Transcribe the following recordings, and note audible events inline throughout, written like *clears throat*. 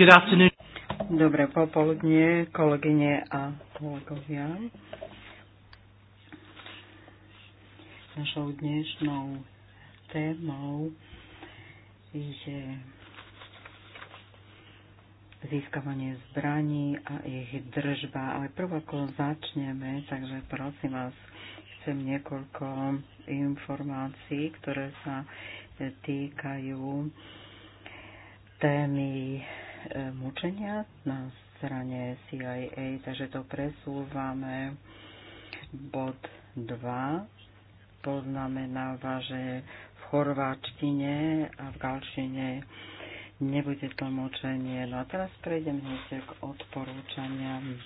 Good afternoon. Dobré popoludne, kolegyne a kolegovia. Našou dnešnou témou je získavanie zbraní a ich držba. Ale prv ako začneme, takže prosím vás, chcem niekoľko informácií, ktoré sa týkajú témy mučenia na strane CIA, takže to presúvame. Bod 2 poznamenáva, že v chorváčtine a v galčine nebude mučenie. No a teraz prejdem hneď k odporúčaniam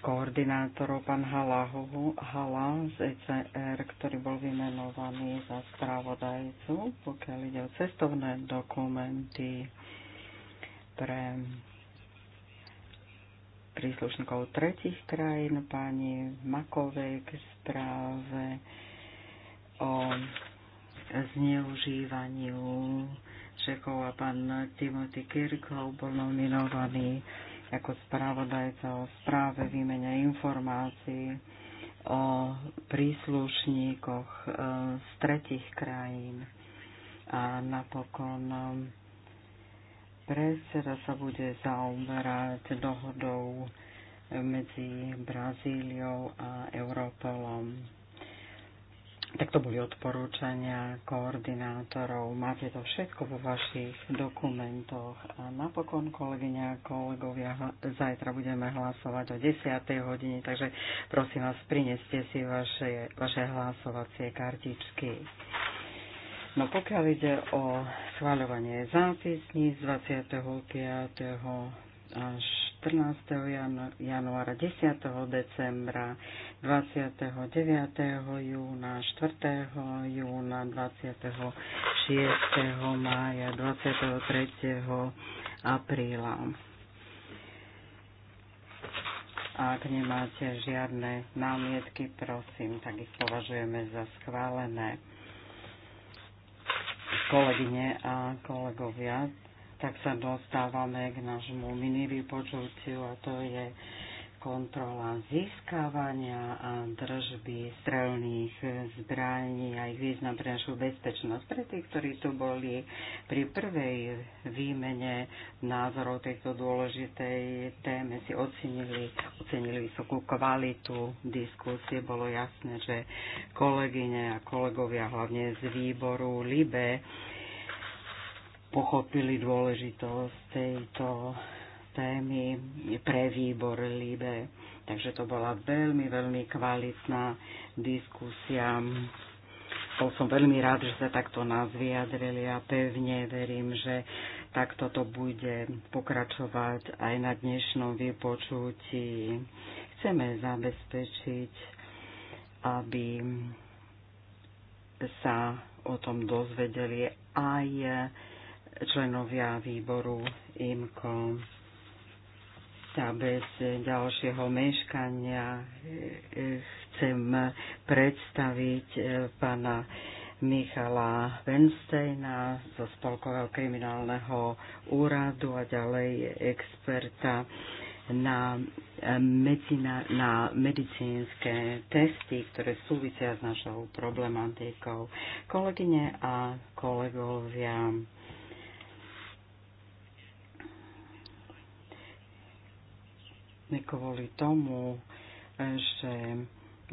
koordinátorov, pán Halahovu, Hala z ECR, ktorý bol vymenovaný za správodajcu, pokiaľ ide o cestovné dokumenty pre príslušníkov tretich krajín, pani Makovej k správe o zneužívaniu Čechov a pán Timothy Kirchhoff bol nominovaný ako správodajca o správe výmene informácií o príslušníkoch e, z tretich krajín. A napokon e, predseda sa bude zaoberať dohodou e, medzi Brazíliou a Európolom. Tak to boli odporúčania koordinátorov. Máte to všetko vo vašich dokumentoch. A napokon, kolegyňa a kolegovia, zajtra budeme hlasovať o 10. hodine, takže prosím vás, prineste si vaše, vaše hlasovacie kartičky. No pokiaľ ide o schváľovanie zápisní z 25. až 14. Janu- januára, 10. decembra, 29. júna, 4. júna, 26. mája, 23. apríla. Ak nemáte žiadne námietky, prosím, tak ich považujeme za schválené. Kolegyne a kolegovia, tak sa dostávame k nášmu mini vypočutiu a to je kontrola získavania a držby strelných zbraní a ich význam pre našu bezpečnosť. Pre tých, ktorí tu boli pri prvej výmene názorov tejto dôležitej téme, si ocenili, ocenili vysokú kvalitu diskusie. Bolo jasné, že kolegyne a kolegovia, hlavne z výboru LIBE, pochopili dôležitosť tejto témy pre výbor Libe. Takže to bola veľmi, veľmi kvalitná diskusia. Bol som veľmi rád, že sa takto nás vyjadrili a pevne verím, že takto to bude pokračovať aj na dnešnom vypočutí. Chceme zabezpečiť, aby sa o tom dozvedeli aj členovia výboru IMKO A bez ďalšieho meškania e, chcem predstaviť e, pána Michala Benstejna zo Spolkového kriminálneho úradu a ďalej experta na, e, medicina, na medicínske testy, ktoré súvisia s našou problematikou. Kolegyne a kolegovia, Vlastne kvôli tomu, že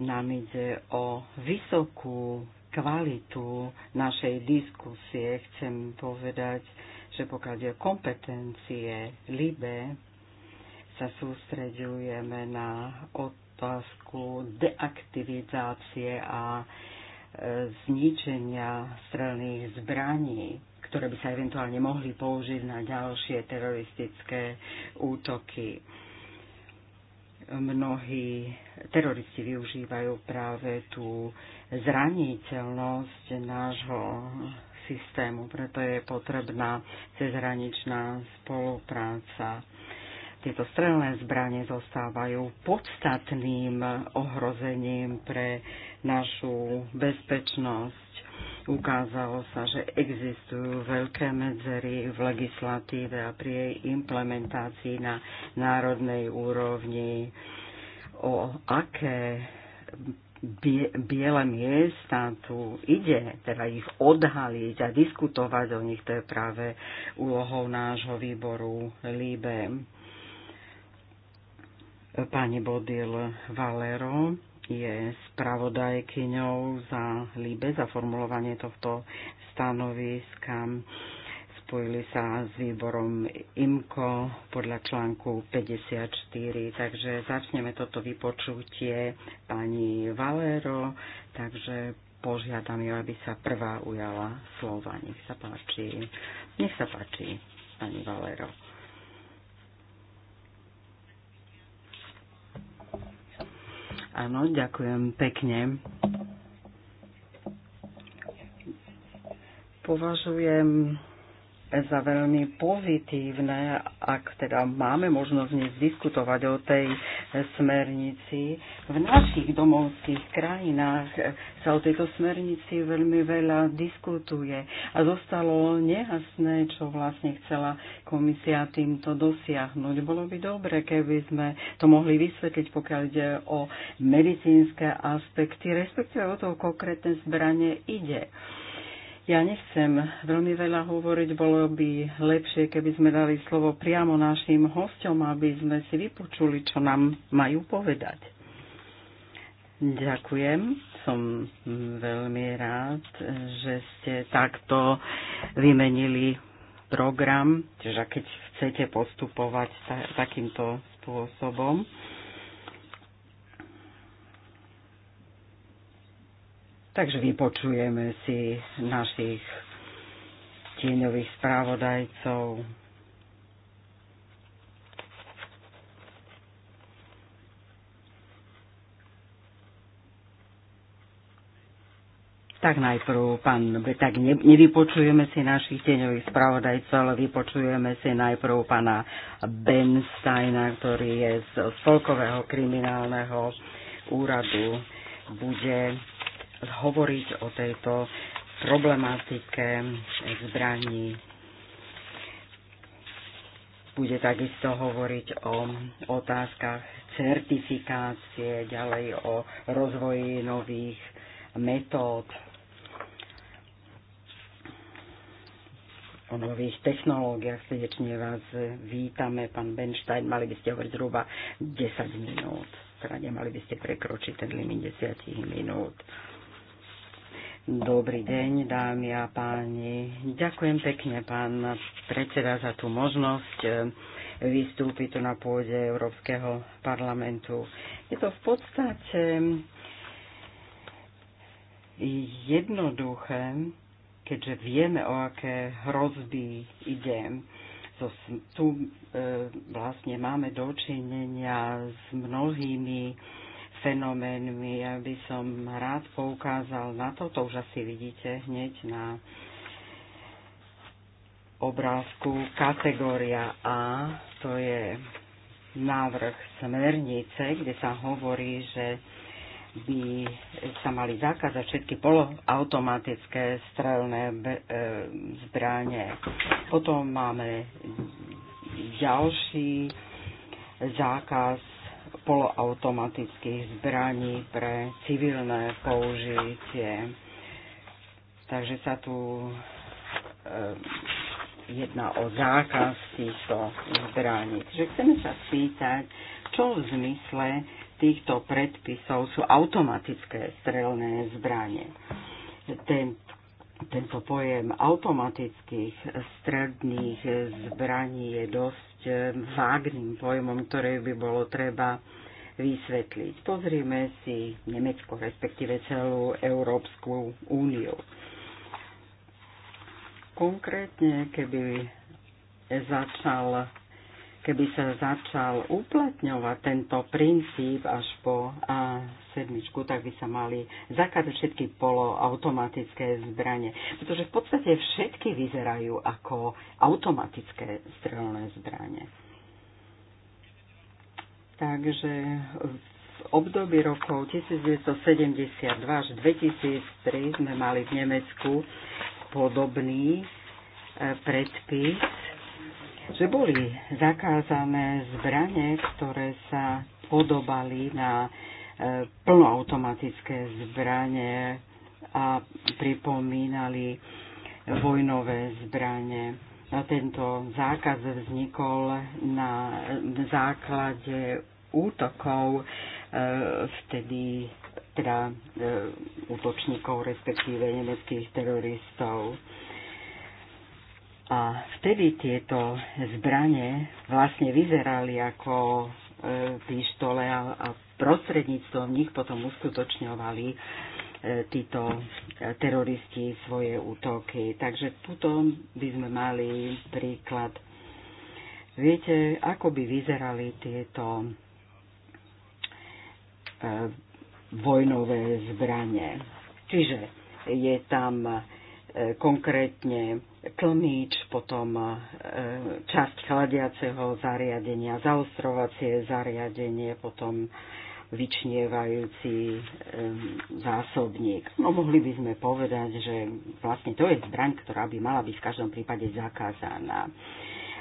nám ide o vysokú kvalitu našej diskusie. Chcem povedať, že pokiaľ je kompetencie LIBE, sa sústreďujeme na otázku deaktivizácie a e, zničenia strelných zbraní, ktoré by sa eventuálne mohli použiť na ďalšie teroristické útoky mnohí teroristi využívajú práve tú zraniteľnosť nášho systému, preto je potrebná cezhraničná spolupráca. Tieto strelné zbranie zostávajú podstatným ohrozením pre našu bezpečnosť. Ukázalo sa, že existujú veľké medzery v legislatíve a pri jej implementácii na národnej úrovni. O aké biele miesta tu ide, teda ich odhaliť a diskutovať o nich, to je práve úlohou nášho výboru LIBE. Pani Bodil Valero je spravodajkyňou za Líbe, za formulovanie tohto stanoviska. Spojili sa s výborom IMKO podľa článku 54. Takže začneme toto vypočutie pani Valero. Takže požiadam ju, aby sa prvá ujala slova. Nech sa páči. Nech sa páči, pani Valero. Áno, ďakujem pekne. Považujem za veľmi pozitívne, ak teda máme možnosť dnes diskutovať o tej smernici. V našich domovských krajinách sa o tejto smernici veľmi veľa diskutuje a zostalo nejasné, čo vlastne chcela komisia týmto dosiahnuť. Bolo by dobre, keby sme to mohli vysvetliť, pokiaľ ide o medicínske aspekty, respektíve o to konkrétne zbranie ide. Ja nechcem veľmi veľa hovoriť, bolo by lepšie, keby sme dali slovo priamo našim hostom, aby sme si vypočuli, čo nám majú povedať. Ďakujem, som veľmi rád, že ste takto vymenili program, čiže keď chcete postupovať takýmto spôsobom. Takže vypočujeme si našich tieňových správodajcov. Tak najprv, pán, tak ne, nevypočujeme si našich tieňových spravodajcov, ale vypočujeme si najprv pána Bensteina, ktorý je z Spolkového kriminálneho úradu. Bude hovoriť o tejto problematike zbraní. Bude takisto hovoriť o otázkach certifikácie, ďalej o rozvoji nových metód, o nových technológiách. Srdečne vás vítame, pán Benstein. Mali by ste hovoriť zhruba 10 minút. Teda nemali by ste prekročiť ten limit 10 minút. Dobrý deň, dámy a páni. Ďakujem pekne, pán predseda, za tú možnosť e, vystúpiť tu na pôde Európskeho parlamentu. Je to v podstate jednoduché, keďže vieme, o aké hrozby ide. So, tu e, vlastne máme dočinenia s mnohými fenoménmi. Ja by som rád poukázal na to, to už asi vidíte hneď na obrázku kategória A, to je návrh smernice, kde sa hovorí, že by sa mali zakázať všetky poloautomatické strelné e, zbranie. Potom máme ďalší zákaz poloautomatických zbraní pre civilné použitie. Takže sa tu e, jedná o zákaz týchto zbraní. Takže chceme sa spýtať, čo v zmysle týchto predpisov sú automatické strelné zbranie. Ten, tento pojem automatických stredných zbraní je dosť Eh, vágným pojmom, ktoré by bolo treba vysvetliť. Pozrieme si Nemecko, respektíve celú Európsku úniu. Konkrétne, keby začal keby sa začal uplatňovať tento princíp až po a, sedmičku, tak by sa mali zakázať všetky poloautomatické zbranie. Pretože v podstate všetky vyzerajú ako automatické strelné zbranie. Takže v období rokov 1972 až 2003 sme mali v Nemecku podobný e, predpis že boli zakázané zbranie, ktoré sa podobali na e, plnoautomatické zbranie a pripomínali vojnové zbranie. Tento zákaz vznikol na základe útokov e, vtedy teda e, útočníkov, respektíve nemeckých teroristov. A vtedy tieto zbranie vlastne vyzerali ako e, pistole a prostredníctvom nich potom uskutočňovali e, títo e, teroristi svoje útoky. Takže tuto by sme mali príklad. Viete, ako by vyzerali tieto vojnové zbranie. Čiže je tam konkrétne tlmič, potom e, časť chladiaceho zariadenia, zaostrovacie zariadenie, potom vyčnievajúci e, zásobník. No mohli by sme povedať, že vlastne to je zbraň, ktorá by mala byť v každom prípade zakázaná.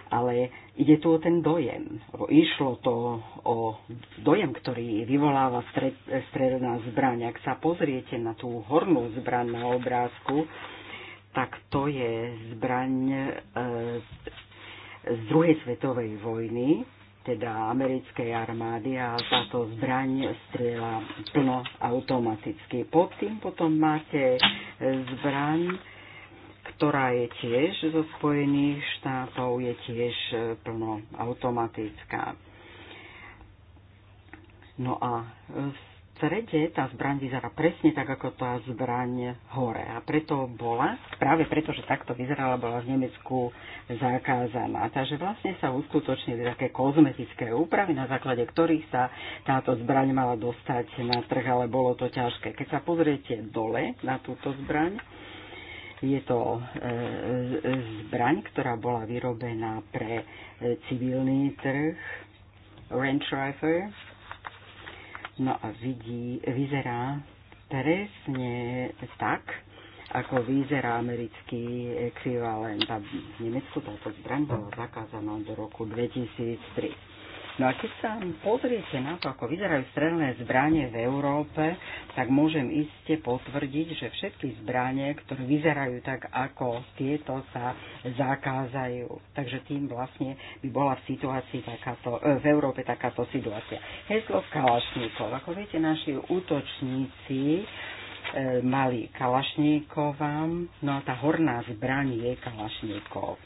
Ale ide tu o ten dojem. Išlo to o dojem, ktorý vyvoláva stredná zbraň. Ak sa pozriete na tú hornú zbraň na obrázku, tak to je zbraň e, z druhej svetovej vojny, teda americkej armády a táto zbraň strieľa plno automaticky. Pod tým potom máte zbraň, ktorá je tiež zo Spojených štátov, je tiež e, plno automatická. No a strede tá zbraň vyzerá presne tak, ako tá zbraň hore. A preto bola, práve preto, že takto vyzerala, bola v Nemecku zakázaná. Takže vlastne sa uskutočnili také kozmetické úpravy, na základe ktorých sa táto zbraň mala dostať na trh, ale bolo to ťažké. Keď sa pozriete dole na túto zbraň, je to e, zbraň, ktorá bola vyrobená pre e, civilný trh, range rifle, No a vidí, vyzerá presne tak, ako vyzerá americký ekvivalent. A v Nemecku táto zbraň bola zakázaná do roku 2003. No a keď sa pozriete na to, ako vyzerajú strelné zbranie v Európe, tak môžem iste potvrdiť, že všetky zbranie, ktoré vyzerajú tak, ako tieto, sa zakázajú. Takže tým vlastne by bola v situácii takáto, e, v Európe takáto situácia. Heslo Kalašníkov. Ako viete, naši útočníci e, mali Kalašníkova, no a tá horná zbraň je Kalašníkov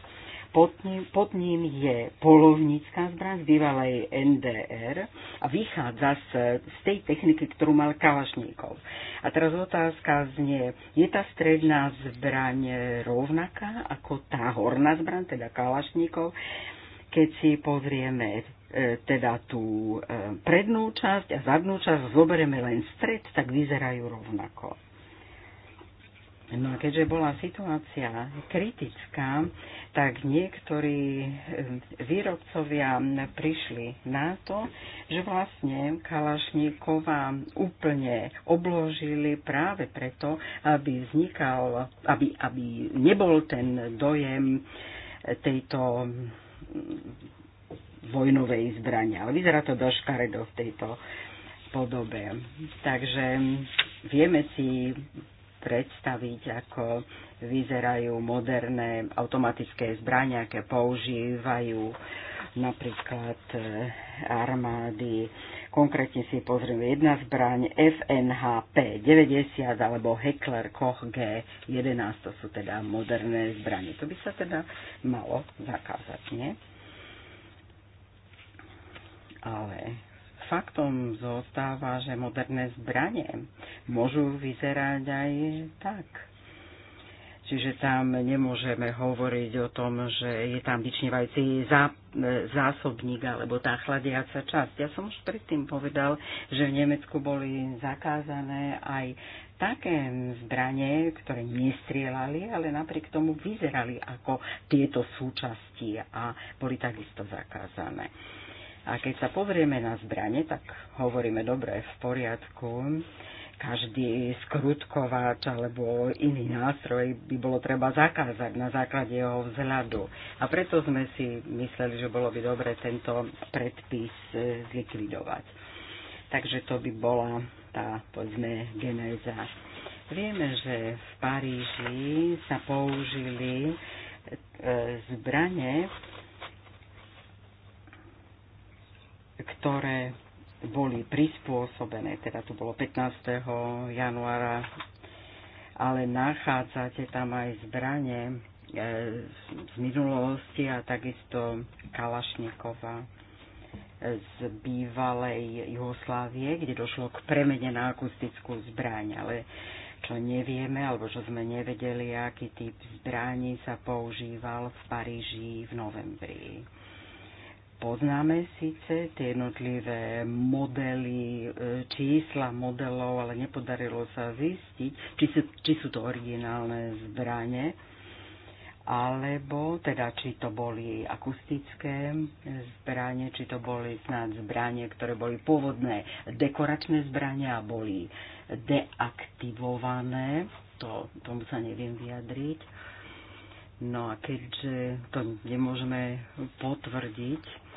pod ním, pod ním je polovnícká zbraň z bývalej NDR a vychádza z, z tej techniky, ktorú mal Kalašníkov. A teraz otázka znie, je tá stredná zbraň rovnaká ako tá horná zbraň, teda Kalašníkov? Keď si pozrieme e, teda tú e, prednú časť a zadnú časť, zoberieme len stred, tak vyzerajú rovnako. No a keďže bola situácia kritická, tak niektorí hm, výrobcovia prišli na to, že vlastne Kalašníkova úplne obložili práve preto, aby vznikal, aby, aby nebol ten dojem tejto hm, vojnovej zbrania. Ale vyzerá to do v tejto podobe. Takže hm, vieme si predstaviť, ako vyzerajú moderné automatické zbrania, aké používajú napríklad e, armády. Konkrétne si pozrieme jedna zbraň FNHP 90 alebo Heckler Koch G11, to sú teda moderné zbranie. To by sa teda malo zakázať, nie? Ale faktom zostáva, že moderné zbranie môžu vyzerať aj tak. Čiže tam nemôžeme hovoriť o tom, že je tam vyčnevajúci zá, e, zásobník alebo tá chladiaca časť. Ja som už predtým povedal, že v Nemecku boli zakázané aj také zbranie, ktoré nestrieľali, ale napriek tomu vyzerali ako tieto súčasti a boli takisto zakázané. A keď sa pozrieme na zbranie, tak hovoríme dobre, v poriadku, každý skrutkovač alebo iný nástroj by bolo treba zakázať na základe jeho vzhľadu. A preto sme si mysleli, že bolo by dobre tento predpis e, zlikvidovať. Takže to by bola tá, povedzme, genéza. Vieme, že v Paríži sa použili e, zbranie, ktoré boli prispôsobené, teda to bolo 15. januára, ale nachádzate tam aj zbranie e, z minulosti a takisto Kalašnikova e, z bývalej Jugoslávie, kde došlo k premene na akustickú zbraň, ale čo nevieme, alebo čo sme nevedeli, aký typ zbraní sa používal v Paríži v novembri. Poznáme síce tie jednotlivé modely, e, čísla modelov, ale nepodarilo sa zistiť, či sú, či sú to originálne zbranie, alebo teda či to boli akustické zbranie, či to boli snad zbranie, ktoré boli pôvodné dekoračné zbranie a boli deaktivované. To, tomu sa neviem vyjadriť. No a keďže to nemôžeme potvrdiť,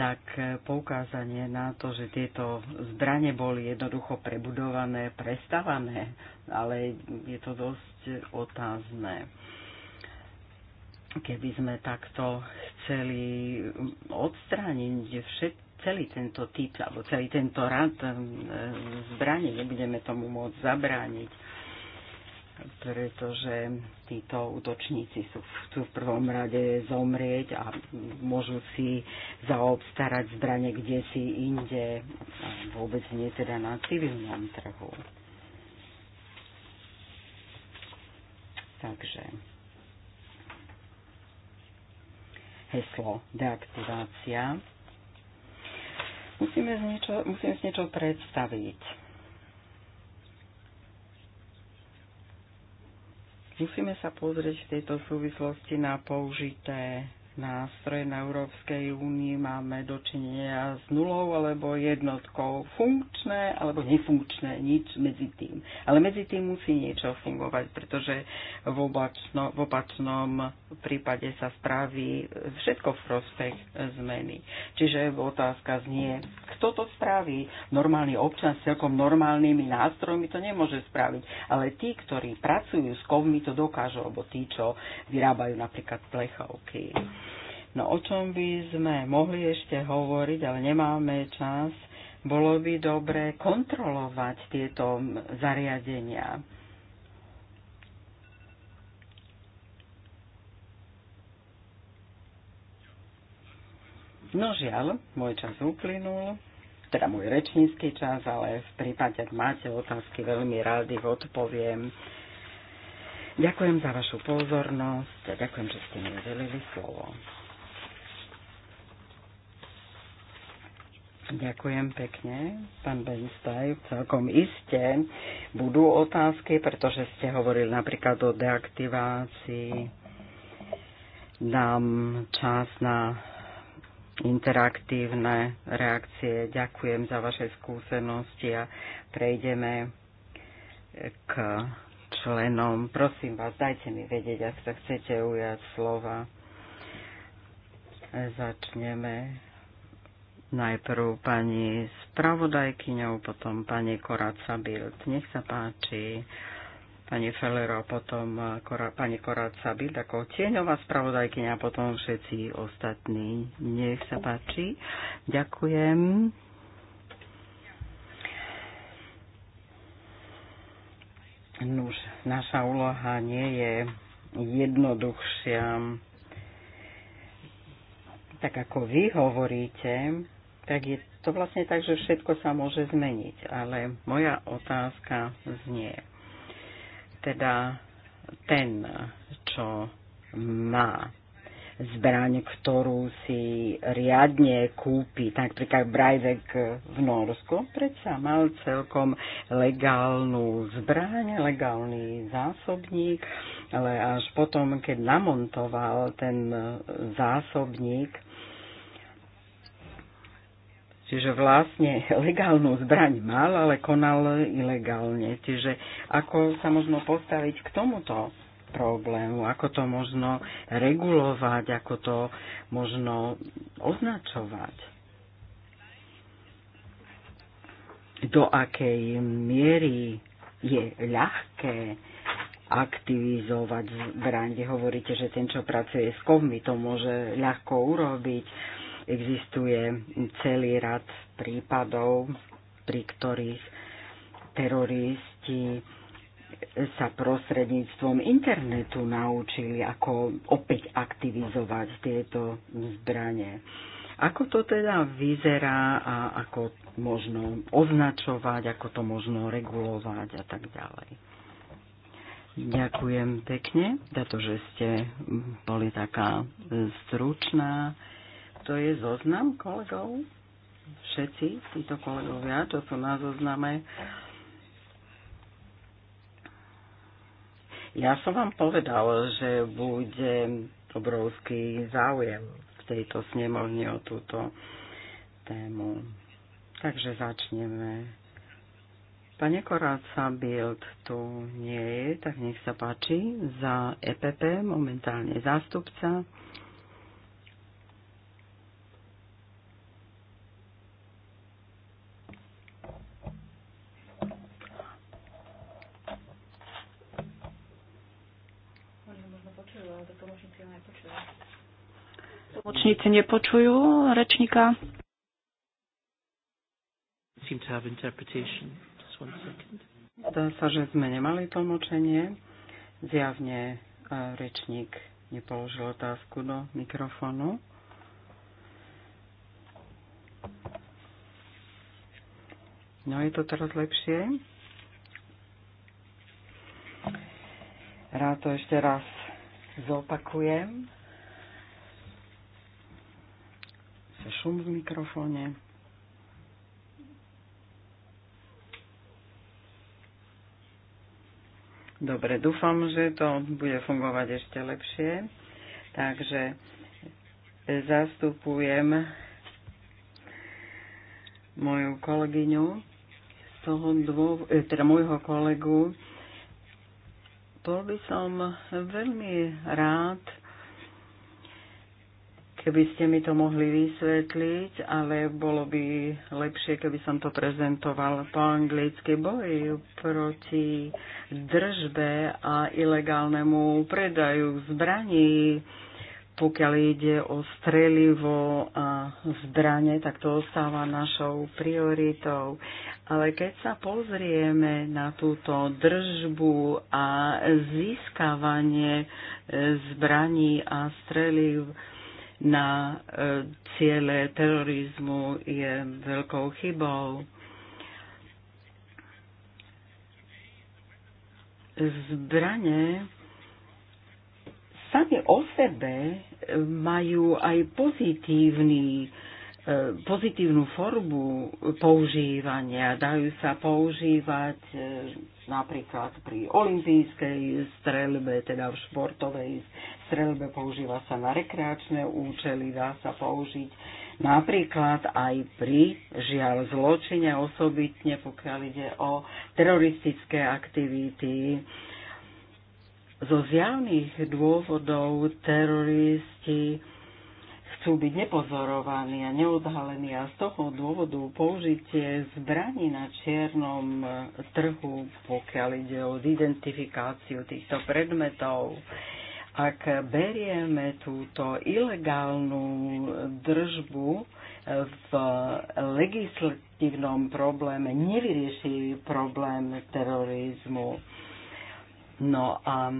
tak poukázanie na to, že tieto zbranie boli jednoducho prebudované, prestavané, ale je to dosť otázne. Keby sme takto chceli odstrániť všetko, celý tento typ, alebo celý tento rad eh, zbraní, nebudeme tomu môcť zabrániť pretože títo útočníci sú, sú v prvom rade zomrieť a môžu si zaobstarať zbranie kde si inde, vôbec nie teda na civilnom trhu. Takže heslo deaktivácia. Musíme z niečo, musíme niečo predstaviť Musíme sa pozrieť v tejto súvislosti na použité nástroje na Európskej únii máme dočinenia s nulou alebo jednotkou. Funkčné alebo nefunkčné, nič medzi tým. Ale medzi tým musí niečo fungovať, pretože v, obačno, v opačnom prípade sa spraví všetko v prospech zmeny. Čiže otázka znie, kto to spraví? Normálny občan s celkom normálnymi nástrojmi to nemôže spraviť, ale tí, ktorí pracujú s kovmi, to dokážu, alebo tí, čo vyrábajú napríklad plechovky. No o čom by sme mohli ešte hovoriť, ale nemáme čas, bolo by dobre kontrolovať tieto zariadenia. No žiaľ, môj čas uplynul, teda môj rečnícky čas, ale v prípade, ak máte otázky, veľmi rád ich odpoviem. Ďakujem za vašu pozornosť a ďakujem, že ste mi udelili slovo. Ďakujem pekne, pán Benstaj. Celkom isté budú otázky, pretože ste hovorili napríklad o deaktivácii. Dám čas na interaktívne reakcie. Ďakujem za vaše skúsenosti a prejdeme k členom. Prosím vás, dajte mi vedieť, ak sa chcete ujať slova. Začneme najprv pani spravodajkyňou, potom pani Koráca Bild. Nech sa páči pani Fellero, potom eh, Kora, pani Koráca Bild ako tieňová spravodajkyňa a potom všetci ostatní. Nech sa páči. Ďakujem. Nuž, naša úloha nie je jednoduchšia. Tak ako vy hovoríte, tak je to vlastne tak, že všetko sa môže zmeniť. Ale moja otázka znie. Teda ten, čo má zbraň, ktorú si riadne kúpi, napríklad Brajvek v Norsku, predsa mal celkom legálnu zbraň, legálny zásobník, ale až potom, keď namontoval ten zásobník, Čiže vlastne *laughs* legálnu zbraň mal, ale konal ilegálne. Čiže ako sa možno postaviť k tomuto problému, ako to možno regulovať, ako to možno označovať. Do akej miery je ľahké aktivizovať zbraň. Vy hovoríte, že ten, čo pracuje s kovmi, to môže ľahko urobiť existuje celý rad prípadov, pri ktorých teroristi sa prostredníctvom internetu naučili, ako opäť aktivizovať tieto zbranie. Ako to teda vyzerá a ako možno označovať, ako to možno regulovať a tak ďalej. Ďakujem pekne za to, že ste boli taká stručná. To je zoznam kolegov? Všetci títo kolegovia, to sú na zozname. Ja som vám povedal, že bude obrovský záujem v tejto snemovni o túto tému. Takže začneme. Pane Koráca Bild tu nie je, tak nech sa páči. Za EPP momentálne zástupca. Tlmočníci nepočujú rečníka. Zdá sa, že sme nemali tlmočenie. Zjavne e, rečník nepoložil otázku do mikrofónu. No je to teraz lepšie. Rád to ešte raz zopakujem. šum v mikrofóne. Dobre, dúfam, že to bude fungovať ešte lepšie. Takže zastupujem moju kolegyňu z toho e, teda môjho kolegu. Bol by som veľmi rád, keby ste mi to mohli vysvetliť, ale bolo by lepšie, keby som to prezentoval po anglicky. Boj proti držbe a ilegálnemu predaju zbraní, pokiaľ ide o strelivo a zbranie, tak to ostáva našou prioritou. Ale keď sa pozrieme na túto držbu a získavanie e, zbraní a streliv, na e, ciele terorizmu je veľkou chybou. Zbranie sami o sebe e, majú aj pozitívny, e, pozitívnu formu používania. Dajú sa používať napríklad pri olympijskej streľbe, teda v športovej streľbe používa sa na rekreačné účely, dá sa použiť napríklad aj pri žiaľ zločine, osobitne pokiaľ ide o teroristické aktivity. Zo zjavných dôvodov teroristi chcú byť nepozorovaní a neodhalení a z toho dôvodu použitie zbraní na čiernom eh, trhu, pokiaľ ide o identifikáciu týchto predmetov, ak berieme túto ilegálnu držbu eh, v legislatívnom probléme, nevyrieši problém terorizmu. No a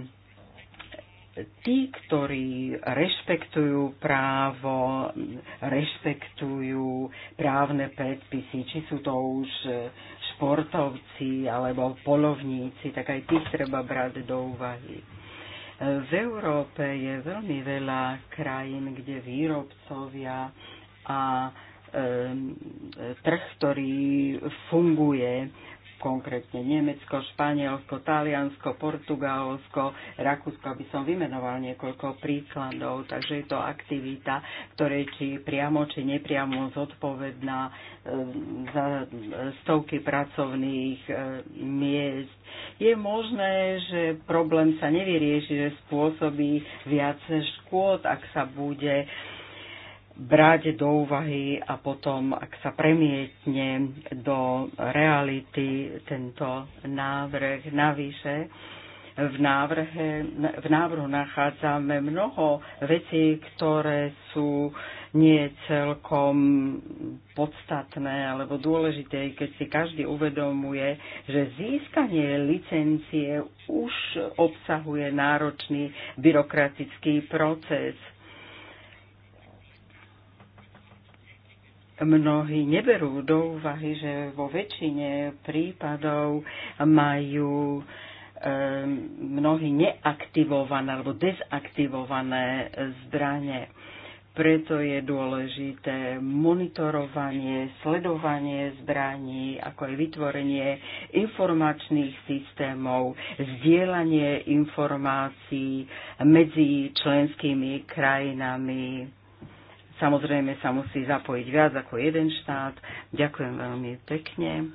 tí, ktorí rešpektujú právo, rešpektujú právne predpisy, či sú to už športovci alebo polovníci, tak aj tých treba brať do úvahy. V Európe je veľmi veľa krajín, kde výrobcovia a e, trh, ktorý funguje konkrétne Nemecko, Španielsko, Taliansko, Portugalsko, Rakúsko, aby som vymenoval niekoľko príkladov, takže je to aktivita, ktorej či priamo, či nepriamo zodpovedná e, za stovky pracovných e, miest. Je možné, že problém sa nevyrieši, že spôsobí viac škôd, ak sa bude brať do úvahy a potom, ak sa premietne do reality tento návrh navyše, v, návrhe, v návrhu nachádzame mnoho vecí, ktoré sú nie celkom podstatné alebo dôležité, keď si každý uvedomuje, že získanie licencie už obsahuje náročný byrokratický proces. mnohí neberú do úvahy, že vo väčšine prípadov majú ehm, mnohí neaktivované alebo dezaktivované zbranie. Preto je dôležité monitorovanie, sledovanie zbraní, ako aj vytvorenie informačných systémov, zdieľanie informácií medzi členskými krajinami Samozrejme sa musí zapojiť viac ako jeden štát. Ďakujem veľmi pekne.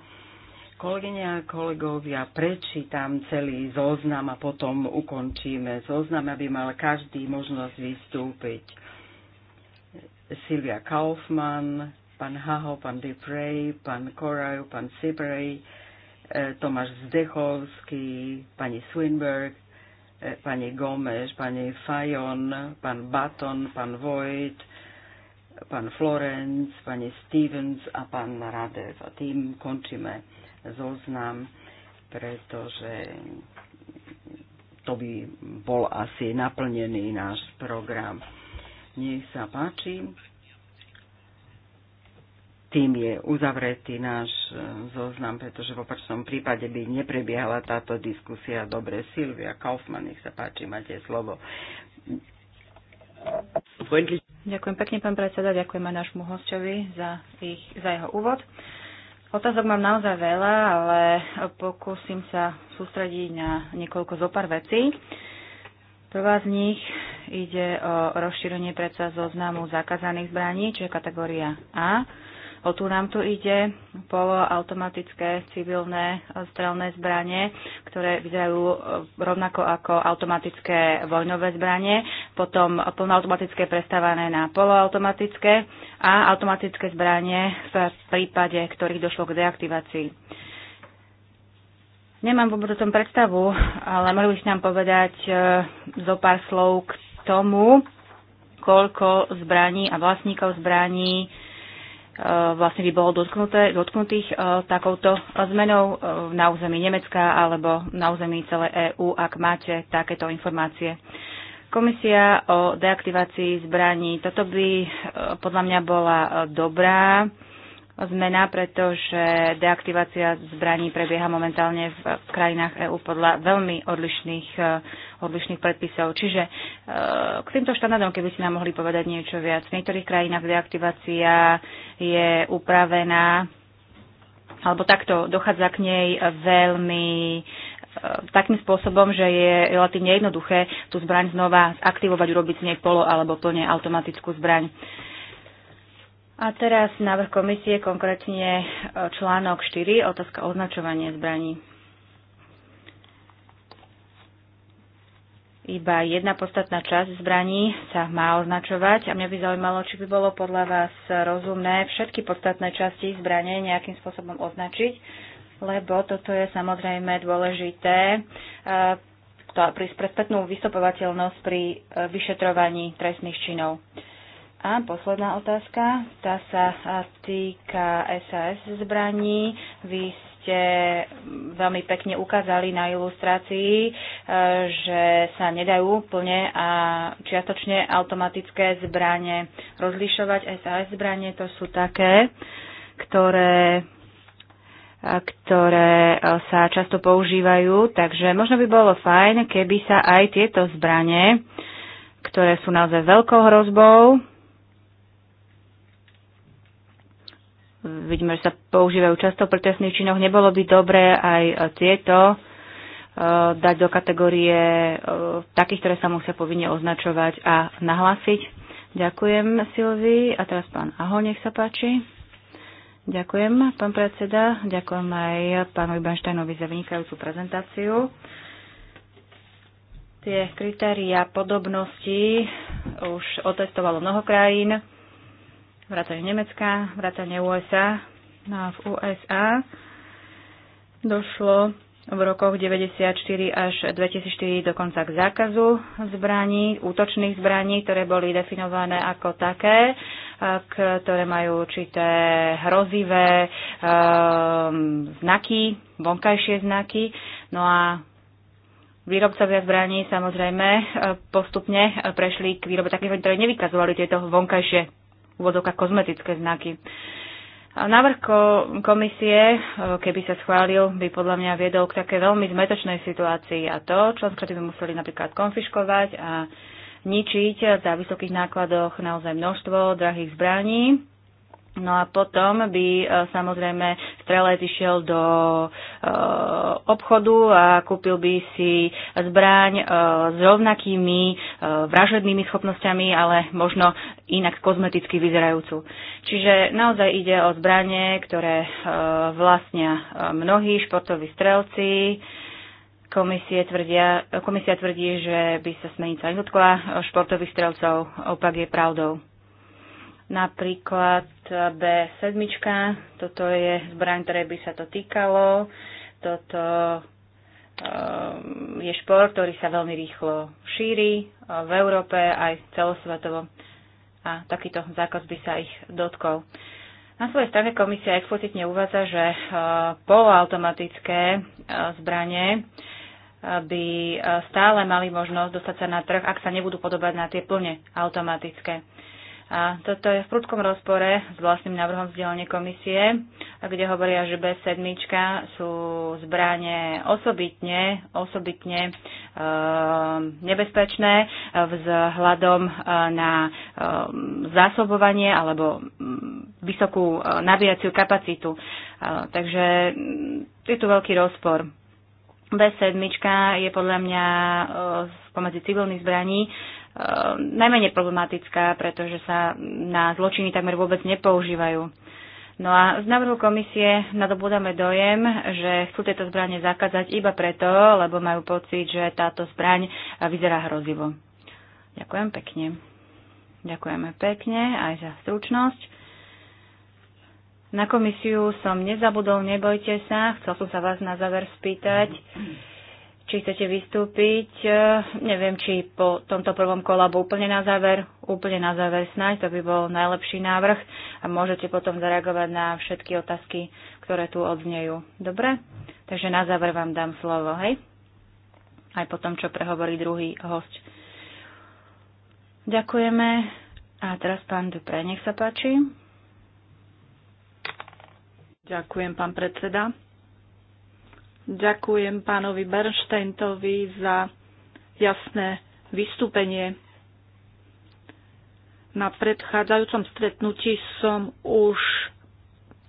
Kolegyne a kolegovia, prečítam celý zoznam a potom ukončíme zoznam, aby mal každý možnosť vystúpiť. Silvia Kaufmann, pán Haho, pán Deprey, pán Koraj, pán Sibrej, eh, Tomáš Zdechovský, pani Swinberg, eh, pani Gomes, pani Fajon, pán Baton, pán Vojt, pán Florence, pani Stevens a pán Radev. A tým končíme zoznam, pretože to by bol asi naplnený náš program. Nech sa páči. Tým je uzavretý náš zoznam, pretože v opačnom prípade by neprebiehala táto diskusia. Dobre, Silvia Kaufmann, nech sa páči, máte slovo. Ďakujem pekne, pán predseda, ďakujem aj nášmu hostovi za, ich, za jeho úvod. Otázok mám naozaj veľa, ale pokúsim sa sústrediť na niekoľko zopár vecí. Prvá z nich ide o rozšírenie predsa zoznamu zakázaných zbraní, čo je kategória A. O tu nám tu ide poloautomatické civilné strelné zbranie, ktoré vyzerajú e, rovnako ako automatické vojnové zbranie, potom plnoautomatické prestávané na poloautomatické a automatické zbranie v prípade, ktorých došlo k deaktivácii. Nemám vôbec o tom predstavu, ale mohli by ste nám povedať e, zo pár slov k tomu, koľko zbraní a vlastníkov zbraní E, vlastne by bolo dotknuté, dotknutých e, takouto zmenou e, na území Nemecka alebo na území celé EÚ, ak máte takéto informácie. Komisia o deaktivácii zbraní, toto by podľa mňa bola dobrá zmena, pretože deaktivácia zbraní prebieha momentálne v krajinách EÚ podľa veľmi odlišných, eh, odlišných predpisov. Čiže eh, k týmto štandardom, keby ste nám mohli povedať niečo viac. V niektorých krajinách deaktivácia je upravená alebo takto dochádza k nej veľmi eh, takým spôsobom, že je relatívne jednoduché tú zbraň znova aktivovať, urobiť z nej polo alebo plne automatickú zbraň. Uh, a teraz návrh komisie, konkrétne e, článok 4, otázka označovanie zbraní. Iba jedna podstatná časť zbraní sa má označovať a mňa by zaujímalo, či by bolo podľa vás rozumné všetky podstatné časti zbranie nejakým spôsobom označiť, lebo toto je samozrejme dôležité e, pre spätnú vystupovateľnosť pri e, vyšetrovaní trestných činov. A posledná otázka, tá sa týka SAS zbraní. Vy ste veľmi pekne ukázali na ilustrácii, e, že sa nedajú plne a čiastočne automatické zbranie rozlišovať. SAS zbranie to sú také, ktoré ktoré e, sa často používajú. Takže možno by bolo fajn, keby sa aj tieto zbranie, ktoré sú naozaj veľkou hrozbou, vidíme, že sa používajú často pri trestných činoch. Nebolo by dobré aj tieto e, dať do kategórie e, takých, ktoré sa musia povinne označovať a nahlásiť. Ďakujem, Silvi. A teraz pán Ahol, nech sa páči. Ďakujem, pán predseda. Ďakujem aj pánovi Banštajnovi za vynikajúcu prezentáciu. Tie kritéria podobnosti už otestovalo mnoho krajín vrátane Nemecka, vrátane USA. No a v USA došlo v rokoch 94 až 2004 dokonca k zákazu zbraní, útočných zbraní, ktoré boli definované ako také, ktoré majú určité hrozivé znaky, vonkajšie znaky. No a výrobcovia zbraní samozrejme postupne prešli k výrobe takých, ktoré nevykazovali tieto vonkajšie úvodovkách kozmetické znaky. Návrh komisie, e, keby sa schválil, by podľa mňa viedol k také veľmi zmetočnej situácii a to členské by museli napríklad konfiškovať a ničiť za vysokých nákladoch naozaj množstvo drahých zbraní No a potom by e, samozrejme strelec išiel do e, obchodu a kúpil by si zbraň e, s rovnakými e, vražednými schopnosťami, ale možno inak kozmeticky vyzerajúcu. Čiže naozaj ide o zbranie, ktoré vlastnia mnohí športoví strelci. Komisie tvrdia, komisia tvrdí, že by sa smenica nedotkla športových strelcov, opak je pravdou. Napríklad B7, toto je zbraň, ktoré by sa to týkalo. Toto ehm, je šport, ktorý sa veľmi rýchlo šíri e, v Európe aj celosvetovo a takýto zákaz by sa ich dotkol. Na svojej strane komisia explicitne uvádza, že e, poloautomatické e, zbranie by stále mali možnosť dostať sa na trh, ak sa nebudú podobať na tie plne automatické. A toto je v prudkom rozpore s vlastným návrhom vzdelania komisie, kde hovoria, že B7 sú zbranie osobitne, osobitne ehm, e, nebezpečné vzhľadom e, na e, zásobovanie alebo mm, vysokú e, nabíjaciu kapacitu. E, takže mm, je tu veľký rozpor. B7 je podľa mňa e, pomedzi civilných zbraní e, Ehm, najmenej problematická, pretože sa na zločiny takmer vôbec nepoužívajú. No a z návrhu komisie nadobudáme dojem, že chcú tieto zbranie zakázať iba preto, lebo majú pocit, že táto zbraň vyzerá hrozivo. Ďakujem pekne. Ďakujeme pekne aj za stručnosť. Na komisiu som nezabudol, nebojte sa. Chcel som sa vás na záver spýtať. Mm-hmm či chcete vystúpiť. Eh, neviem, či po tomto prvom kolabu úplne na záver, úplne na záver snáď, to by bol najlepší návrh a môžete potom zareagovať na všetky otázky, ktoré tu odznejú. Dobre? Takže na záver vám dám slovo, hej? Aj po tom, čo prehovorí druhý host. Ďakujeme. A teraz pán Dupre, nech sa páči. Ďakujem, pán predseda. Ďakujem pánovi Bernsteintovi za jasné vystúpenie. Na predchádzajúcom stretnutí som už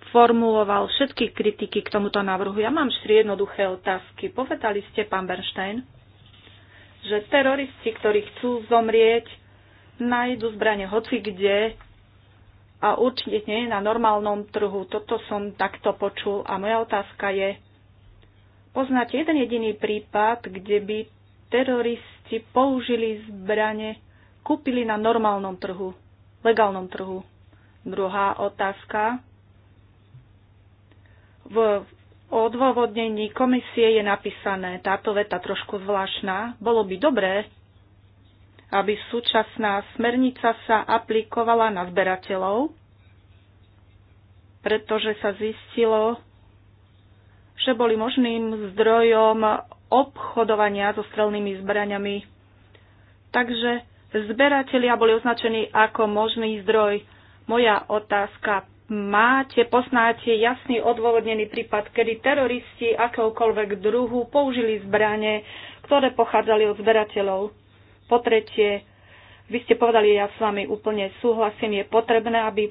formuloval všetky kritiky k tomuto návrhu. Ja mám štyri jednoduché otázky. Povedali ste, pán Bernstein, že teroristi, ktorí chcú zomrieť, nájdu zbranie hoci kde a určite nie na normálnom trhu. Toto som takto počul a moja otázka je, Poznáte jeden jediný prípad, kde by teroristi použili zbrane, kúpili na normálnom trhu, legálnom trhu. Druhá otázka. V odôvodnení komisie je napísané táto veta trošku zvláštna. Bolo by dobré, aby súčasná smernica sa aplikovala na zberateľov, pretože sa zistilo, že boli možným zdrojom obchodovania so strelnými zbraniami. Takže zberatelia boli označení ako možný zdroj. Moja otázka, máte, poznáte jasný odôvodnený prípad, kedy teroristi akéhokoľvek druhu použili zbranie, ktoré pochádzali od zberateľov. Po tretie, vy ste povedali, ja s vami úplne súhlasím, je potrebné, aby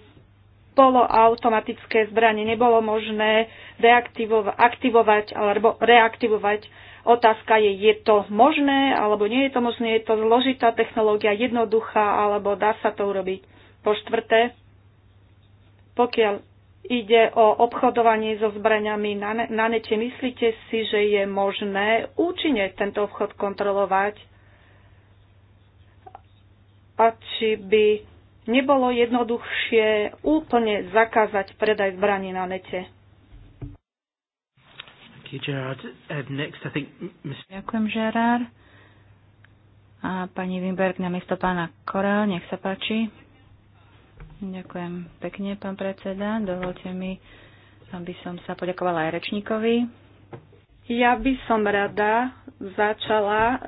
poloautomatické zbranie nebolo možné aktivovať alebo reaktivovať. Otázka je, je to možné alebo nie je to možné, je to zložitá technológia, jednoduchá alebo dá sa to urobiť. Po štvrté, pokiaľ ide o obchodovanie so zbraniami na, na nete, myslíte si, že je možné účinne tento obchod kontrolovať? A či by nebolo jednoduchšie úplne zakázať predaj zbraní na nete. Um, Ďakujem, Gerard. A pani Wimberg na miesto pána Korál, nech sa páči. Ďakujem pekne, pán predseda. Dovolte mi, aby som sa poďakovala aj rečníkovi. Ja by som rada začala e,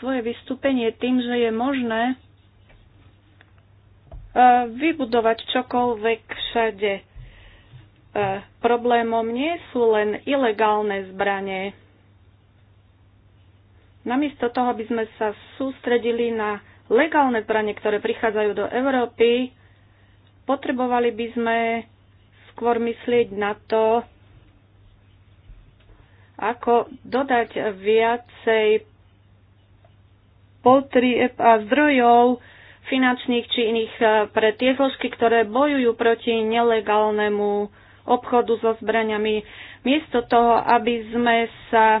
svoje vystúpenie tým, že je možné vybudovať čokoľvek všade. E, problémom nie sú len ilegálne zbranie. Namiesto toho, aby sme sa sústredili na legálne zbranie, ktoré prichádzajú do Európy, potrebovali by sme skôr myslieť na to, ako dodať viacej potrieb a zdrojov finančných či iných e, pre tie zložky, ktoré bojujú proti nelegálnemu obchodu so zbraniami. Miesto toho, aby sme sa e,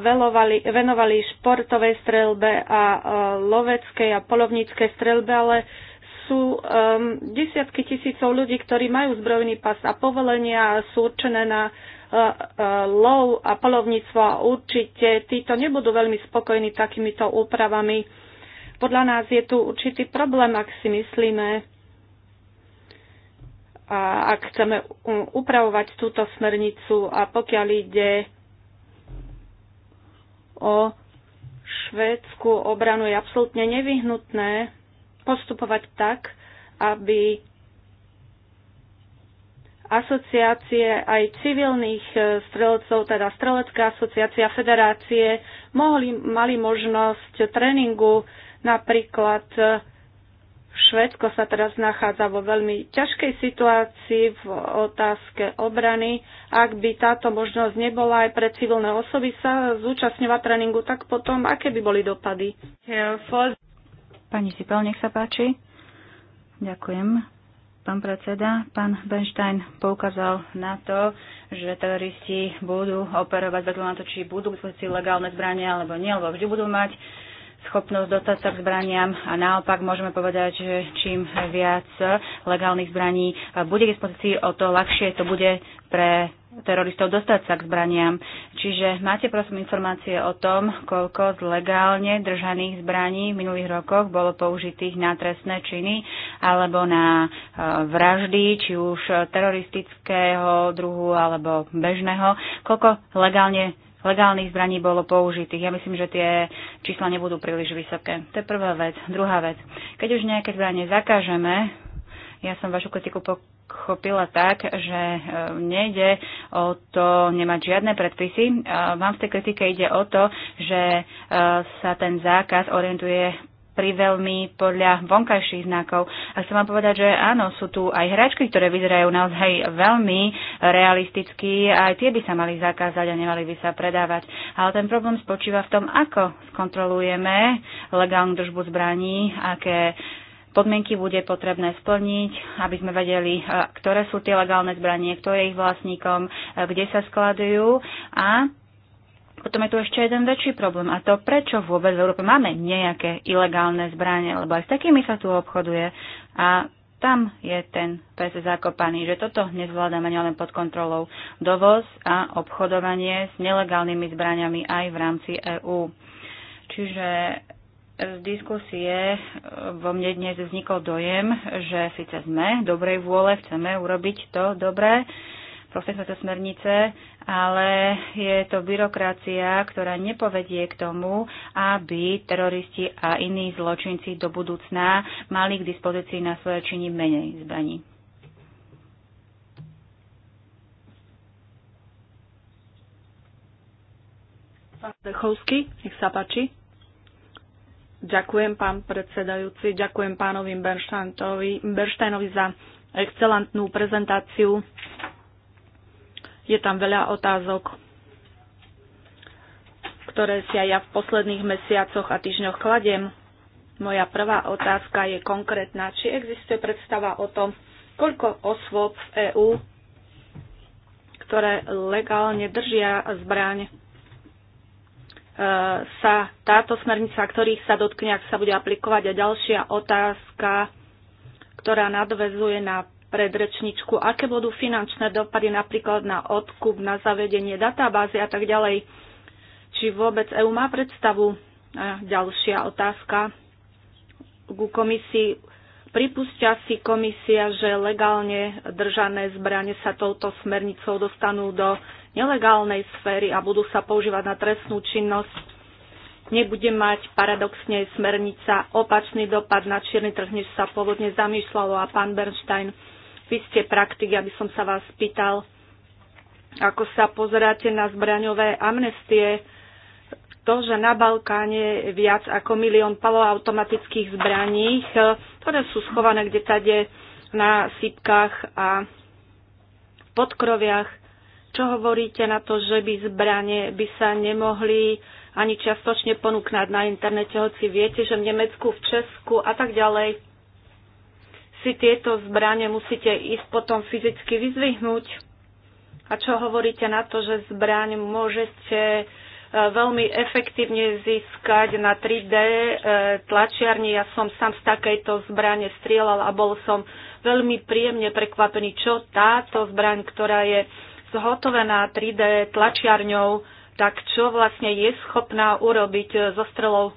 velovali, venovali športovej strelbe a e, loveckej a polovníckej strelbe, ale sú um, desiatky tisícov ľudí, ktorí majú zbrojný pas a povolenia sú určené na uh, uh, lov a polovníctvo a určite títo nebudú veľmi spokojní takýmito úpravami podľa nás je tu určitý problém, ak si myslíme, a ak chceme upravovať túto smernicu a pokiaľ ide o švédsku obranu, je absolútne nevyhnutné postupovať tak, aby asociácie aj civilných e, strelcov, teda Strelecká asociácia federácie, mohli, mali možnosť tréningu Napríklad e, Švedsko sa teraz nachádza vo veľmi ťažkej situácii v otázke obrany. Ak by táto možnosť nebola aj pre civilné osoby sa zúčastňovať tréningu, tak potom aké by boli dopady? Pani Sipel, nech sa páči. Ďakujem. Pán predseda, pán Benstein poukázal na to, že teroristi budú operovať bez na to, či budú k legálne zbrania alebo nie, alebo vždy budú mať schopnosť dostať sa k zbraniam a naopak môžeme povedať, že čím viac legálnych zbraní bude k dispozícii, o to ľahšie to bude pre teroristov dostať sa k zbraniam. Čiže máte prosím informácie o tom, koľko z legálne držaných zbraní v minulých rokoch bolo použitých na trestné činy alebo na e, vraždy, či už teroristického druhu alebo bežného. Koľko legálne legálnych zbraní bolo použitých. Ja myslím, že tie čísla nebudú príliš vysoké. To je prvá vec. Druhá vec. Keď už nejaké zbranie zakážeme, ja som vašu kritiku pochopila tak, že e, nejde o to nemať žiadne predpisy. E, vám v tej kritike ide o to, že e, sa ten zákaz orientuje pri veľmi podľa vonkajších znakov. A chcem vám povedať, že áno, sú tu aj hračky, ktoré vyzerajú naozaj veľmi realisticky a aj tie by sa mali zakázať a nemali by sa predávať. Ale ten problém spočíva v tom, ako skontrolujeme legálnu držbu zbraní, aké podmienky bude potrebné splniť, aby sme vedeli, e, ktoré sú tie legálne zbranie, kto je ich vlastníkom, e, kde sa skladujú a potom je tu ešte jeden väčší problém a to, prečo vôbec v Európe máme nejaké ilegálne zbranie, lebo aj s takými sa tu obchoduje a tam je ten pes zakopaný, že toto nezvládame nielen pod kontrolou dovoz a obchodovanie s nelegálnymi zbraniami aj v rámci EÚ. Čiže z diskusie vo mne dnes vznikol dojem, že síce sme dobrej vôle, chceme urobiť to dobré, proste sme to smernice, ale je to byrokracia, ktorá nepovedie k tomu, aby teroristi a iní zločinci do budúcna mali k dispozícii na svoje činy menej zbraní. Pán Dechovský, nech sa páči. Ďakujem, pán predsedajúci, ďakujem pánovi Bernsteinovi za excelentnú prezentáciu je tam veľa otázok, ktoré si aj ja v posledných mesiacoch a týždňoch kladiem. Moja prvá otázka je konkrétna. Či existuje predstava o tom, koľko osôb v EÚ, ktoré legálne držia zbraň, e, sa táto smernica, ktorých sa dotkne, ak sa bude aplikovať. A ďalšia otázka, ktorá nadvezuje na predrečničku, aké budú finančné dopady napríklad na odkup, na zavedenie databázy a tak ďalej. Či vôbec EU má predstavu? A ďalšia otázka ku komisii. Pripustia si komisia, že legálne držané zbranie sa touto smernicou dostanú do nelegálnej sféry a budú sa používať na trestnú činnosť. Nebude mať paradoxne smernica opačný dopad na čierny trh, než sa pôvodne zamýšľalo a pán Bernstein ste praktik, aby som sa vás pýtal, ako sa pozeráte na zbraňové amnestie, to, že na Balkáne viac ako milión paloautomatických zbraní, ktoré sú schované kde tade na sypkách a podkroviach. Čo hovoríte na to, že by zbranie by sa nemohli ani čiastočne ponúknať na internete, hoci viete, že v Nemecku, v Česku a tak ďalej si tieto zbranie musíte ísť potom fyzicky vyzvihnúť. A čo hovoríte na to, že zbraň môžete e, veľmi efektívne získať na 3D e, tlačiarni. Ja som sám z takejto zbrane strieľal a bol som veľmi príjemne prekvapený, čo táto zbraň, ktorá je zhotovená 3D tlačiarňou, tak čo vlastne je schopná urobiť so e, strelou.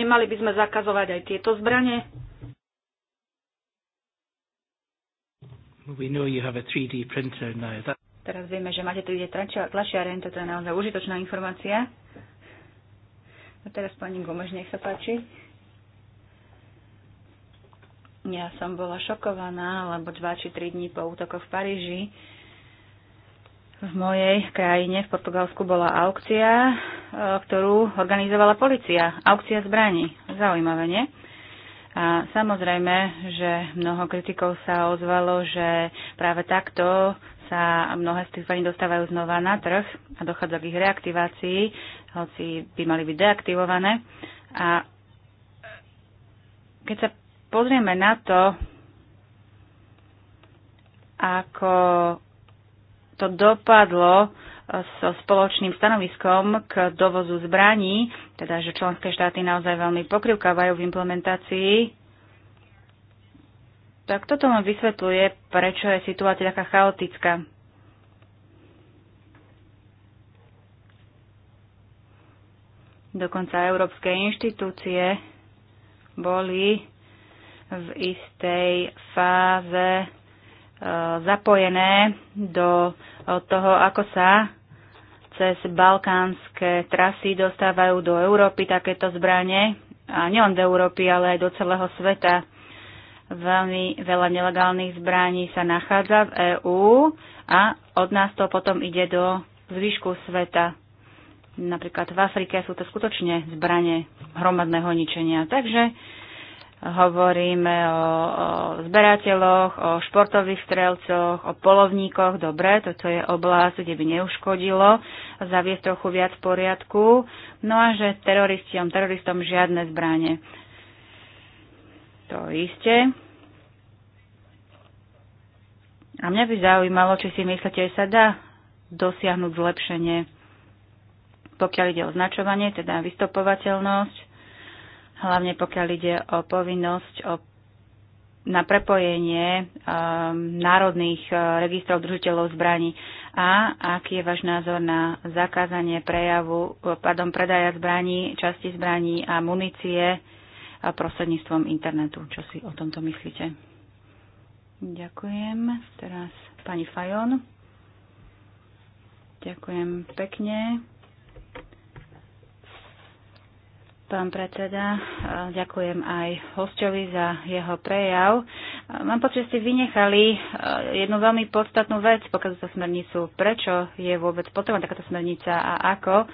Nemali by sme zakazovať aj tieto zbranie? We know you have a 3D printer now. That... Teraz vieme, že máte 3D tlačiareň, toto je naozaj užitočná informácia. A teraz pani Gomež, nech sa páči. Ja som bola šokovaná, lebo 2 či 3 dní po útokoch v Paríži v mojej krajine, v Portugalsku, bola aukcia, e, ktorú organizovala policia. Aukcia zbraní. Zaujímavé, nie? A samozrejme, že mnoho kritikov sa ozvalo, že práve takto sa mnohé z tých zbraní dostávajú znova na trh a dochádza k ich reaktivácii, hoci by mali byť deaktivované. A keď sa pozrieme na to, ako to dopadlo e, so spoločným stanoviskom k dovozu zbraní, teda že členské štáty naozaj veľmi pokrivkávajú v implementácii, tak toto vám vysvetľuje, prečo je situácia taká chaotická. Dokonca európske inštitúcie boli v istej fáze zapojené do toho, ako sa cez balkánske trasy dostávajú do Európy takéto zbranie. A nielen do Európy, ale aj do celého sveta. Veľmi veľa nelegálnych zbraní sa nachádza v EÚ a od nás to potom ide do zvyšku sveta. Napríklad v Afrike sú to skutočne zbranie hromadného ničenia. Takže hovoríme o, o zberateľoch, o športových strelcoch, o polovníkoch. Dobre, toto je oblasť, kde by neuškodilo zaviesť trochu viac v poriadku. No a že teroristom, teroristom žiadne zbranie. To isté. A mňa by zaujímalo, či si myslíte, že sa dá dosiahnuť zlepšenie, pokiaľ ide o značovanie, teda vystopovateľnosť hlavne pokiaľ ide o povinnosť o na prepojenie um, národných uh, registrov držiteľov zbraní a aký je váš názor na zakázanie prejavu, uh, pardon, predaja zbraní, časti zbraní a munície a uh, prostredníctvom internetu. Čo si o tomto myslíte? Ďakujem. Teraz pani Fajon. Ďakujem pekne. pán predseda. Ďakujem aj hostovi za jeho prejav. Mám pocit, že ste vynechali jednu veľmi podstatnú vec, pokiaľ sa smernicu, prečo je vôbec potrebná takáto smernica a ako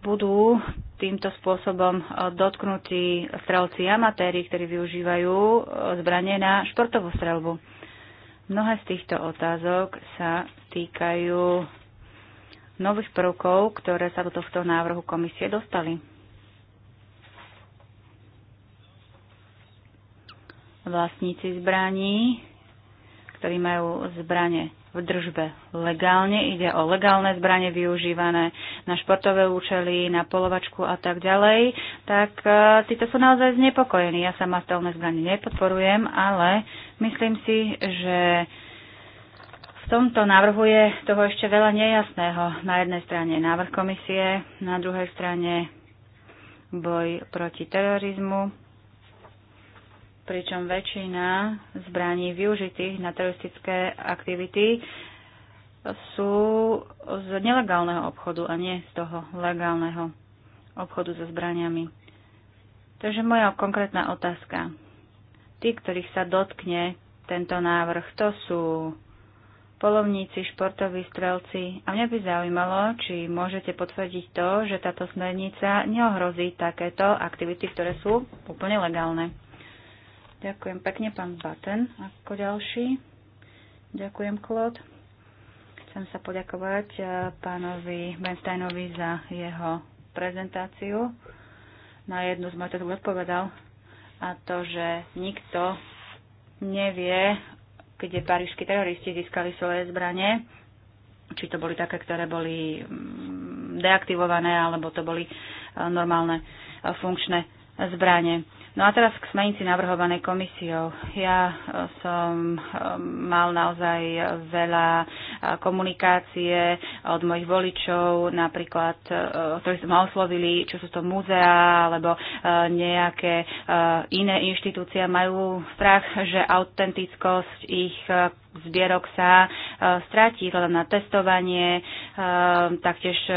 budú týmto spôsobom dotknutí strelci amatéri, ktorí využívajú zbranie na športovú strelbu. Mnohé z týchto otázok sa týkajú nových prvkov, ktoré sa do tohto návrhu komisie dostali. vlastníci zbraní, ktorí majú zbranie v držbe legálne. Ide o legálne zbranie využívané na športové účely, na polovačku a tak ďalej. Tak e, títo sú naozaj znepokojení. Ja sama strelné zbranie nepodporujem, ale myslím si, že v tomto návrhu je toho ešte veľa nejasného. Na jednej strane návrh komisie, na druhej strane boj proti terorizmu pričom väčšina zbraní využitých na teroristické aktivity sú z nelegálneho obchodu a nie z toho legálneho obchodu so zbraniami. Takže moja konkrétna otázka. Tí, ktorých sa dotkne tento návrh, to sú polovníci, športoví strelci. A mňa by zaujímalo, či môžete potvrdiť to, že táto smernica neohrozí takéto aktivity, ktoré sú úplne legálne. Ďakujem pekne, pán Baten, ako ďalší. Ďakujem, Klod. Chcem sa poďakovať eh, pánovi Bensteinovi za jeho prezentáciu. Na jednu z mojich otázok odpovedal a to, že nikto nevie, kde parížskí teroristi získali svoje zbranie, či to boli také, ktoré boli mm, deaktivované, alebo to boli eh, normálne eh, funkčné zbranie. No a teraz k smenici navrhovanej komisiou. Ja e, som e, mal naozaj veľa e, komunikácie od mojich voličov, napríklad, ktorí ma oslovili, čo sú to múzea alebo nejaké iné inštitúcie, majú strach, že autentickosť ich zbierok sa e, stratí, vzhľadom na testovanie, e, taktiež e,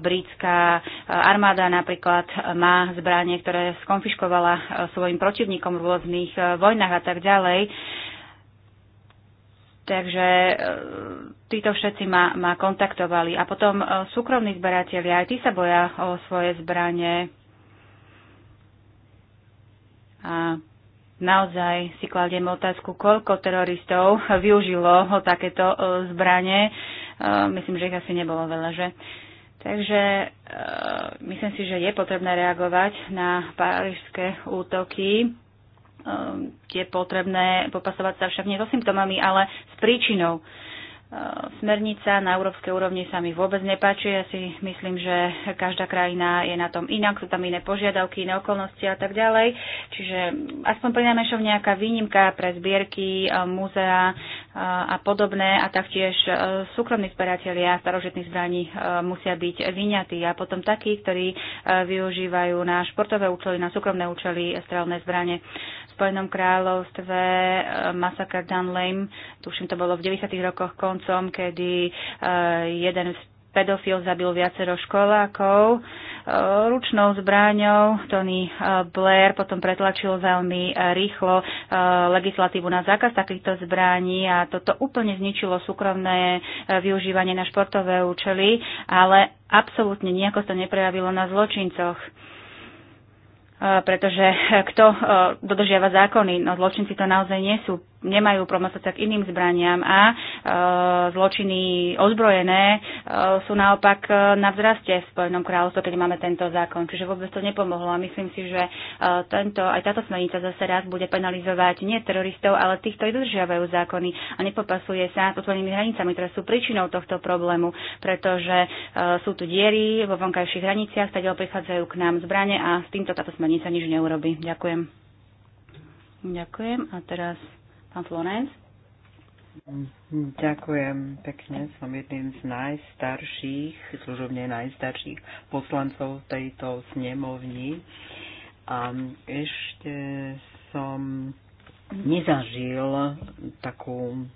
britská armáda napríklad má zbranie, ktoré skonfiškovala svojim protivníkom v rôznych vojnách a tak ďalej. Takže títo všetci ma, ma kontaktovali. A potom súkromní zberatelia, aj tí sa boja o svoje zbranie. A Naozaj si kladiem otázku, koľko teroristov využilo takéto e, zbranie. E, myslím, že ich asi nebolo veľa, že? Takže e, myslím si, že je potrebné reagovať na parížské útoky. je potrebné popasovať sa však nie so symptómami, ale s príčinou. Smernica na európskej úrovni sa mi vôbec nepáči. Ja si myslím, že každá krajina je na tom inak, sú tam iné požiadavky, iné okolnosti a tak ďalej. Čiže aspoň pri najmenšom nejaká výnimka pre zbierky, eh, múzea eh, a podobné a taktiež eh, súkromní zberatelia starožitných zbraní musia byť vyňatí a potom takí, ktorí využívajú na športové účely, na súkromné účely strelné zbranie. Spojenom kráľovstve, e, Masakr Dunlame, tuším to bolo v 90. rokoch koncom, kedy e, jeden z pedofil zabil viacero školákov e, ručnou zbráňou. Tony Blair potom pretlačil veľmi rýchlo legislatívu na zákaz takýchto zbraní a toto úplne zničilo súkromné využívanie na športové účely, ale absolútne nejako to neprejavilo na zločincoch pretože kto eh, dodržiava zákony, no zločinci to naozaj nie sú nemajú problém sa k iným zbraniam a e, zločiny ozbrojené e, sú naopak e, na vzraste v Spojenom kráľovstve, keď máme tento zákon. Čiže vôbec to nepomohlo a myslím si, že e, tento, aj táto smernica zase raz bude penalizovať nie teroristov, ale tých, ktorí dodržiavajú zákony a nepopasuje sa s otvorenými hranicami, ktoré sú príčinou tohto problému, pretože e, sú tu diery vo vonkajších hraniciach, teda prichádzajú k nám zbranie a s týmto táto smernica nič neurobi. Ďakujem. Ďakujem. A teraz Pán Florenc? Ďakujem pekne. Som jedným z najstarších, služobne najstarších poslancov tejto snemovni. A ešte som nezažil takú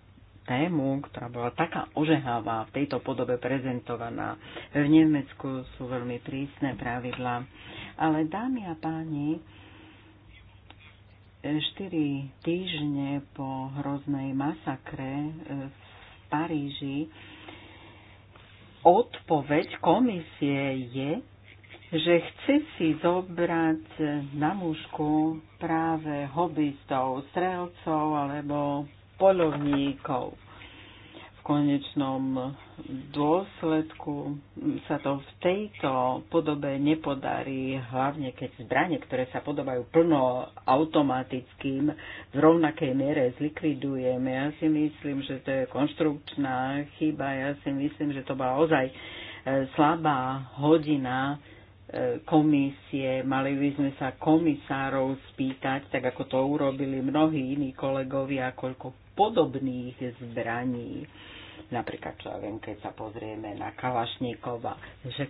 tému, ktorá bola taká ožehavá, v tejto podobe prezentovaná. V Nemecku sú veľmi prísne pravidla. Ale dámy a páni, 4 týždne po hroznej masakre e, v Paríži odpoveď komisie je, že chce si zobrať na mužku práve hobistov, strelcov alebo polovníkov konečnom dôsledku sa to v tejto podobe nepodarí, hlavne keď zbranie, ktoré sa podobajú plno automatickým, v rovnakej miere zlikvidujeme. Ja si myslím, že to je konštrukčná chyba, ja si myslím, že to bola ozaj e, slabá hodina e, komisie, mali by sme sa komisárov spýtať, tak ako to urobili mnohí iní kolegovia, koľko podobných zbraní Napríklad, čo ja viem, keď sa pozrieme na Kalašníkova, že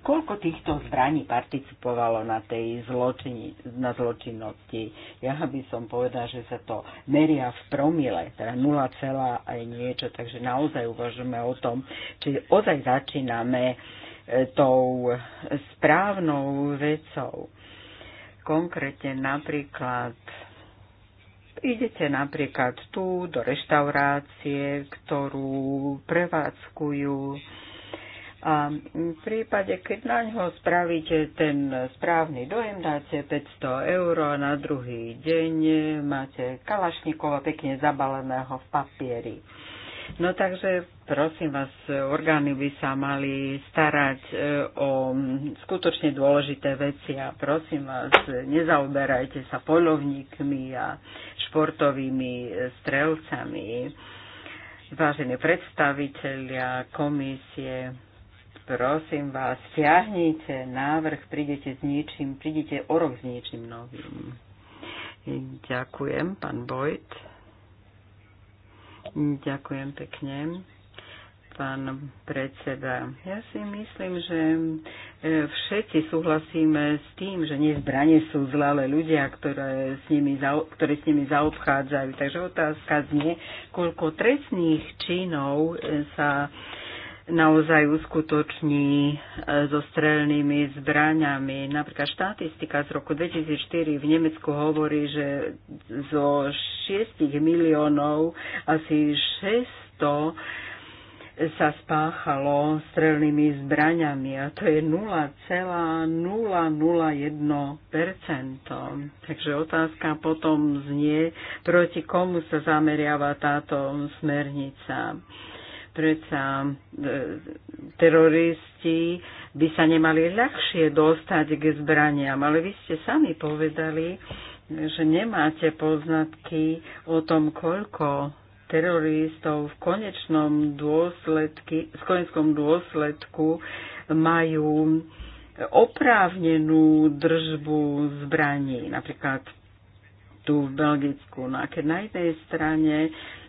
koľko týchto zbraní participovalo na tej zločini, na zločinnosti. Ja by som povedal, že sa to meria v promile, teda 0, aj niečo, takže naozaj uvažujeme o tom, či ozaj začíname e, tou správnou vecou. Konkrétne napríklad Idete napríklad tu do reštaurácie, ktorú prevádzkujú a v prípade, keď na ňo spravíte ten správny dojem, dáte 500 eur a na druhý deň máte kalašníkova pekne zabaleného v papieri. No takže prosím vás, orgány by sa mali starať e, o skutočne dôležité veci a prosím vás, nezaoberajte sa polovníkmi a športovými e, strelcami. Vážení predstavitelia komisie, prosím vás, stiahnite návrh, prídete s niečím, prídete o rok s niečím novým. Ďakujem, pán Bojt. Ďakujem pekne pán predseda. Ja si myslím, že e, všetci súhlasíme s tým, že nie zbranie sú zlé, ale ľudia, ktoré s nimi, ktoré s nimi zaobchádzajú. Takže otázka znie, koľko trestných činov e, sa naozaj uskutoční e, so strelnými zbraňami. Napríklad štatistika z roku 2004 v Nemecku hovorí, že zo 6 miliónov asi 600 sa spáchalo strelnými zbraňami a to je 0,001%. Takže otázka potom znie, proti komu sa zameriava táto smernica. Predsa e, teroristi by sa nemali ľahšie dostať k zbraniam, ale vy ste sami povedali, že nemáte poznatky o tom, koľko teroristov v konečnom dôsledky, v konečnom dôsledku majú oprávnenú držbu zbraní, napríklad tu v Belgicku. No a keď na jednej strane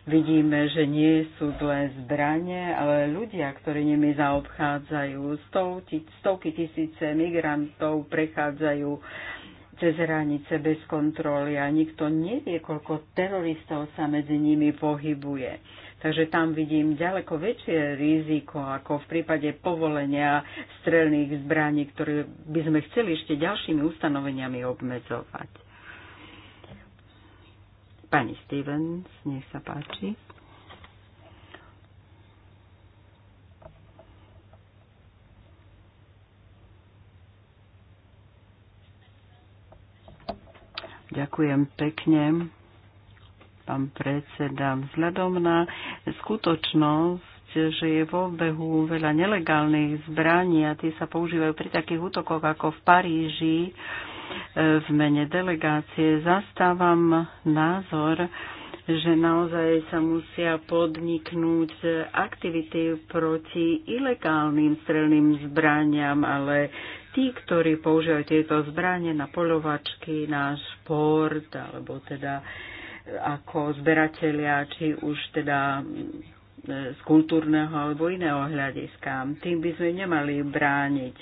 Vidíme, že nie sú len zbranie, ale ľudia, ktorí nimi zaobchádzajú. Stovky, stovky tisíce migrantov prechádzajú cez hranice bez kontroly a nikto nevie, koľko teroristov sa medzi nimi pohybuje. Takže tam vidím ďaleko väčšie riziko ako v prípade povolenia strelných zbraní, ktoré by sme chceli ešte ďalšími ustanoveniami obmedzovať. Pani Stevens, nech sa páči. Ďakujem pekne, pán predseda. Vzhľadom na skutočnosť, že je v obehu veľa nelegálnych zbraní a tie sa používajú pri takých útokoch ako v Paríži, v mene delegácie zastávam názor, že naozaj sa musia podniknúť aktivity proti ilegálnym strelným zbraniam, ale tí, ktorí používajú tieto zbranie na polovačky, na šport, alebo teda eh, ako zberatelia, či už teda eh, z kultúrneho alebo iného hľadiska. Tým by sme nemali brániť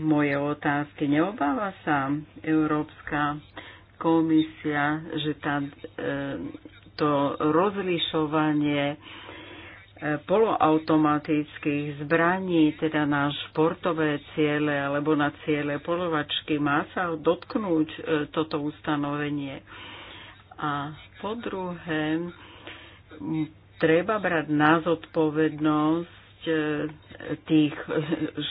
moje otázky. Neobáva sa Európska komisia, že tá, e, to rozlišovanie e, poloautomatických zbraní, teda na športové ciele alebo na ciele polovačky, má sa dotknúť e, toto ustanovenie. A po druhé, treba brať na zodpovednosť E, tých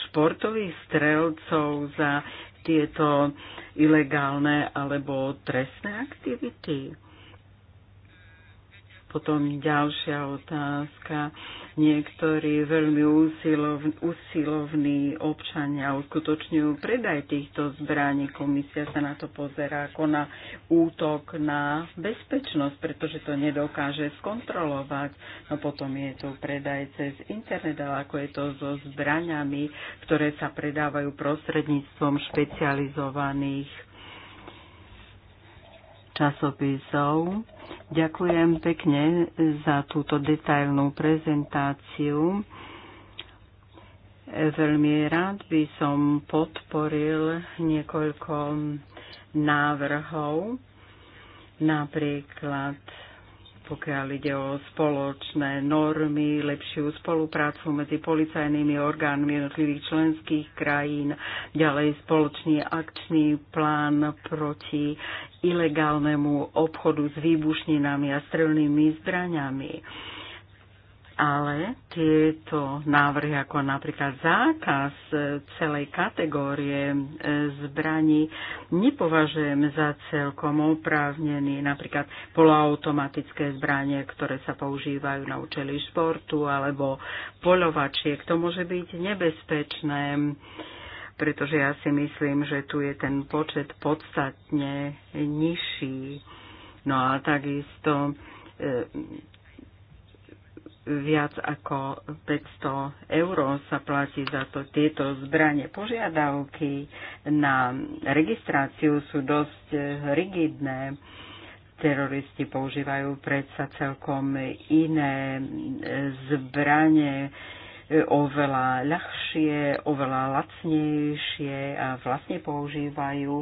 športových strelcov za tieto ilegálne alebo trestné aktivity? Potom ďalšia otázka. Niektorí veľmi usilov, usilovní občania uskutočňujú predaj týchto zbraní. Komisia sa na to pozerá ako na útok na bezpečnosť, pretože to nedokáže skontrolovať. No potom je tu predaj cez internet, ale ako je to so zbraniami, ktoré sa predávajú prostredníctvom špecializovaných časopisov. Ďakujem pekne za túto detailnú prezentáciu. Veľmi rád by som podporil niekoľko návrhov, napríklad pokiaľ ide o spoločné normy, lepšiu spoluprácu medzi policajnými orgánmi jednotlivých členských krajín, ďalej spoločný akčný plán proti ilegálnemu obchodu s výbušninami a strelnými zbraňami ale tieto návrhy, ako napríklad zákaz e, celej kategórie e, zbraní, nepovažujem za celkom oprávnený. Napríklad poloautomatické zbranie, ktoré sa používajú na účely športu, alebo poľovačiek. To môže byť nebezpečné, pretože ja si myslím, že tu je ten počet podstatne nižší. No a takisto e, viac ako 500 eur sa platí za to, tieto zbranie. Požiadavky na registráciu sú dosť rigidné. Teroristi používajú predsa celkom iné zbranie, oveľa ľahšie, oveľa lacnejšie a vlastne používajú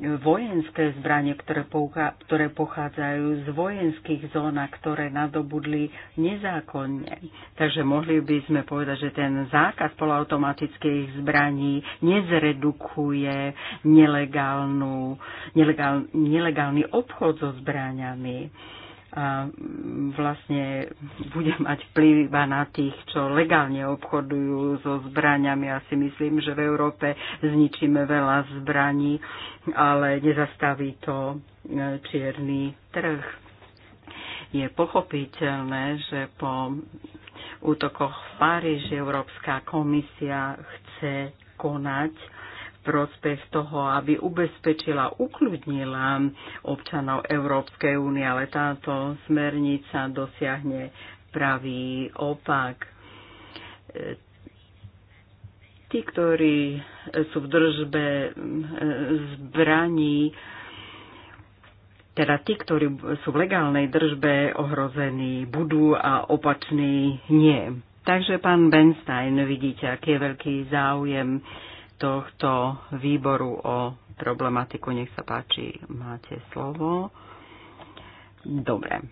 vojenské zbranie, ktoré, pouka- ktoré pochádzajú z vojenských zón a ktoré nadobudli nezákonne. Takže mohli by sme povedať, že ten zákaz polautomatických zbraní nezredukuje nelegálnu, nelegál, nelegálny obchod so zbraniami a vlastne bude mať vplyv iba na tých, čo legálne obchodujú so zbraniami. Ja si myslím, že v Európe zničíme veľa zbraní, ale nezastaví to e, čierny trh. Je pochopiteľné, že po útokoch v Paríži Európska komisia chce konať prospech toho, aby ubezpečila, ukludnila občanov Európskej únie, ale táto smernica dosiahne pravý opak. Tí, ktorí sú v držbe eh, zbraní, teda tí, ktorí sú v legálnej držbe ohrození, budú a opační nie. Takže pán Benstein, vidíte, aký je veľký záujem tohto výboru o problematiku. Nech sa páči, máte slovo. Dobre.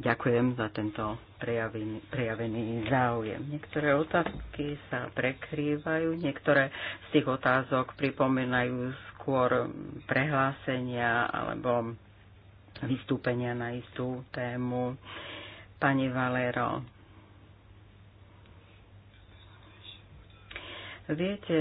Ďakujem za tento prejavený, prejavený záujem. Niektoré otázky sa prekrývajú, niektoré z tých otázok pripomínajú skôr prehlásenia alebo vystúpenia na istú tému. Pani Valero, Viete,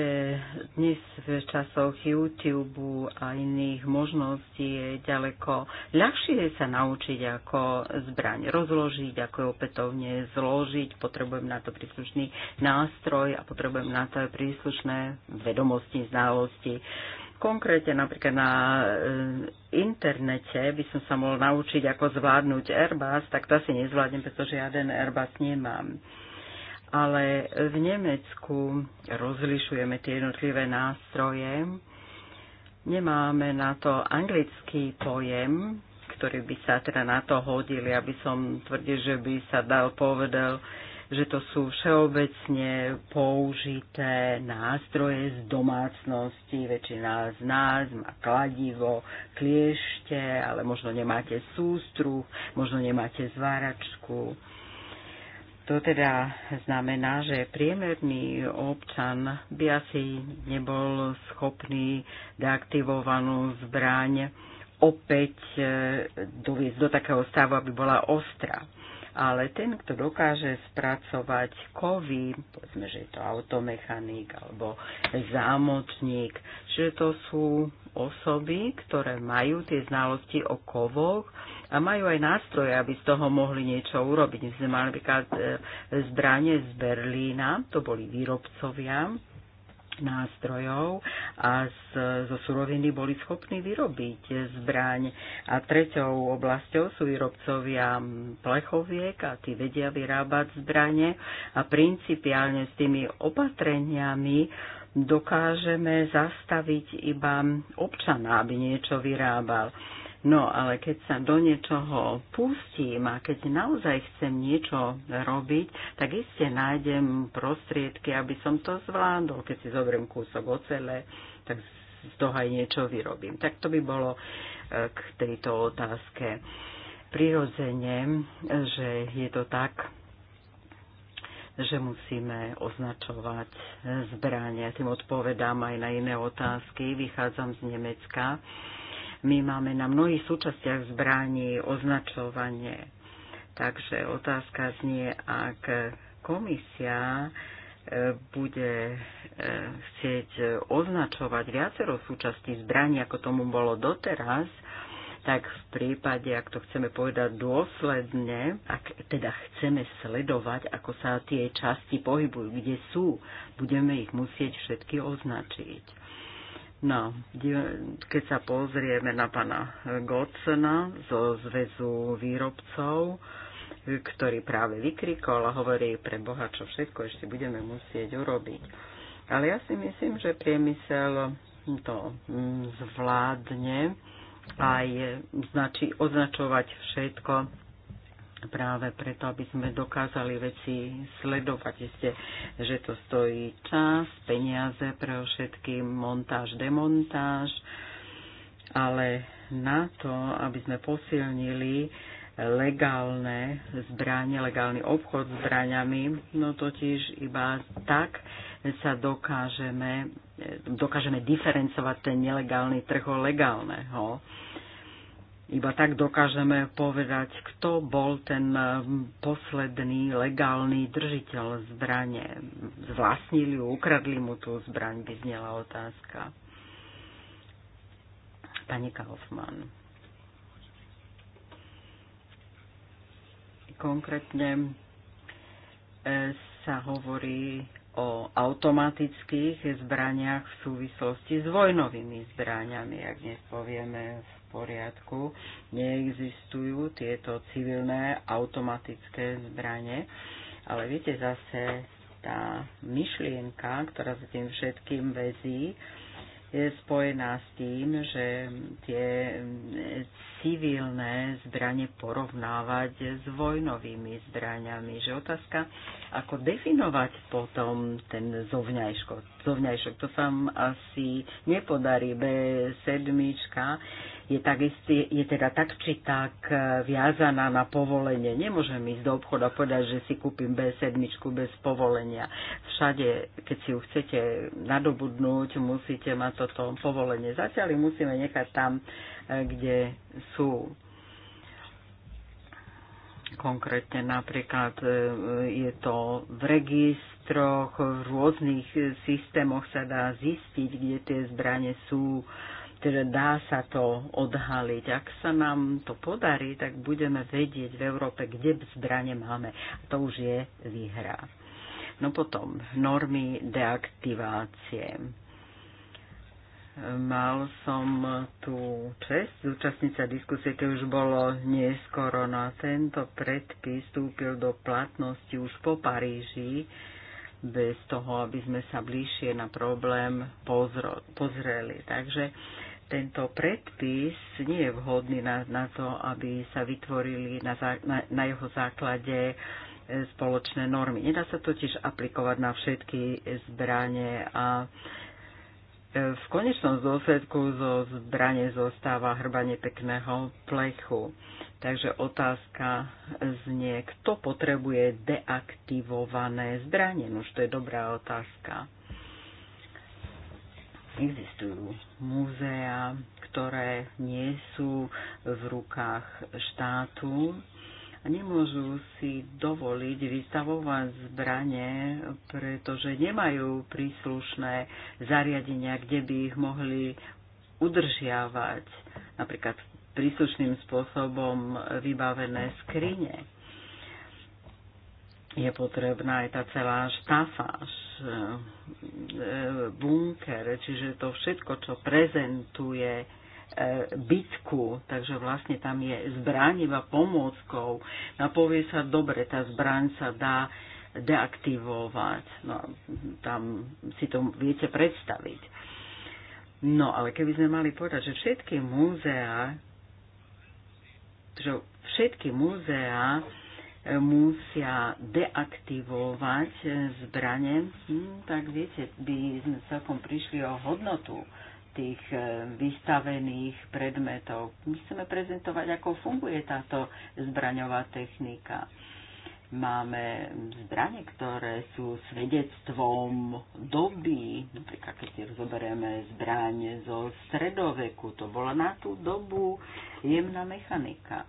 dnes v časoch YouTube a iných možností je ďaleko ľahšie sa naučiť, ako zbraň rozložiť, ako ju opätovne zložiť. Potrebujem na to príslušný nástroj a potrebujem na to aj príslušné vedomosti, znalosti. Konkrétne napríklad na eh, internete by som sa mohol naučiť, ako zvládnuť Airbus, tak to asi nezvládnem, pretože žiaden Airbus nemám ale v Nemecku rozlišujeme tie jednotlivé nástroje. Nemáme na to anglický pojem, ktorý by sa teda na to hodili, aby som tvrdil, že by sa dal povedal, že to sú všeobecne použité nástroje z domácnosti. Väčšina z nás má kladivo, kliešte, ale možno nemáte sústruh, možno nemáte zváračku to teda znamená, že priemerný občan by asi nebol schopný deaktivovanú zbraň opäť e, doviesť do takého stavu, aby bola ostrá ale ten, kto dokáže spracovať kovy, povedzme, že je to automechanik alebo zámočník, že to sú osoby, ktoré majú tie znalosti o kovoch a majú aj nástroje, aby z toho mohli niečo urobiť. My sme mali napríklad e, zbranie z Berlína, to boli výrobcovia nástrojov a z, zo suroviny boli schopní vyrobiť zbraň. A treťou oblasťou sú výrobcovia plechoviek a tí vedia vyrábať zbranie a principiálne s tými opatreniami dokážeme zastaviť iba občana, aby niečo vyrábal. No ale keď sa do niečoho pustím a keď naozaj chcem niečo robiť, tak iste nájdem prostriedky, aby som to zvládol. Keď si zoberiem kúsok ocele, tak z toho aj niečo vyrobím. Tak to by bolo e, k tejto otázke. Prirodzene, že je to tak, že musíme označovať zbranie. Tým odpovedám aj na iné otázky. Vychádzam z Nemecka my máme na mnohých súčastiach zbraní označovanie. Takže otázka znie, ak komisia e, bude e, chcieť označovať viacero súčastí zbraní, ako tomu bolo doteraz, tak v prípade, ak to chceme povedať dôsledne, ak teda chceme sledovať, ako sa tie časti pohybujú, kde sú, budeme ich musieť všetky označiť. No, keď sa pozrieme na pana Godsona zo zväzu výrobcov, ktorý práve vykrikol a hovorí pre Boha, čo všetko ešte budeme musieť urobiť. Ale ja si myslím, že priemysel to mm, zvládne aj značí, označovať všetko práve preto, aby sme dokázali veci sledovať. Ste, že to stojí čas, peniaze pre všetky, montáž, demontáž, ale na to, aby sme posilnili legálne zbranie, legálny obchod s zbraniami, no totiž iba tak sa dokážeme, dokážeme diferencovať ten nelegálny trh legálneho iba tak dokážeme povedať, kto bol ten posledný legálny držiteľ zbrane. Zvlastnili ju, ukradli mu tú zbraň, by znela otázka. Pani Kaufmann. Konkrétne e, sa hovorí o automatických zbraniach v súvislosti s vojnovými zbraniami, ak dnes povieme v poriadku. Neexistujú tieto civilné automatické zbranie, ale viete zase tá myšlienka, ktorá sa tým všetkým vezí, je spojená s tým, že tie civilné zbranie porovnávať s vojnovými zbraniami. Že otázka, ako definovať potom ten zovňajšok. zovňajšok. To sa asi nepodarí. B7 je, tak je teda tak či tak e, viazaná na povolenie. Nemôžem ísť do obchodu a povedať, že si kúpim B7 bez povolenia. Všade, keď si ju chcete nadobudnúť, musíte mať toto povolenie. Zatiaľ musíme nechať tam, e, kde sú konkrétne napríklad e, je to v registroch, v rôznych systémoch sa dá zistiť, kde tie zbranie sú teda dá sa to odhaliť. Ak sa nám to podarí, tak budeme vedieť v Európe, kde zbranie máme. A to už je výhra. No potom, normy deaktivácie. Mal som tú čest zúčastniť sa diskusie, keď už bolo neskoro na tento predpis vstúpil do platnosti už po Paríži bez toho, aby sme sa bližšie na problém pozreli. Takže tento predpis nie je vhodný na, na to, aby sa vytvorili na, na, na jeho základe e, spoločné normy. Nedá sa totiž aplikovať na všetky zbranie a e, v konečnom dôsledku zo zbranie zostáva hrbanie pekného plechu. Takže otázka znie, kto potrebuje deaktivované zbranie? No už to je dobrá otázka. Existujú múzea, ktoré nie sú v rukách štátu a nemôžu si dovoliť vystavovať zbranie, pretože nemajú príslušné zariadenia, kde by ich mohli udržiavať, napríklad príslušným spôsobom vybavené skrine je potrebná aj tá celá štafáž, eh, bunker, čiže to všetko, čo prezentuje eh, bitku, takže vlastne tam je zbraň iba pomôckou. Napovie no sa, dobre, tá zbraň sa dá deaktivovať. No, tam si to viete predstaviť. No, ale keby sme mali povedať, že všetky múzea, že všetky múzea musia deaktivovať zbranie, hm, tak viete, by sme celkom prišli o hodnotu tých eh, vystavených predmetov. My chceme prezentovať, ako funguje táto zbraňová technika. Máme zbranie, ktoré sú svedectvom doby. Napríklad, keď si rozoberieme zbranie zo stredoveku, to bola na tú dobu jemná mechanika.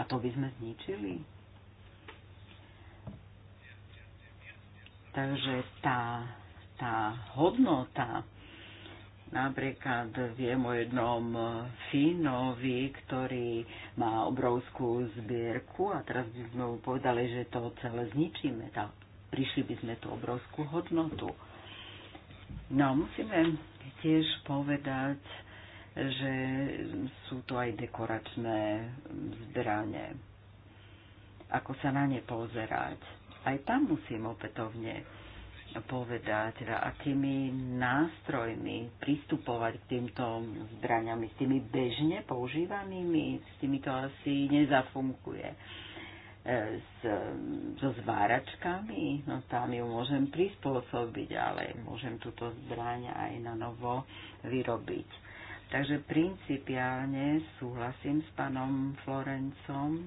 A to by sme zničili? Takže tá, tá hodnota, Napríklad viem o jednom Fínovi, ktorý má obrovskú zbierku a teraz by sme mu povedali, že to celé zničíme. Tá, prišli by sme tú obrovskú hodnotu. No, musíme tiež povedať, že sú to aj dekoračné zbranie. Ako sa na ne pozerať. Aj tam musím opätovne povedať, teda akými nástrojmi pristupovať k týmto zbraniami, s tými bežne používanými, s tými to asi nezafunkuje. E, s, so zváračkami, no tam ju môžem prispôsobiť, ale môžem túto zbraň aj na novo vyrobiť Takže principiálne súhlasím s pánom Florencom.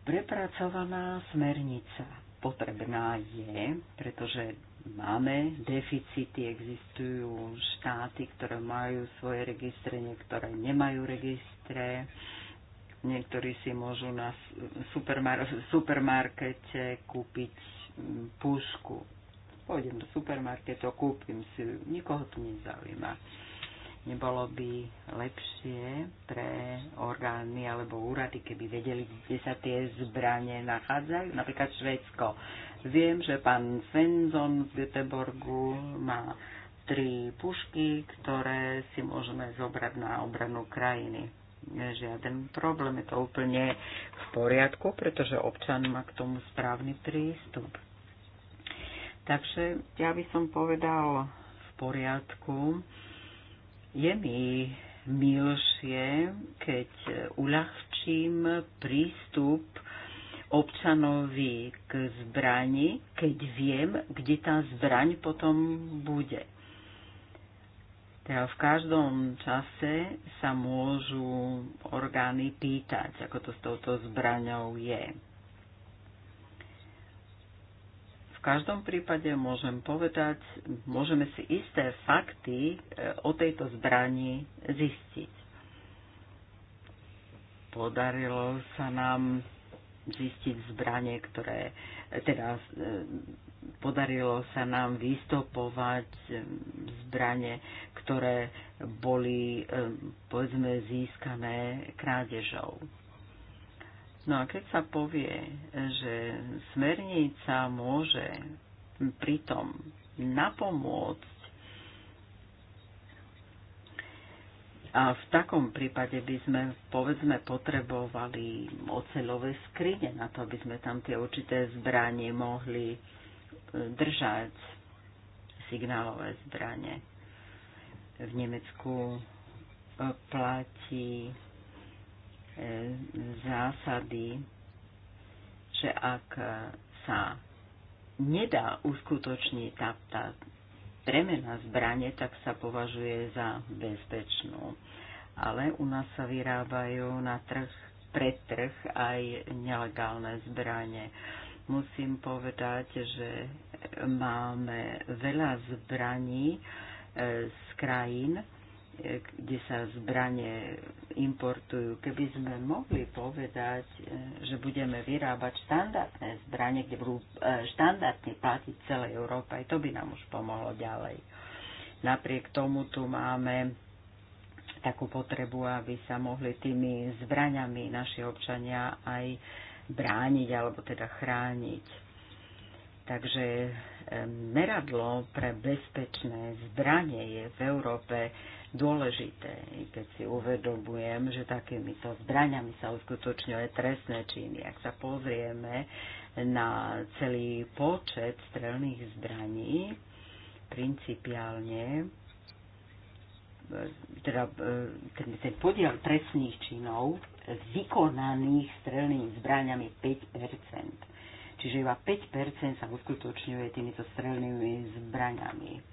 Prepracovaná smernica potrebná je, pretože máme deficity, existujú štáty, ktoré majú svoje registre, niektoré nemajú registre niektorí si môžu na supermar- supermarkete kúpiť mm, pušku. Pôjdem do supermarketu, kúpim si ju, nikoho to nezaujíma. Nebolo by lepšie pre orgány alebo úrady, keby vedeli, kde sa tie zbranie nachádzajú, napríklad Švédsko. Viem, že pán Svenzon v Göteborgu má tri pušky, ktoré si môžeme zobrať na obranu krajiny. Žiaden problém, je to úplne v poriadku, pretože občan má k tomu správny prístup. Takže ja by som povedal v poriadku je mi milšie, keď uľahčím prístup občanovi k zbrani, keď viem, kde tá zbraň potom bude. Teda v každom čase sa môžu orgány pýtať, ako to s touto zbraňou je V každom prípade môžem povedať, môžeme si isté fakty e, o tejto zbrani zistiť. Podarilo sa nám zistiť zbranie, ktoré e, teda e, podarilo sa nám vystopovať zbranie, ktoré boli povedzme získané krádežou No a keď sa povie, že smernica môže pritom napomôcť A v takom prípade by sme, povedzme, potrebovali oceľové skrine na to, aby sme tam tie určité zbranie mohli e, držať, signálové zbranie. V Nemecku e, platí E, zásady, že ak sa nedá uskutočniť tá, tá premena zbranie, tak sa považuje za bezpečnú. Ale u nás sa vyrábajú na trh, pre trh aj nelegálne zbranie. Musím povedať, že máme veľa zbraní e, z krajín, kde sa zbranie importujú. Keby sme mohli povedať, e, že budeme vyrábať štandardné zbranie, kde budú e, štandardne platiť celej Európe, aj to by nám už pomohlo ďalej. Napriek tomu tu máme takú potrebu, aby sa mohli tými zbraniami naši občania aj brániť alebo teda chrániť. Takže e, meradlo pre bezpečné zbranie je v Európe dôležité, keď si uvedomujem, že takýmito zbraňami sa uskutočňuje trestné činy. Ak sa pozrieme na celý počet strelných zbraní, principiálne, teda ten, ten podiel trestných činov vykonaných strelnými zbraňami 5 Čiže iba 5 sa uskutočňuje týmito strelnými zbraňami.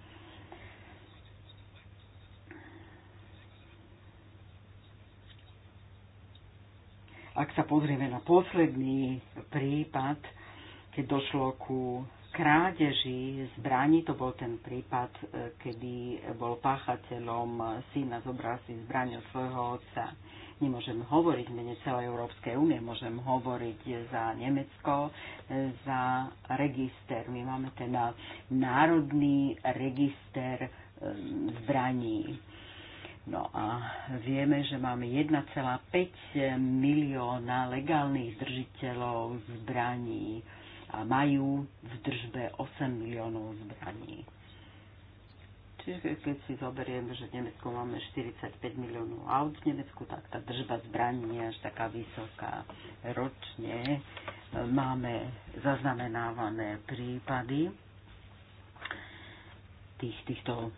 Ak sa pozrieme na posledný prípad, keď došlo ku krádeži zbraní, to bol ten prípad, e, kedy bol páchateľom syna, zobral si zbraň od svojho otca. Nemôžem hovoriť mene celej Európskej únie, môžem hovoriť za Nemecko, e, za register. My máme teda národný register e, zbraní. No a vieme, že máme 1,5 milióna legálnych držiteľov zbraní a majú v držbe 8 miliónov zbraní. Čiže keď si zoberiem, že v Nemecku máme 45 miliónov aut v Nemecku, tak tá držba zbraní je až taká vysoká. Ročne máme zaznamenávané prípady tých, týchto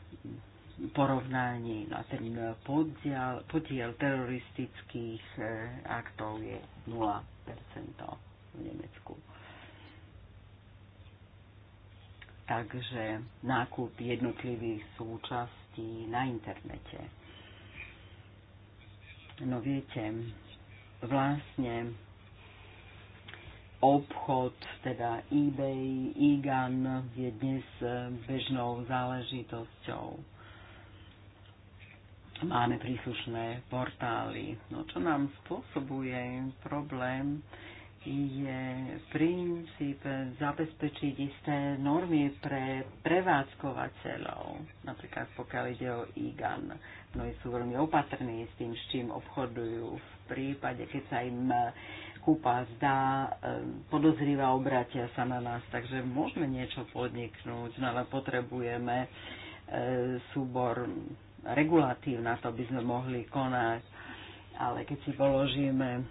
porovnanie. No a ten podiel, podiel teroristických eh, aktov je 0% v Nemecku. Takže nákup jednotlivých súčastí na internete. No viete, vlastne obchod, teda eBay, eGan je dnes eh, bežnou záležitosťou Máme príslušné portály. No čo nám spôsobuje problém, je princíp zabezpečiť isté normy pre prevádzkovateľov. Napríklad pokiaľ ide o IGAN, No sú veľmi opatrní s tým, s čím obchodujú. V prípade, keď sa im kúpa zdá, ehm, podozrivá obratia sa na nás, takže môžeme niečo podniknúť, no ale potrebujeme ehm, súbor regulatív na to by sme mohli konať. Ale keď si položíme e,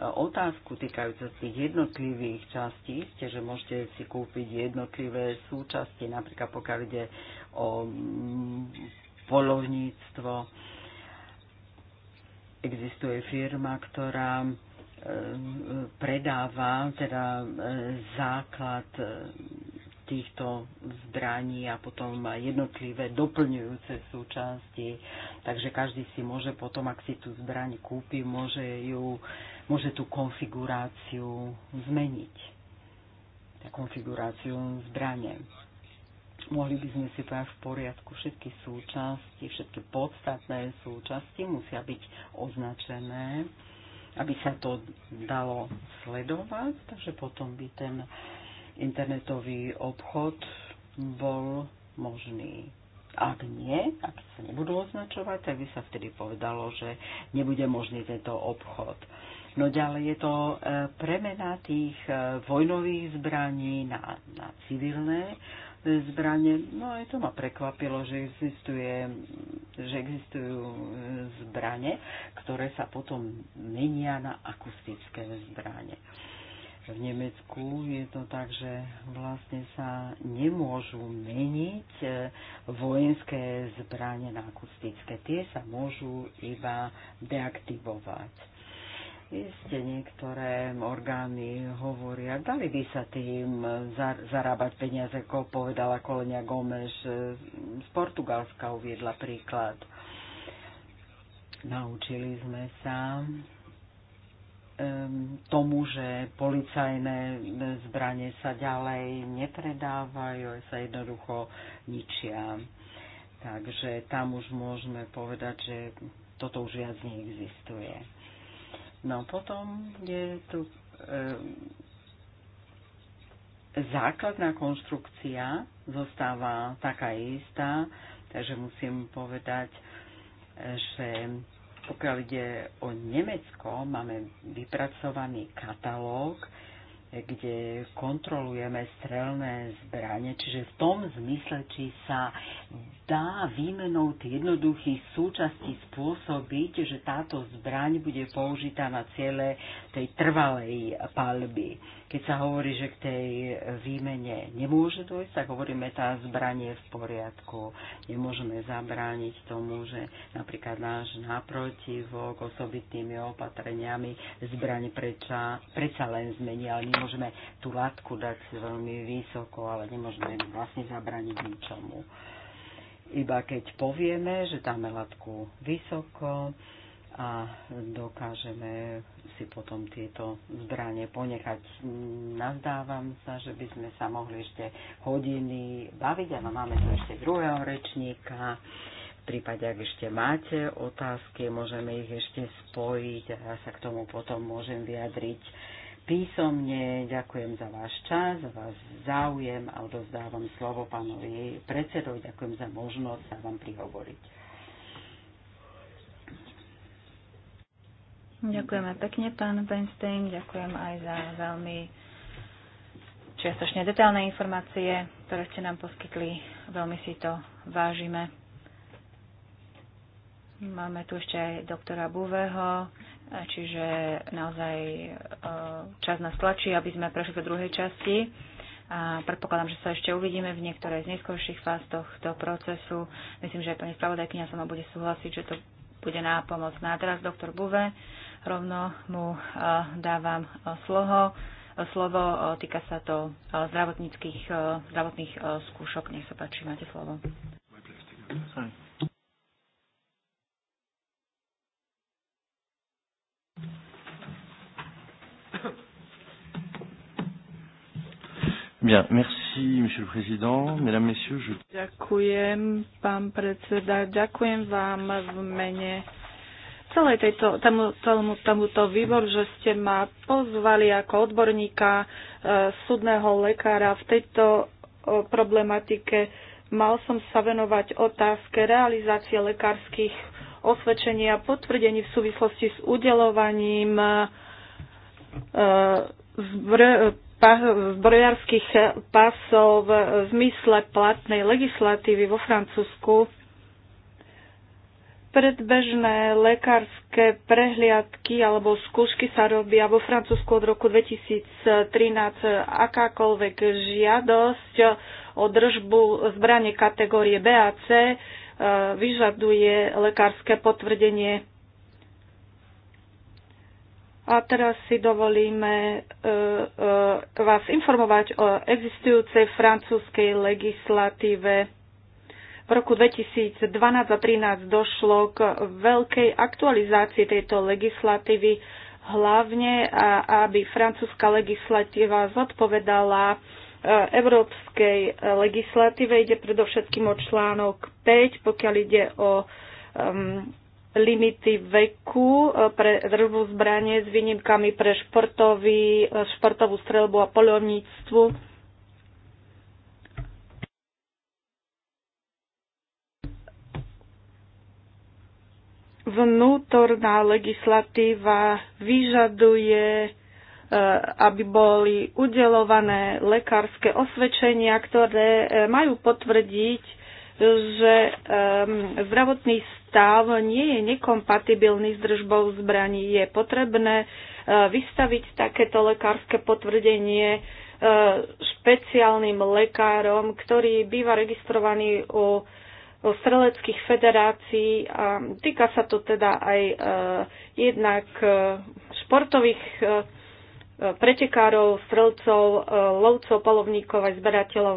otázku týkajúcu tých jednotlivých častí, že môžete si kúpiť jednotlivé súčasti, napríklad pokiaľ ide o polovníctvo. Existuje firma, ktorá e, predáva teda e, základ týchto zbraní a potom jednotlivé doplňujúce súčasti. Takže každý si môže potom, ak si tú zbraň kúpi, môže, ju, môže tú konfiguráciu zmeniť. Tá konfiguráciu zbrane. Mohli by sme si povedať v poriadku všetky súčasti, všetky podstatné súčasti musia byť označené aby sa to dalo sledovať, takže potom by ten internetový obchod bol možný. Ak nie, ak sa nebudú označovať, tak by sa vtedy povedalo, že nebude možný tento obchod. No ďalej je to e, premena tých e, vojnových zbraní na, na civilné e, zbranie. No aj to ma prekvapilo, že, existuje, že existujú zbranie, ktoré sa potom menia na akustické zbranie v Nemecku je to tak, že vlastne sa nemôžu meniť e, vojenské zbranie na akustické. Tie sa môžu iba deaktivovať. Isté niektoré orgány hovoria, dali by sa tým zarábať peniaze, ako povedala kolenia Gomes e, z Portugalska uviedla príklad. Naučili sme sa Ehm, tomu, že policajné zbranie sa ďalej nepredávajú, sa jednoducho ničia. Takže tam už môžeme povedať, že toto už viac neexistuje. No potom je tu e, základná konštrukcia zostáva taká istá, takže musím povedať, ehm, že pokiaľ ide o Nemecko, máme vypracovaný katalóg, kde kontrolujeme strelné zbranie, čiže v tom zmysle, či sa dá výmenou tých jednoduchých súčastí spôsobiť, že táto zbraň bude použitá na ciele tej trvalej palby. Keď sa hovorí, že k tej výmene nemôže dojsť, tak hovoríme, tá zbranie v poriadku. Nemôžeme zabrániť tomu, že napríklad náš náprotivok osobitnými opatreniami zbraň preča, predsa len zmení, ale nemôžeme tú látku dať veľmi vysoko, ale nemôžeme vlastne zabrániť ničomu. Iba keď povieme, že dáme látku vysoko, a dokážeme si potom tieto zbranie ponechať. Nazdávam sa, že by sme sa mohli ešte hodiny baviť, ale máme tu ešte druhého rečníka. V prípade, ak ešte máte otázky, môžeme ich ešte spojiť a ja sa k tomu potom môžem vyjadriť písomne. Ďakujem za váš čas, za váš záujem a odozdávam slovo pánovi predsedovi. Ďakujem za možnosť sa vám prihovoriť. Ďakujeme pekne, pán Benstein. Ďakujem aj za veľmi čiastočne detálne informácie, ktoré ste nám poskytli. Veľmi si to vážime. Máme tu ešte aj doktora Buveho, čiže naozaj e, čas nás tlačí, aby sme prešli do druhej časti. A predpokladám, že sa ešte uvidíme v niektorej z neskôrších fáz tohto procesu. Myslím, že aj pani spravodajkynia sa ma bude súhlasiť, že to bude nápomocná. No teraz doktor Buve Rovno mu e, dávam e, e, slovo. Slovo týka sa to zdravotníckých, zdravotných skúšok. Nech sa páči, máte slovo. Bien, merci, monsieur le président. Mesdames, messieurs, je... Ďakujem, pán predseda. Ďakujem vám v mene celé tejto, tomu, tomu, tomuto výboru, že ste ma pozvali ako odborníka, e, súdneho lekára v tejto o, e, problematike. Mal som sa venovať otázke realizácie lekárskych osvedčení a potvrdení v súvislosti s udelovaním e, zbrojárskych pasov v zmysle platnej legislatívy vo Francúzsku Predbežné lekárske prehliadky alebo skúšky sa robia vo Francúzsku od roku 2013. Akákoľvek žiadosť o držbu zbranie kategórie BAC e, vyžaduje lekárske potvrdenie. A teraz si dovolíme e, e, vás informovať o existujúcej francúzskej legislatíve v roku 2012 a 2013 došlo k veľkej aktualizácii tejto legislatívy, hlavne aby francúzska legislatíva zodpovedala e, európskej e, legislatíve. Ide predovšetkým o článok 5, pokiaľ ide o um, limity veku e, pre drvú zbranie s výnimkami pre športový, športovú strelbu a polovníctvu vnútorná legislatíva vyžaduje, e, aby boli udelované lekárske osvedčenia, ktoré e, majú potvrdiť, že zdravotný stav nie je nekompatibilný s držbou zbraní. Je potrebné e, vystaviť takéto lekárske potvrdenie špeciálnym lekárom, ktorý býva registrovaný u streleckých federácií a týka sa to teda aj e, jednak e, športových e, e pretekárov, strelcov, e, lovcov, polovníkov aj zberateľov.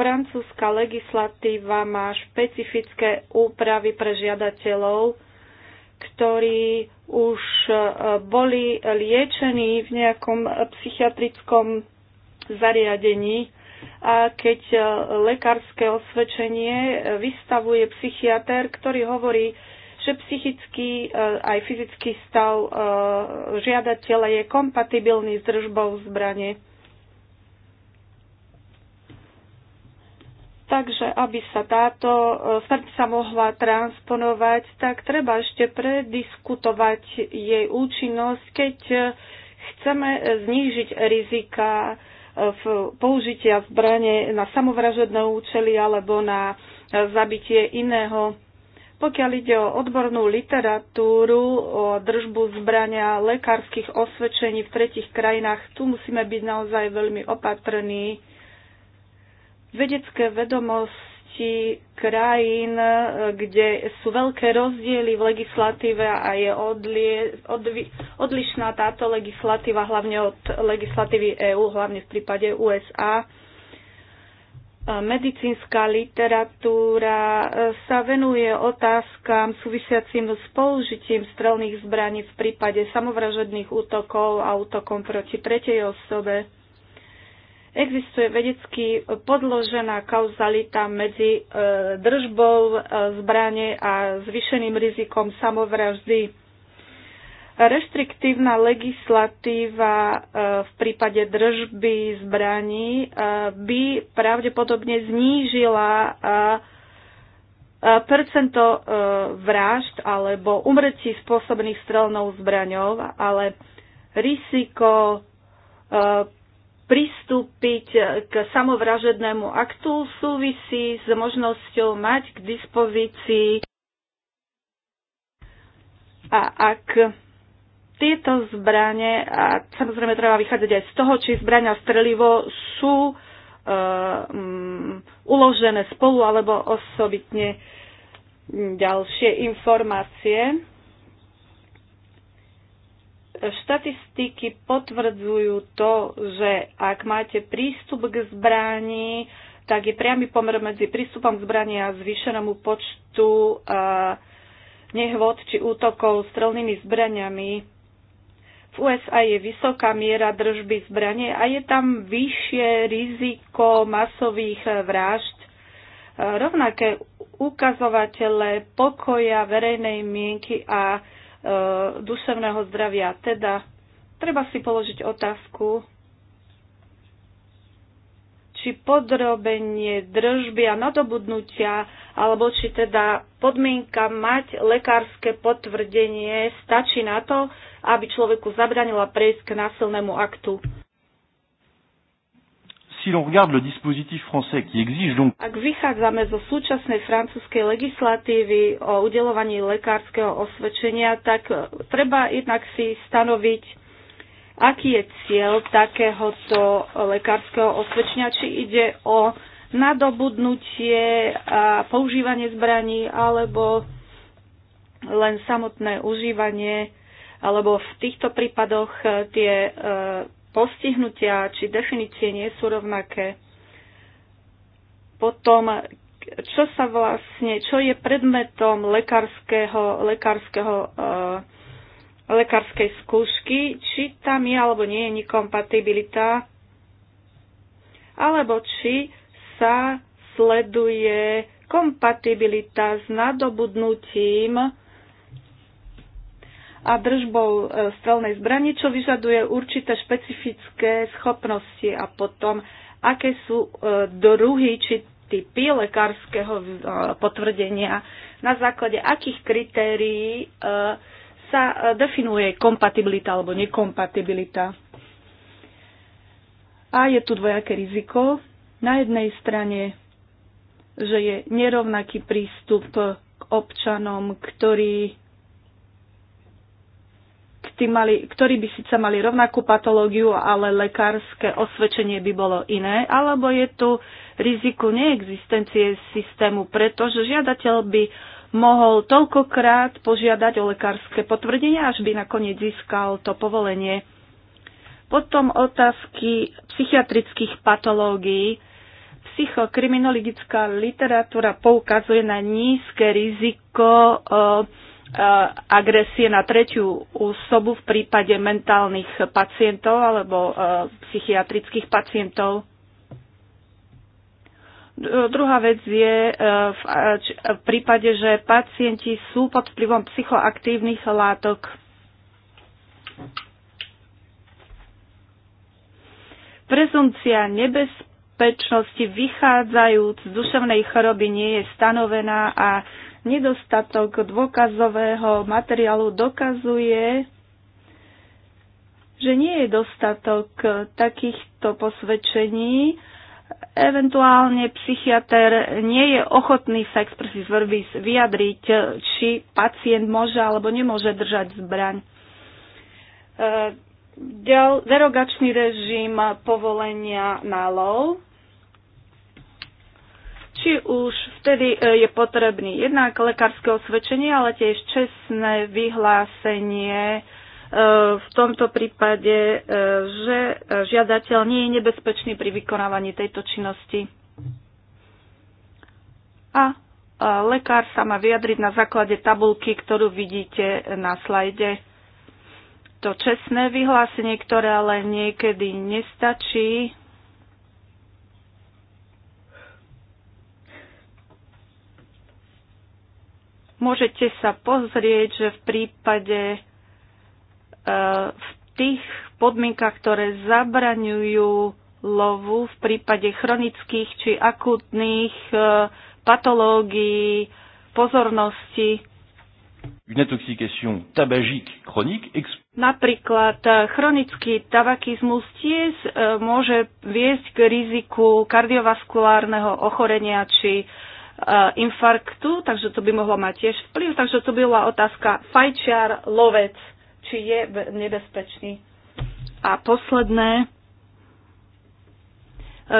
Francúzska legislatíva má špecifické úpravy pre žiadateľov, ktorí už e, boli liečení v nejakom psychiatrickom zariadení a keď e, lekárske osvedčenie vystavuje psychiatr, ktorý hovorí, že psychický e, aj fyzický stav e, žiadateľa je kompatibilný s držbou zbrane. Takže aby sa táto smrť sa mohla transponovať, tak treba ešte prediskutovať jej účinnosť, keď chceme znížiť rizika v použitia zbrane na samovražedné účely alebo na zabitie iného. Pokiaľ ide o odbornú literatúru, o držbu zbrania, lekárskych osvedčení v tretich krajinách, tu musíme byť naozaj veľmi opatrní. Vedecké vedomosti oblasti krajín, e, kde sú veľké rozdiely v legislatíve a je odlie, odvi, odlišná táto legislatíva, hlavne od legislatívy EÚ, hlavne v prípade USA. E, medicínska literatúra e, sa venuje otázkam súvisiacim s použitím strelných zbraní v prípade samovražedných útokov a útokom proti tretej osobe Existuje vedecky podložená kauzalita medzi e, držbou e, zbrane a zvýšeným rizikom samovraždy. Reštriktívna legislatíva e, v prípade držby zbraní by pravdepodobne znížila percento vražd alebo umrtí spôsobených strelnou zbraňou, ale riziko pristúpiť k samovražednému aktu súvisí s možnosťou mať k dispozícii a ak tieto zbranie, a samozrejme treba vychádzať aj z toho, či zbrania a strelivo sú e, um, uložené spolu alebo osobitne ďalšie informácie. Štatistiky potvrdzujú to, že ak máte prístup k zbrani, tak je priamy pomer medzi prístupom k zbrani a zvýšenému počtu e, nehôd či útokov strelnými zbraniami. V USA je vysoká miera držby zbranie a je tam vyššie riziko masových e, vražd. E, rovnaké ukazovatele pokoja verejnej mienky a Eh, duševného zdravia. Teda treba si položiť otázku, či podrobenie držby a nadobudnutia, alebo či teda podmienka mať lekárske potvrdenie stačí na to, aby človeku zabranila prejsť k násilnému aktu si l'on regarde le dispositif français qui exige donc... Ak vychádzame zo súčasnej francúzskej legislatívy o udelovaní lekárskeho osvedčenia, tak e, treba jednak si stanoviť, aký je cieľ takéhoto lekárskeho osvedčenia, či ide o nadobudnutie a používanie zbraní alebo len samotné užívanie, alebo v týchto prípadoch e, tie e, postihnutia či definície nie sú rovnaké. Potom, čo sa vlastne, čo je predmetom lekárskeho, lekárskeho, e, eh, lekárskej skúšky, či tam je alebo nie je nekompatibilita, alebo či sa sleduje kompatibilita s nadobudnutím a držbou e, strelnej zbrane, čo vyžaduje určité špecifické schopnosti a potom, aké sú e, druhy či typy lekárskeho e, potvrdenia, na základe akých kritérií sa definuje kompatibilita alebo nekompatibilita. A je tu dvojaké riziko. Na jednej strane, že je nerovnaký prístup k občanom, ktorí tí mali, ktorí by síce mali rovnakú patológiu, ale lekárske osvedčenie by bolo iné, alebo je tu riziku neexistencie systému, pretože žiadateľ by mohol toľkokrát požiadať o lekárske potvrdenie, až by nakoniec získal to povolenie. Potom otázky psychiatrických patológií. Psychokriminologická literatúra poukazuje na nízke riziko e, Eh, agresie na tretiu osobu v prípade mentálnych pacientov alebo eh, psychiatrických pacientov. Druhá vec je eh, v prípade, že pacienti sú pod vplyvom psychoaktívnych látok. Prezumcia nebezpečnosti vychádzajúc z duševnej choroby nie je stanovená a nedostatok dôkazového materiálu dokazuje, že nie je dostatok takýchto posvedčení. Eventuálne psychiatr nie je ochotný sa expressis verbis vyjadriť, či pacient môže alebo nemôže držať zbraň. E, derogačný režim povolenia na lov či už vtedy e, je potrebný jednak lekárske osvedčenie, ale tiež čestné vyhlásenie e, v tomto prípade, e, že žiadateľ nie je nebezpečný pri vykonávaní tejto činnosti. A lekár sa má vyjadriť na základe tabulky, ktorú vidíte na slajde. To čestné vyhlásenie, ktoré ale niekedy nestačí, Môžete sa pozrieť, že v prípade e, v tých podmienkach, ktoré zabraňujú lovu v prípade chronických či akutných e, patológií, pozornosti. Une intoxication tabagique chronique Napríklad e, chronický tabakizmus tiež môže viesť k riziku kardiovaskulárneho ochorenia či Eh, infarktu, takže to by mohlo mať tiež vplyv. Takže to byla otázka fajčiar, lovec, či je nebezpečný. A posledné, eh,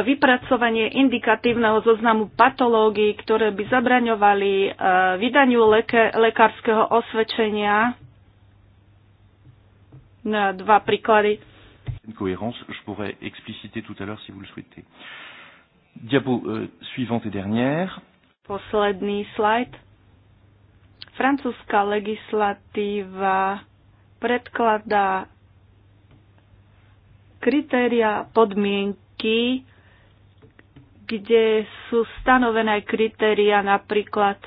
vypracovanie indikatívneho zoznamu patológií, ktoré by zabraňovali eh, vydaniu leke, lekárskeho osvedčenia. Na dva príklady. Cohérence, je pourrais expliciter tout à l'heure si vous le souhaitez. Diapo euh, suivante et dernière. Posledný slajd. Francúzska legislatíva predkladá kritéria podmienky, kde sú stanovené kritéria napríklad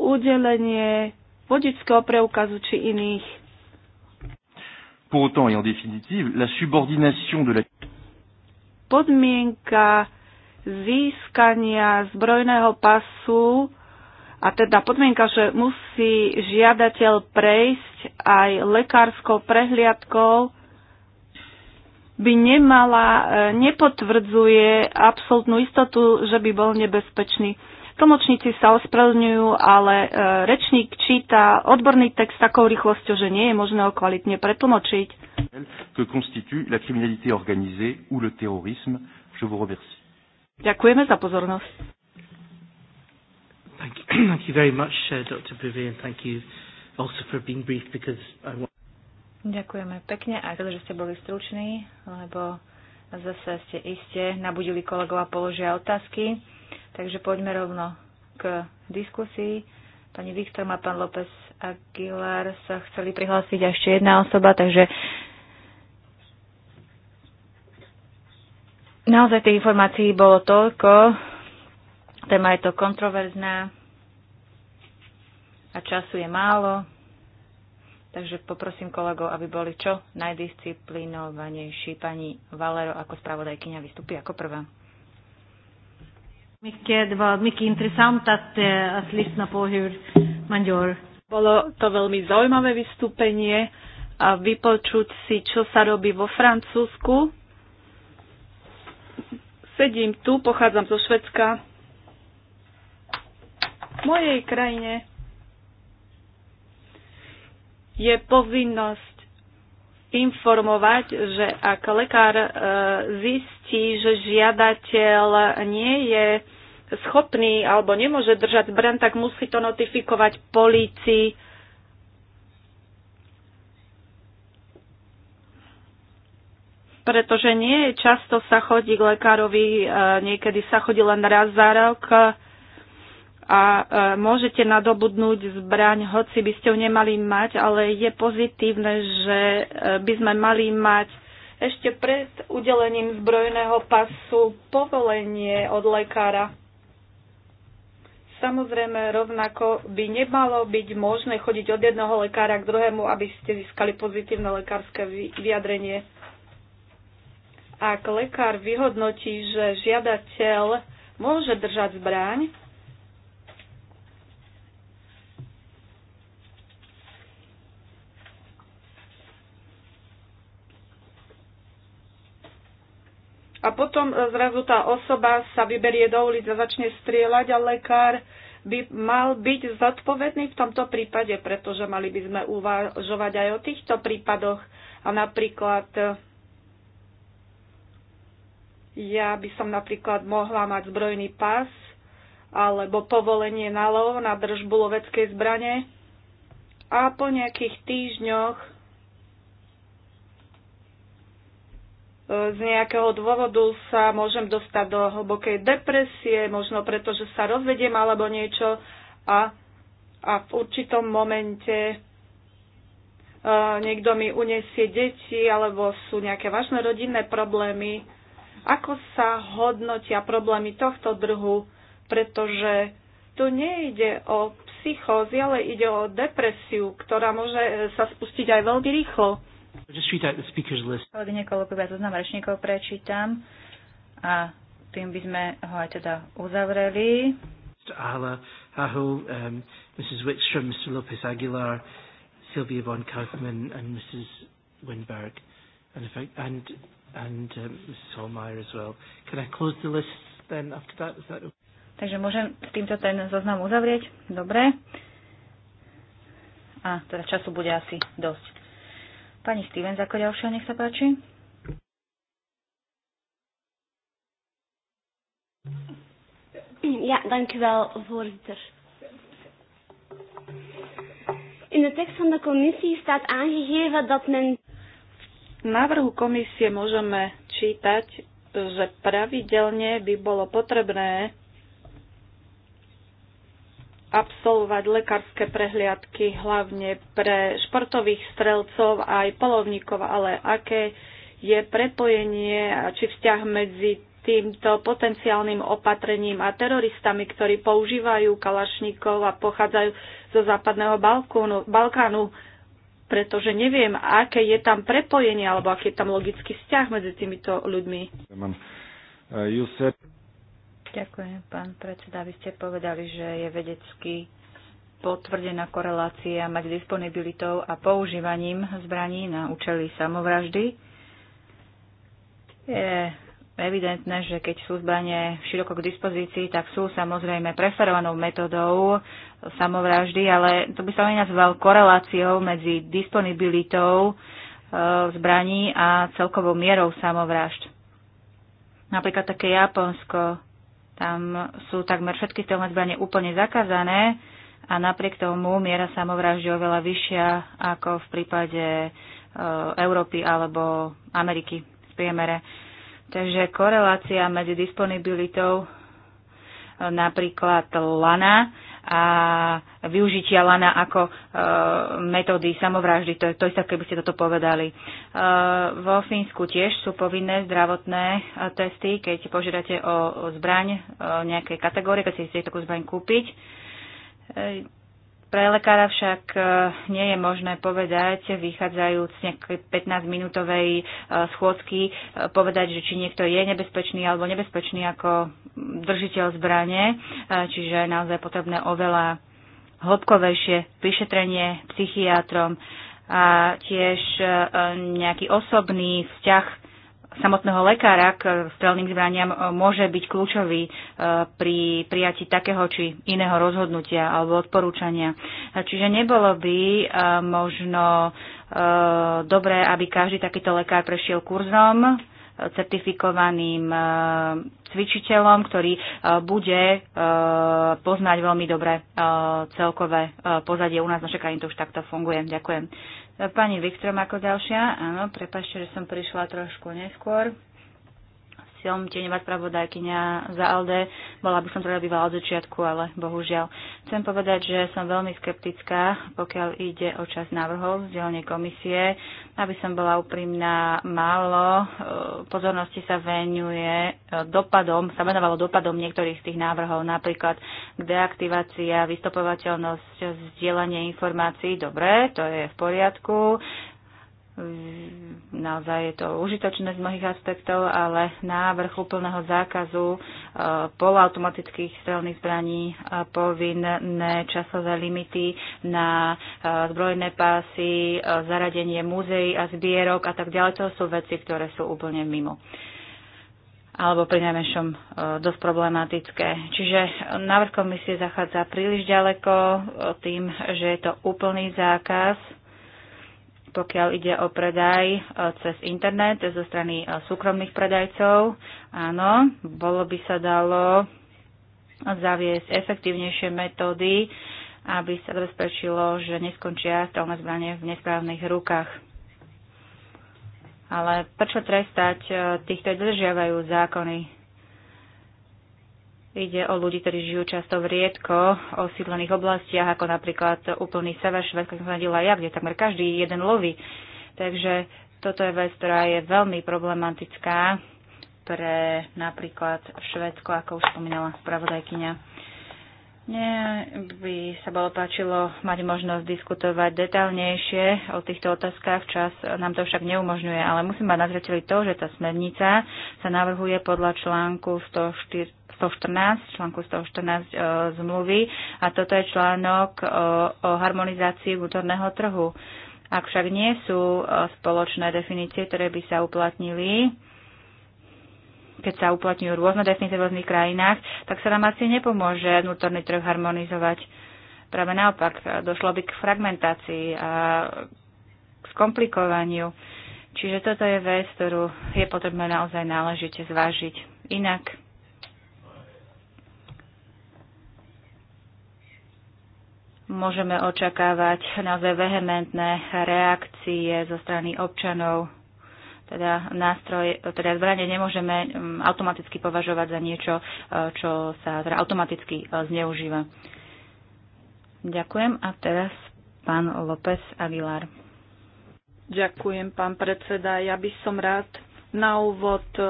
udelenie vodického preukazu či iných. Pour autant et en définitive, la subordination de la... Podmienka získania zbrojného pasu a teda podmienka, že musí žiadateľ prejsť aj lekárskou prehliadkou, by nemala, e, nepotvrdzuje absolútnu istotu, že by bol nebezpečný. Tlmočníci sa ospravedlňujú, ale e, rečník číta odborný text takou rýchlosťou, že nie je možné ho kvalitne pretlmočiť. Que constitue la criminalité organisée ou le terrorisme. Je vous remercie. Ďakujeme za pozornosť. Thank you, *clears throat* thank you very much, uh, Dr. and thank you also for being brief because I want... Ďakujeme pekne aj za to, že ste boli struční, lebo zase ste iste nabudili kolegov a položia otázky. Takže poďme rovno k diskusii. Pani Viktor a pán López Aguilar sa chceli prihlásiť a ešte jedna osoba, takže Naozaj tých informácií bolo toľko, téma je to kontroverzná a času je málo, takže poprosím kolegov, aby boli čo najdisciplinovanejší. Pani Valero ako spravodajkyňa vystupí ako prvá. Eh, bolo to veľmi zaujímavé vystúpenie a vypočuť si, čo sa robí vo Francúzsku Sedím tu, pochádzam zo Švedska. V mojej krajine je povinnosť informovať, že ak lekár e, zistí, že žiadateľ nie je schopný alebo nemôže držať zbraň, tak musí to notifikovať polícii pretože nie je často sa chodí k lekárovi, e, niekedy sa chodí len raz za rok a e, môžete nadobudnúť zbraň, hoci by ste ju nemali mať, ale je pozitívne, že e, by sme mali mať ešte pred udelením zbrojného pasu povolenie od lekára. Samozrejme, rovnako by nemalo byť možné chodiť od jedného lekára k druhému, aby ste získali pozitívne lekárske vyjadrenie. Ak lekár vyhodnotí, že žiadateľ môže držať zbraň, A potom e, zrazu tá osoba sa vyberie do ulic a začne strieľať a lekár by mal byť zodpovedný v tomto prípade, pretože mali by sme uvažovať aj o týchto prípadoch a napríklad e, ja by som napríklad mohla mať zbrojný pás alebo povolenie na lov na držbu loveckej zbrane a po nejakých týždňoch e, z nejakého dôvodu sa môžem dostať do hlbokej depresie, možno preto, že sa rozvediem alebo niečo a, a v určitom momente uh, niekto mi unesie deti alebo sú nejaké vážne rodinné problémy ako sa hodnotia problémy tohto druhu, pretože tu nejde o psychózy, ale ide o depresiu, ktorá môže e, sa spustiť aj veľmi rýchlo. Kolegyne, kolegovia, zoznam rečníkov prečítam a tým by sme ho aj teda uzavreli. Ahla, Aho, um, Mrs. Wickstrom, Mr. Lopez Aguilar, Sylvia von Kaufman and Mrs. Winberg. And, if I, and and um, Mrs. Holmeyer as well. Can I close the list then after that? Is that okay? Takže môžem s týmto ten zoznam uzavrieť? Dobre. A teda času bude asi dosť. Pani Stevens, ako ďalšia, nech sa páči. Ja, dankjewel, voorzitter. In de tekst van de commissie staat aangegeven dat men návrhu komisie môžeme čítať, že pravidelne by bolo potrebné absolvovať lekárske prehliadky hlavne pre športových strelcov a aj polovníkov, ale aké je prepojenie či vzťah medzi týmto potenciálnym opatrením a teroristami, ktorí používajú kalašníkov a pochádzajú zo západného Balkánu pretože neviem, aké je tam prepojenie alebo aký je tam logický vzťah medzi týmito ľuďmi. Eh, Ďakujem, pán predseda. Vy ste povedali, že je vedecky potvrdená korelácia medzi disponibilitou a používaním zbraní na účely samovraždy. Je evidentné, že keď sú zbranie široko k dispozícii, tak sú samozrejme preferovanou metodou samovraždy, ale to by sa len nazval koreláciou medzi disponibilitou e, zbraní a celkovou mierou samovražd. Napríklad také Japonsko, tam sú takmer všetky strelné zbranie úplne zakázané a napriek tomu miera samovraždy je oveľa vyššia ako v prípade e, Európy alebo Ameriky v priemere. Takže korelácia medzi disponibilitou e, napríklad lana a využitia lana ako e, metódy samovraždy. To je to isté, keby ste toto povedali. E, vo Fínsku tiež sú povinné zdravotné e, testy, keď požiadate o, o zbraň e, nejakej kategórie, keď si chcete takú zbraň kúpiť. E, pre lekára však e, nie je možné povedať, vychádzajúc z nejakej 15-minútovej e, schôdzky, e, povedať, že či niekto je nebezpečný alebo nebezpečný ako držiteľ zbrane, čiže je naozaj potrebné oveľa hĺbkovejšie vyšetrenie psychiatrom a tiež nejaký osobný vzťah samotného lekára k strelným zbraniam e, môže byť kľúčový e, pri prijati takého či iného rozhodnutia alebo odporúčania. E, čiže nebolo by možno dobré, aby každý takýto lekár prešiel kurzom, certifikovaným cvičiteľom, ktorý bude poznať veľmi dobre celkové pozadie. U nás v našej krajine to už takto funguje. Ďakujem. Pani Viktor, ako ďalšia. Áno, prepašte, že som prišla trošku neskôr som tieňová spravodajkynia za LD. Bola by som to teda robila od začiatku, ale bohužiaľ. Chcem povedať, že som veľmi skeptická, pokiaľ ide o čas návrhov z dielne komisie. Aby som bola úprimná, málo e, pozornosti sa venuje e, dopadom, sa venovalo dopadom niektorých z tých návrhov, napríklad deaktivácia, vystopovateľnosť, zdieľanie informácií. Dobre, to je v poriadku. Ehm, naozaj je to užitočné z mnohých aspektov, ale návrh úplného zákazu e, polautomatických strelných zbraní, e, povinné časové limity na e, zbrojné pásy, zaradenie múzeí a zbierok a tak ďalej, to sú veci, ktoré sú úplne mimo alebo pri najmenšom dosť problematické. Čiže návrh komisie zachádza príliš ďaleko tým, že je to úplný zákaz pokiaľ ide o predaj e, cez internet zo strany e, súkromných predajcov. Áno, bolo by sa dalo zaviesť efektívnejšie metódy, aby sa zabezpečilo, že neskončia strelné zbranie v nesprávnych rukách. Ale prečo trestať e, tých, ktorí dodržiavajú zákony? Ide o ľudí, ktorí žijú často v riedko osídlených oblastiach, ako napríklad úplný sever Švedska, som radila ja, kde takmer každý jeden loví. Takže toto je vec, ktorá je veľmi problematická pre napríklad Švedsko, ako už spomínala spravodajkyňa. Mne by sa bolo páčilo mať možnosť diskutovať detálnejšie o týchto otázkach. Čas nám to však neumožňuje, ale musím mať na zreteli to, že tá smernica sa navrhuje podľa článku 104, 114, článku 114 e, zmluvy a toto je článok e, o harmonizácii vnútorného trhu. Ak však nie sú e, spoločné definície, ktoré by sa uplatnili, keď sa uplatňujú rôzne definície v rôznych krajinách, tak sa nám asi nepomôže vnútorný trh harmonizovať. Práve naopak, e, došlo by k fragmentácii a k skomplikovaniu. Čiže toto je vec, ktorú je potrebné naozaj náležite zvážiť. Inak môžeme očakávať naozaj vehementné reakcie zo strany občanov. Teda, nástroj, teda zbranie nemôžeme mm, automaticky považovať za niečo, e, čo sa teda automaticky e, zneužíva. Ďakujem a teraz pán López Aguilar. Ďakujem, pán predseda. Ja by som rád na úvod e,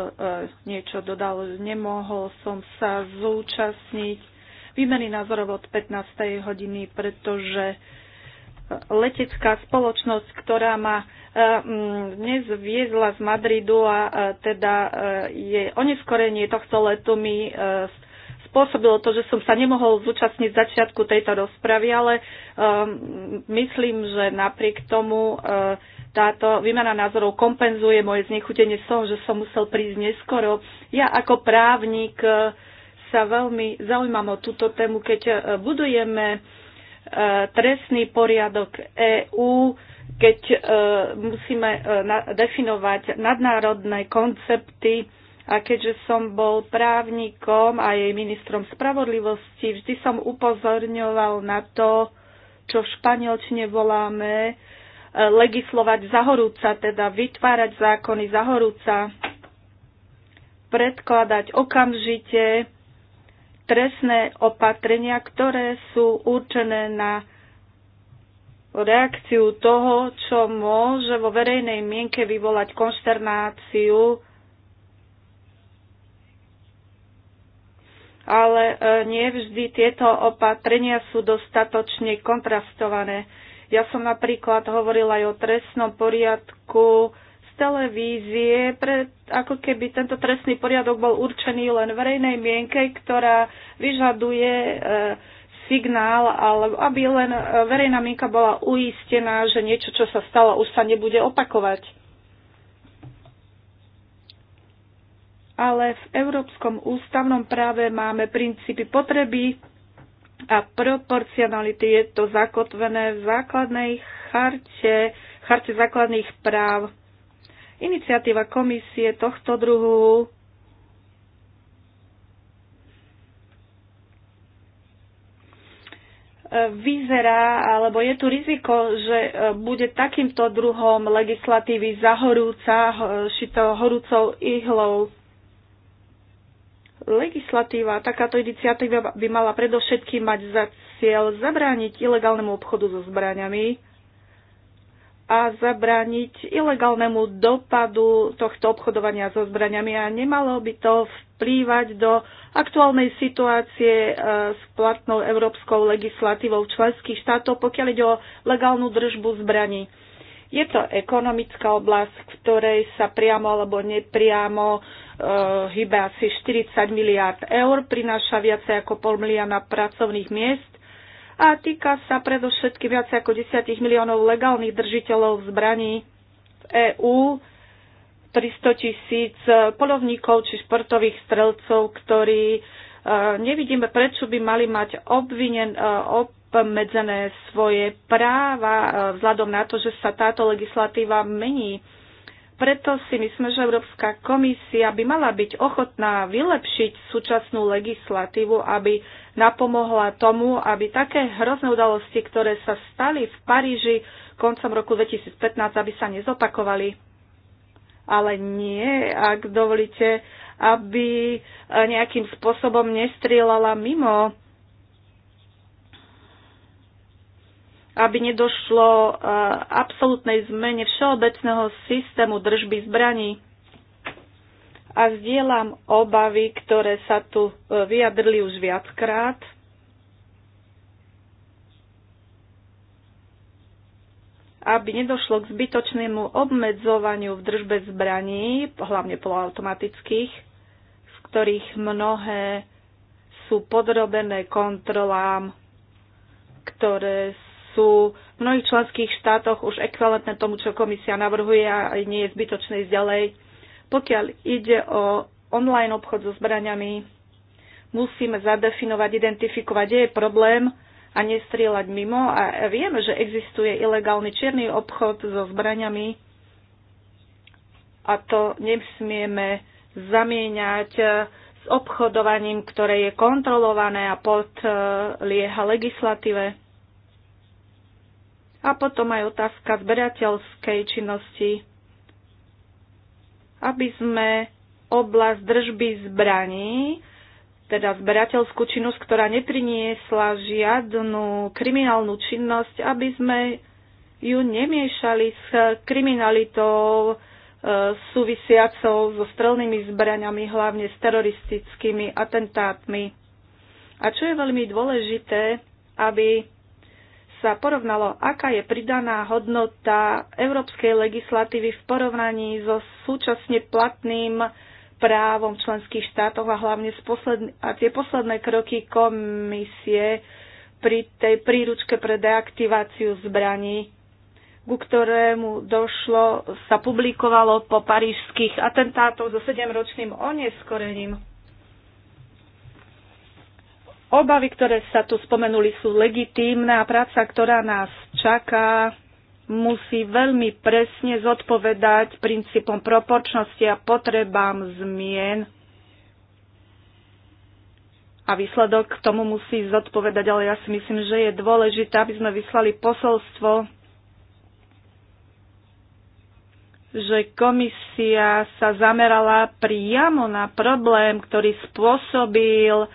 niečo dodal. Nemohol som sa zúčastniť výmeny názorov od 15. hodiny, pretože e, letecká spoločnosť, ktorá ma e, dnes viezla z Madridu a e, teda je oneskorenie tohto letu mi spôsobilo to, že som sa nemohol zúčastniť začiatku tejto rozpravy, ale myslím, že napriek tomu táto výmena názorov kompenzuje moje znechutenie z toho, že som musel prísť neskoro. Ja ako právnik sa veľmi zaujímam o túto tému, keď e, budujeme e, trestný poriadok EÚ, keď e, musíme definovať nadnárodné koncepty a keďže som bol právnikom a jej ministrom spravodlivosti, vždy som upozorňoval na to, čo v španielčine voláme legislovať zahorúca, teda vytvárať zákony zahorúca, predkladať okamžite trestné opatrenia, ktoré sú určené na reakciu toho, čo môže vo verejnej mienke vyvolať konšternáciu, ale e, nie vždy tieto opatrenia sú dostatočne kontrastované. Ja som napríklad hovorila aj o trestnom poriadku, televízie, pre, ako keby tento trestný poriadok bol určený len verejnej mienke, ktorá vyžaduje e, signál, ale aby len e, verejná mienka bola uistená, že niečo, čo sa stalo, už sa nebude opakovať. Ale v Európskom ústavnom práve máme princípy potreby a proporcionality. Je to zakotvené v základnej charte, charte základných práv. Iniciatíva komisie tohto druhu vyzerá, alebo je tu riziko, že e, bude takýmto druhom legislatívy zahorúca, šito horúcou ihlou. Legislatíva, takáto iniciatíva by mala predovšetkým mať za cieľ zabrániť ilegálnemu obchodu so zbraniami, a zabrániť ilegálnemu dopadu tohto obchodovania so zbraniami a nemalo by to vplývať do aktuálnej situácie e, s platnou európskou legislatívou členských štátov, pokiaľ ide o legálnu držbu zbraní. Je to ekonomická oblasť, v ktorej sa priamo alebo nepriamo e, hýbe asi 40 miliard eur, prináša viacej ako pol milióna pracovných miest a týka sa predovšetky viac ako 10 miliónov legálnych držiteľov zbraní v EÚ, 300 tisíc eh, polovníkov či športových strelcov, ktorí eh, nevidíme, prečo by mali mať obvinen, eh, obmedzené svoje práva vzhľadom na to, že sa táto legislatíva mení. Preto si myslíme, že Európska komisia by mala byť ochotná vylepšiť súčasnú legislatívu, aby napomohla tomu, aby také hrozné udalosti, ktoré sa stali v Paríži koncom roku 2015, aby sa nezopakovali. Ale nie, ak dovolíte, aby nejakým spôsobom nestrieľala mimo aby nedošlo eh, absolútnej zmene všeobecného systému držby zbraní. A zdieľam obavy, ktoré sa tu eh, vyjadrili už viackrát. aby nedošlo k zbytočnému obmedzovaniu v držbe zbraní, hlavne poloautomatických, z ktorých mnohé sú podrobené kontrolám, ktoré sú v mnohých členských štátoch už ekvivalentné tomu, čo komisia navrhuje a nie je zbytočné ísť ďalej. Pokiaľ ide o online obchod so zbraniami, musíme zadefinovať, identifikovať, kde je problém a nestrieľať mimo. A vieme, že existuje ilegálny čierny obchod so zbraniami a to nesmieme zamieňať eh, s obchodovaním, ktoré je kontrolované a podlieha legislatíve. A potom aj otázka zberateľskej činnosti, aby sme oblasť držby zbraní, teda zberateľskú činnosť, ktorá nepriniesla žiadnu kriminálnu činnosť, aby sme ju nemiešali s kriminalitou e, súvisiacou so strelnými zbraniami, hlavne s teroristickými atentátmi. A čo je veľmi dôležité, aby sa porovnalo, aká je pridaná hodnota európskej legislatívy v porovnaní so súčasne platným právom členských štátov a hlavne posledn- a tie posledné kroky komisie pri tej príručke pre deaktiváciu zbraní, ku ktorému došlo, sa publikovalo po parížských atentátoch so sedemročným oneskorením. Obavy, ktoré sa tu spomenuli, sú legitímne a práca, ktorá nás čaká, musí veľmi presne zodpovedať princípom proporčnosti a potrebám zmien. A výsledok k tomu musí zodpovedať, ale ja si myslím, že je dôležité, aby sme vyslali posolstvo, že komisia sa zamerala priamo na problém, ktorý spôsobil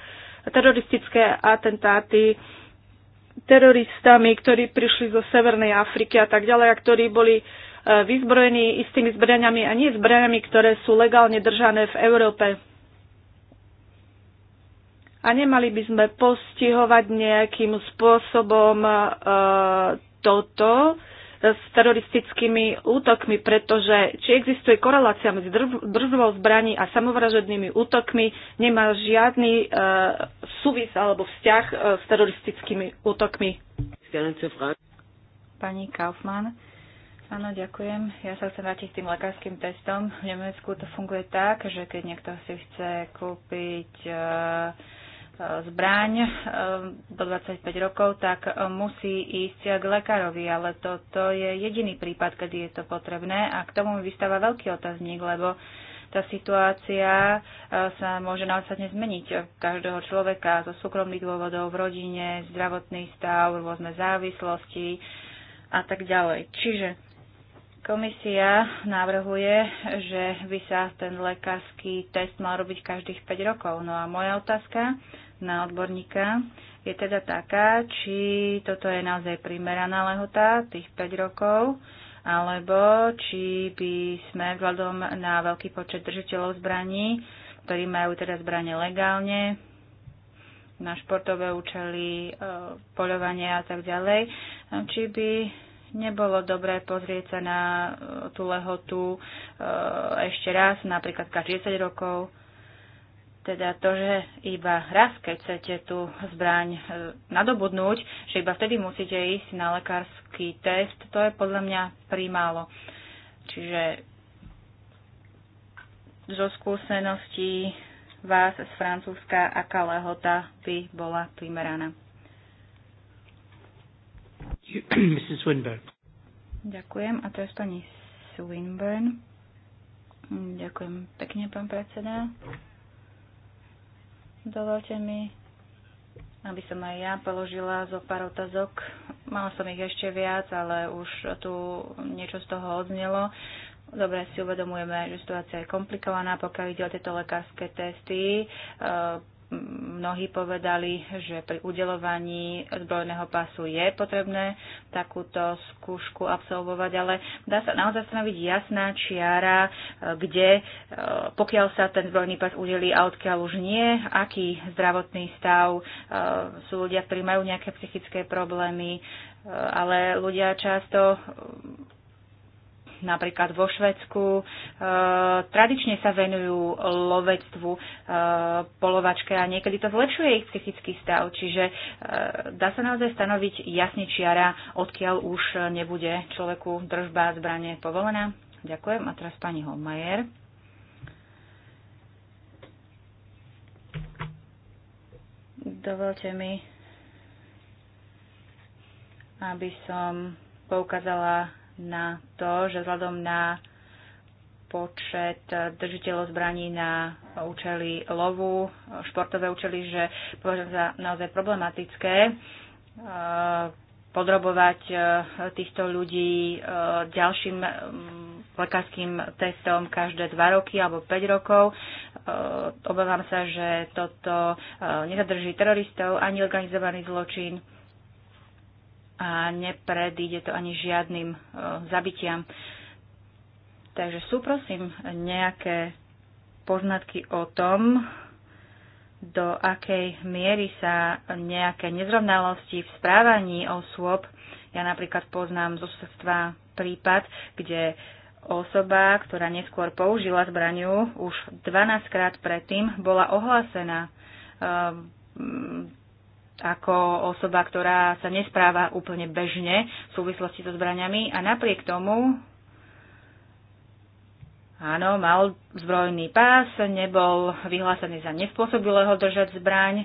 teroristické atentáty teroristami, ktorí prišli zo Severnej Afriky a tak ďalej, a ktorí boli e, vyzbrojení istými zbraniami a nie zbraniami, ktoré sú legálne držané v Európe. A nemali by sme postihovať nejakým spôsobom uh, toto, s teroristickými útokmi, pretože či existuje korelácia medzi držbou zbraní a samovražednými útokmi, nemá žiadny e, súvis alebo vzťah e, s teroristickými útokmi. Pani Kaufmann, Áno, ďakujem. Ja sa chcem vrátiť k tým lekárským testom. V Nemecku to funguje tak, že keď niekto si chce kúpiť e, zbraň eh, do 25 rokov, tak eh, musí ísť k lekárovi, ale toto je jediný prípad, kedy je to potrebné a k tomu mi vystáva veľký otazník, lebo tá situácia eh, sa môže následne zmeniť každého človeka zo súkromných dôvodov v rodine, zdravotný stav, rôzne závislosti a tak ďalej. Čiže Komisia navrhuje, že by sa ten lekársky test mal robiť každých 5 rokov. No a moja otázka na odborníka je teda taká, či toto je naozaj primeraná lehota, tých 5 rokov, alebo či by sme vzhľadom na veľký počet držiteľov zbraní, ktorí majú teda zbranie legálne, na športové účely, eh, poľovanie a tak ďalej, či by nebolo dobré pozrieť sa na e, tú lehotu e, ešte raz, napríklad každých 10 rokov. Teda to, že iba raz, keď chcete tú zbraň e, nadobudnúť, že iba vtedy musíte ísť na lekársky test, to je podľa mňa primálo. Čiže zo skúseností vás z Francúzska, aká lehota by bola primeraná. Mrs. Swinburne. Ďakujem. A teraz pani Swinburne. Ďakujem pekne, pán predseda. Dovolte mi, aby som aj ja položila zo pár otázok. Mala som ich ešte viac, ale už tu niečo z toho odznelo. Dobre si uvedomujeme, že situácia je komplikovaná, pokiaľ ide o tieto lekárske testy. E, mnohí povedali, že pri udelovaní zbrojného pasu je potrebné takúto skúšku absolvovať, ale dá sa naozaj stanoviť jasná čiara, e, kde, e, pokiaľ sa ten zbrojný pas udelí a odkiaľ už nie, aký zdravotný stav e, sú ľudia, ktorí majú nejaké psychické problémy, ale ľudia často napríklad vo Švedsku, e, tradične sa venujú lovectvu, e, polovačke a niekedy to zlepšuje ich psychický stav. Čiže e, dá sa naozaj stanoviť jasne čiara, odkiaľ už nebude človeku držba zbranie povolená. Ďakujem. A teraz pani Holmajer. Dovolte mi, aby som poukázala na to, že vzhľadom na počet držiteľov zbraní na účely lovu, športové účely, že považujem za naozaj problematické eh, podrobovať eh, týchto ľudí eh, ďalším mm, lekárským testom každé 2 roky alebo 5 rokov. Obávam sa, že toto nezadrží teroristov ani organizovaný zločin a nepredíde to ani žiadnym e, zabitiam. Takže sú prosím nejaké poznatky o tom, do akej miery sa nejaké nezrovnalosti v správaní osôb, ja napríklad poznám zo susedstva prípad, kde osoba, ktorá neskôr použila zbraňu, už 12 krát predtým bola ohlásená e, ako osoba, ktorá sa nespráva úplne bežne v súvislosti so zbraniami a napriek tomu Áno, mal zbrojný pás, nebol vyhlásený za nespôsobilého držať zbraň,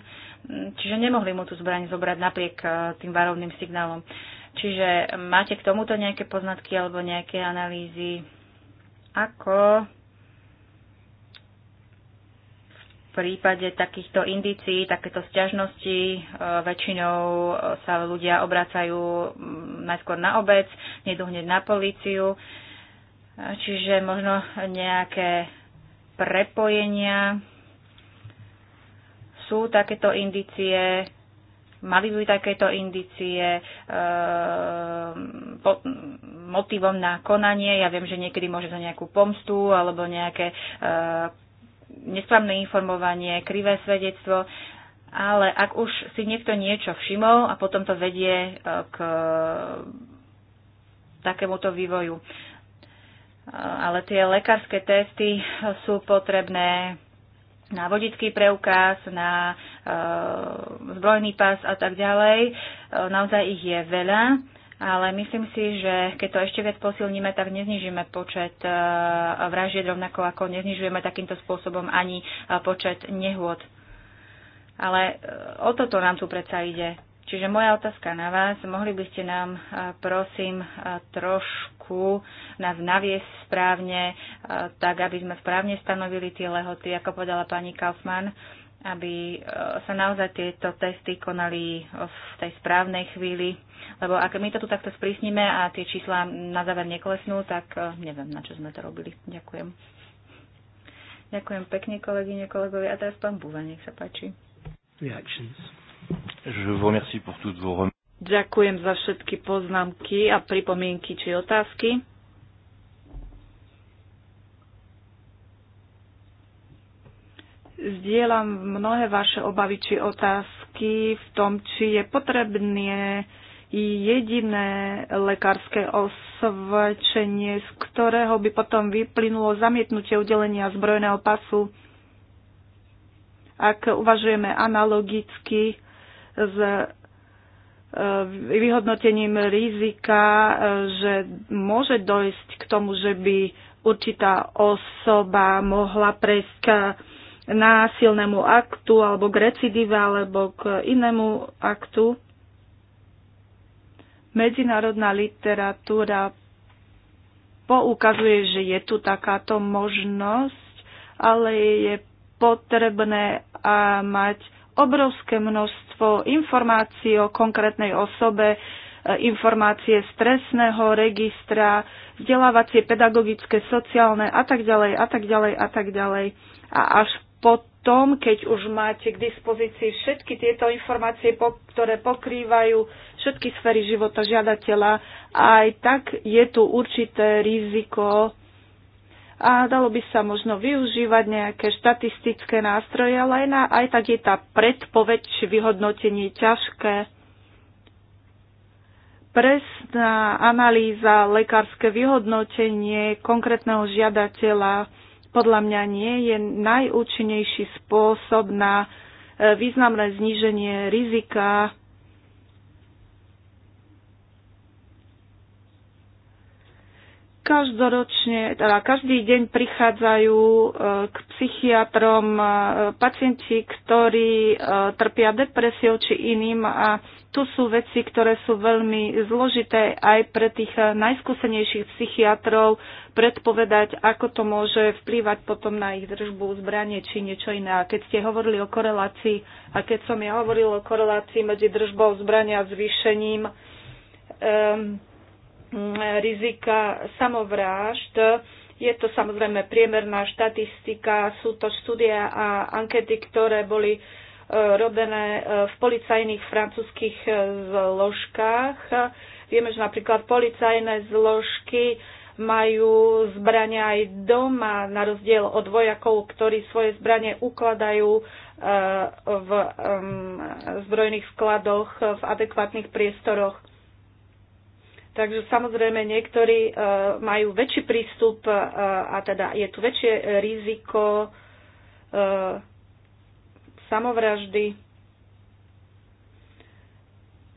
čiže nemohli mu tú zbraň zobrať napriek eh, tým varovným signálom. Čiže máte k tomuto nejaké poznatky alebo nejaké analýzy? Ako prípade takýchto indícií, takéto sťažnosti e, väčšinou e, sa ľudia obracajú mm, najskôr na obec, nejdu hneď na políciu. E, čiže možno nejaké prepojenia. Sú takéto indície, mali by takéto indície motivom na konanie. Ja viem, že niekedy môže za nejakú pomstu alebo nejaké nesprávne informovanie, krivé svedectvo, ale ak už si niekto niečo všimol a potom to vedie e, k e, takémuto vývoju. E, ale tie lekárske testy sú potrebné na vodický preukaz, na e, zbrojný pás a tak ďalej. E, naozaj ich je veľa ale myslím si, že keď to ešte viac posilníme, tak neznižíme počet e, vražied rovnako ako neznižujeme takýmto spôsobom ani e, počet nehôd. Ale e, o toto nám tu predsa ide. Čiže moja otázka na vás, mohli by ste nám prosím trošku nás naviesť správne, tak aby sme správne stanovili tie lehoty, ako povedala pani Kaufmann aby e, sa naozaj tieto testy konali v tej správnej chvíli. Lebo ak my to tu takto sprísnime a tie čísla na záver neklesnú, tak e, neviem, na čo sme to robili. Ďakujem. Ďakujem pekne, kolegyne, kolegovi. A teraz pán Búva, nech sa páči. Reactions. Je vous remercie pour toutes vos Ďakujem za všetky poznámky a pripomienky či otázky. Zdieľam mnohé vaše obavy či otázky v tom, či je potrebné jediné lekárske osvedčenie, z ktorého by potom vyplynulo zamietnutie udelenia zbrojného pasu. Ak uvažujeme analogicky s e, vyhodnotením rizika, e, že môže dojsť k tomu, že by určitá osoba mohla prejsť násilnému aktu alebo k recidive alebo k inému aktu. Medzinárodná literatúra poukazuje, že je tu takáto možnosť, ale je potrebné a mať obrovské množstvo informácií o konkrétnej osobe, e, informácie z trestného registra, vzdelávacie, pedagogické, sociálne a tak ďalej a tak ďalej a tak ďalej. A až potom, keď už máte k dispozícii všetky tieto informácie, ktoré pokrývajú všetky sféry života žiadateľa, aj tak je tu určité riziko a dalo by sa možno využívať nejaké štatistické nástroje, ale aj, na, aj tak je tá predpoveď či vyhodnotenie ťažké. Presná analýza, lekárske vyhodnotenie konkrétneho žiadateľa podľa mňa nie je najúčinnejší spôsob na e, významné zníženie rizika každoročne, teda každý deň prichádzajú e, k psychiatrom e, pacienti, ktorí trpia depresiou či iným a tu sú veci, ktoré sú veľmi zložité aj pre tých najskúsenejších psychiatrov predpovedať, ako to môže vplývať potom na ich držbu zbranie či niečo iné. A keď ste hovorili o korelácii a keď som ja hovoril o korelácii medzi držbou zbrania a zvýšením um, rizika samovrážd, je to samozrejme priemerná štatistika, sú to štúdia a ankety, ktoré boli robené e, v policajných francúzských e, zložkách. Vieme, že napríklad policajné zložky majú zbrania aj doma, na rozdiel od vojakov, ktorí svoje zbranie ukladajú e, v zbrojných skladoch v adekvátnych priestoroch. Takže samozrejme niektorí majú väčší prístup a teda je tu väčšie riziko samovraždy.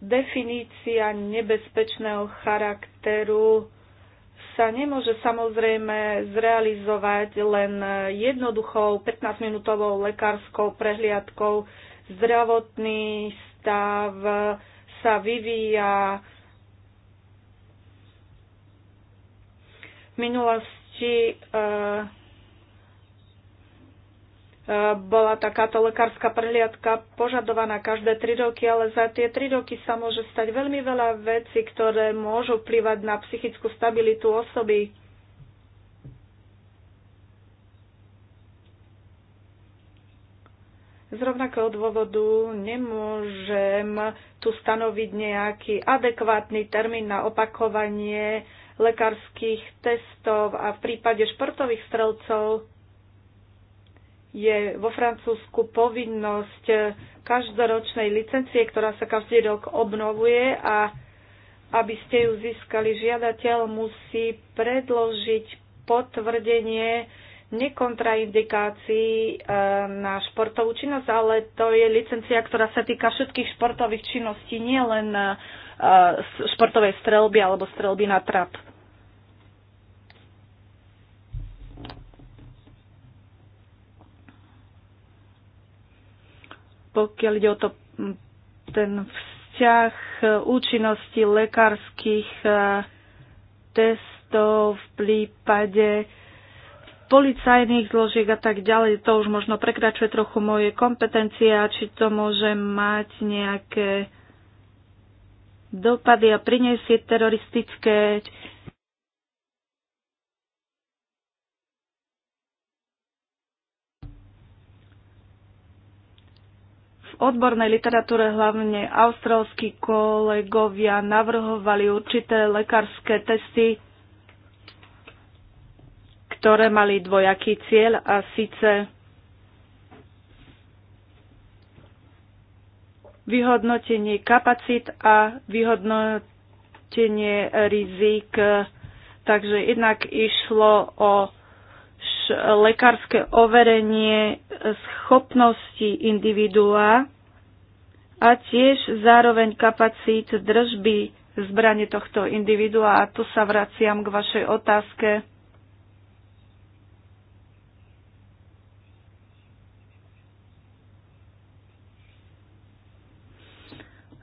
Definícia nebezpečného charakteru sa nemôže samozrejme zrealizovať len jednoduchou 15-minútovou lekárskou prehliadkou. Zdravotný stav sa vyvíja. V minulosti e, bola takáto lekárska prehliadka požadovaná každé 3 roky, ale za tie 3 roky sa môže stať veľmi veľa vecí, ktoré môžu vplyvať na psychickú stabilitu osoby. Z rovnakého dôvodu nemôžem tu stanoviť nejaký adekvátny termín na opakovanie lekárskych testov a v prípade športových strelcov je vo Francúzsku povinnosť každoročnej licencie, ktorá sa každý rok obnovuje a aby ste ju získali, žiadateľ musí predložiť potvrdenie nekontraindikácií e, na športovú činnosť, ale to je licencia, ktorá sa týka všetkých športových činností, nielen e, športovej strelby alebo strelby na trap. pokiaľ ide o to, ten vzťah e, účinnosti lekárskych e, testov v prípade policajných zložiek a tak ďalej, to už možno prekračuje trochu moje kompetencie a či to môže mať nejaké dopady a priniesie teroristické odbornej literatúre hlavne austrálsky kolegovia navrhovali určité lekárske testy, ktoré mali dvojaký cieľ a síce vyhodnotenie kapacít a vyhodnotenie rizik. Takže jednak išlo o lekárske overenie schopnosti individua a tiež zároveň kapacít držby zbranie tohto individua. A tu sa vraciam k vašej otázke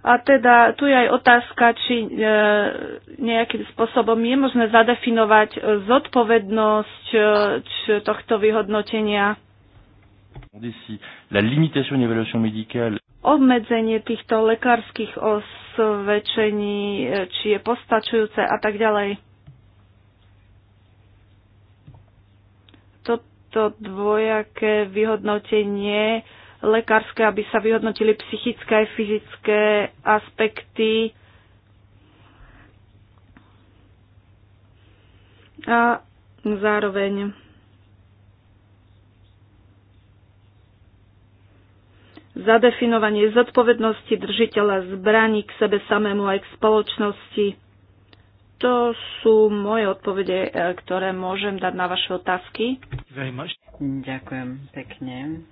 A teda tu je aj otázka, či e, nejakým spôsobom je možné zadefinovať e, zodpovednosť e, či tohto vyhodnotenia. Obmedzenie týchto lekárskych osvedčení, e, či je postačujúce a tak ďalej. Toto dvojaké vyhodnotenie e, lekárske, aby sa vyhodnotili psychické aj fyzické aspekty. A zároveň zadefinovanie zodpovednosti držiteľa zbraní k sebe samému aj k spoločnosti. To sú moje odpovede, e, ktoré môžem dať na vaše otázky. Ďakujem pekne.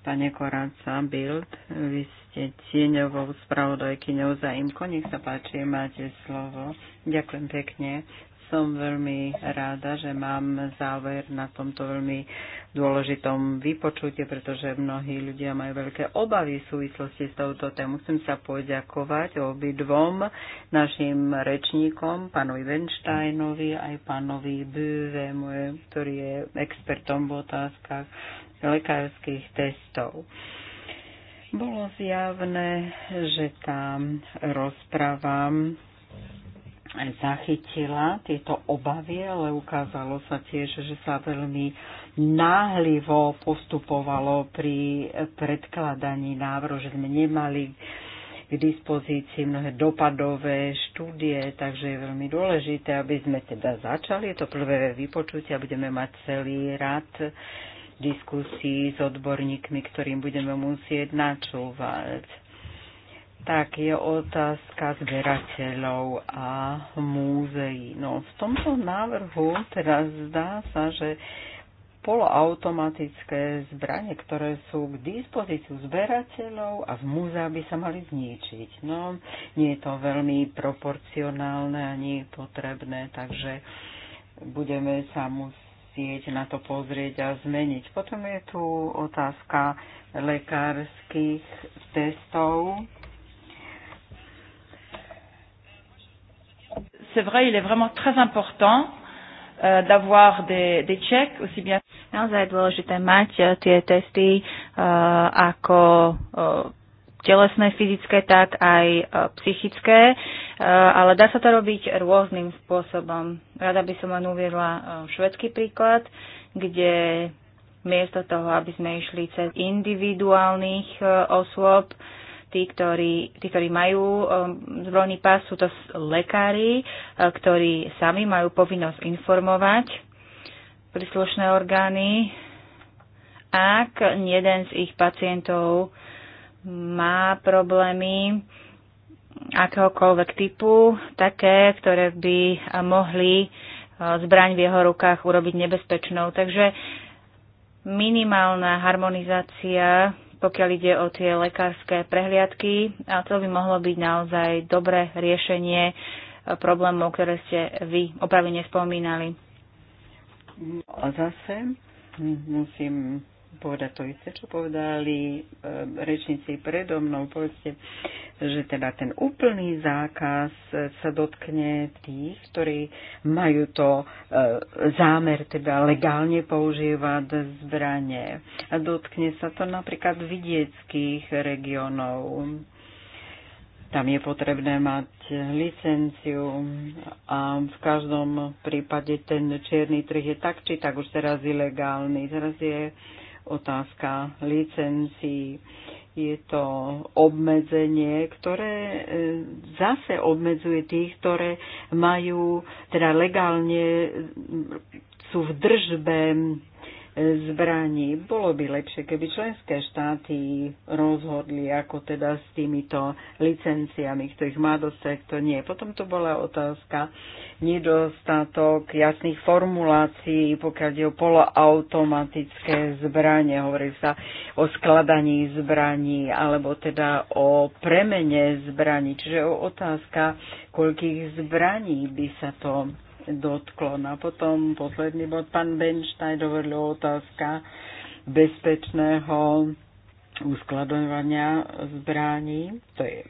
Pane Koráca Bild, vy ste tieňovou spravodajky za IMKO. Nech sa páči, máte slovo. Ďakujem pekne. Som veľmi ráda, že mám záver na tomto veľmi dôležitom vypočutie, pretože mnohí ľudia majú veľké obavy v súvislosti s touto tému. Chcem sa poďakovať obidvom našim rečníkom, pánovi Wensteinovi aj pánovi Bövemu, ktorý je expertom v otázkach lekárskych testov. Bolo zjavné, že tá rozprava zachytila tieto obavy, ale ukázalo sa tiež, že sa veľmi náhlivo postupovalo pri predkladaní návrhu, že sme nemali k dispozícii mnohé dopadové štúdie, takže je veľmi dôležité, aby sme teda začali to prvé vypočutie a budeme mať celý rad diskusí s odborníkmi, ktorým budeme musieť načúvať. Tak je otázka zberateľov a múzeí. No v tomto návrhu teraz zdá sa, že poloautomatické zbranie, ktoré sú k dispozíciu zberateľov a v múzea by sa mali zničiť. No, nie je to veľmi proporcionálne ani potrebné, takže budeme sa musieť chcieť na to pozrieť a zmeniť. Potom je tu otázka lekárskych testov. C'est vrai, il est vraiment très important euh, d'avoir des, des checks aussi bien. Naozaj je dôležité mať euh, tie testy uh, ako uh, telesné, fyzické, tak aj e, psychické, e, ale dá sa to robiť rôznym spôsobom. Rada by som len uviedla e, švedský príklad, kde miesto toho, aby sme išli cez individuálnych osôb, tí, ktorí, tí, ktorí majú zbrojný pás, sú to lekári, ktorí sami majú povinnosť informovať príslušné orgány, ak jeden z ich pacientov má problémy akéhokoľvek typu, také, ktoré by mohli e, zbraň v jeho rukách urobiť nebezpečnou. Takže minimálna harmonizácia, pokiaľ ide o tie lekárske prehliadky, a to by mohlo byť naozaj dobré riešenie e, problémov, ktoré ste vy opravne spomínali. A zase musím povedať to isté, čo povedali e, rečníci predo mnou. Povedzte, že teda ten úplný zákaz eh, sa dotkne tých, ktorí majú to e, zámer teda legálne používať zbranie. A dotkne sa to napríklad vidieckých regionov. Tam je potrebné mať licenciu a v každom prípade ten čierny trh je tak či tak už teraz ilegálny. Teraz je otázka licencií. Je to obmedzenie, ktoré e, zase obmedzuje tých, ktoré majú teda legálne sú v držbe zbraní. Bolo by lepšie, keby členské štáty rozhodli, ako teda s týmito licenciami, kto ich má dostať, kto nie. Potom to bola otázka nedostatok jasných formulácií, pokiaľ je o poloautomatické zbranie. Hovorí sa o skladaní zbraní, alebo teda o premene zbraní. Čiže o otázka, koľkých zbraní by sa to dotklo. No a potom posledný bod, pán Benštaj dovolil otázka bezpečného uskladovania zbraní. To je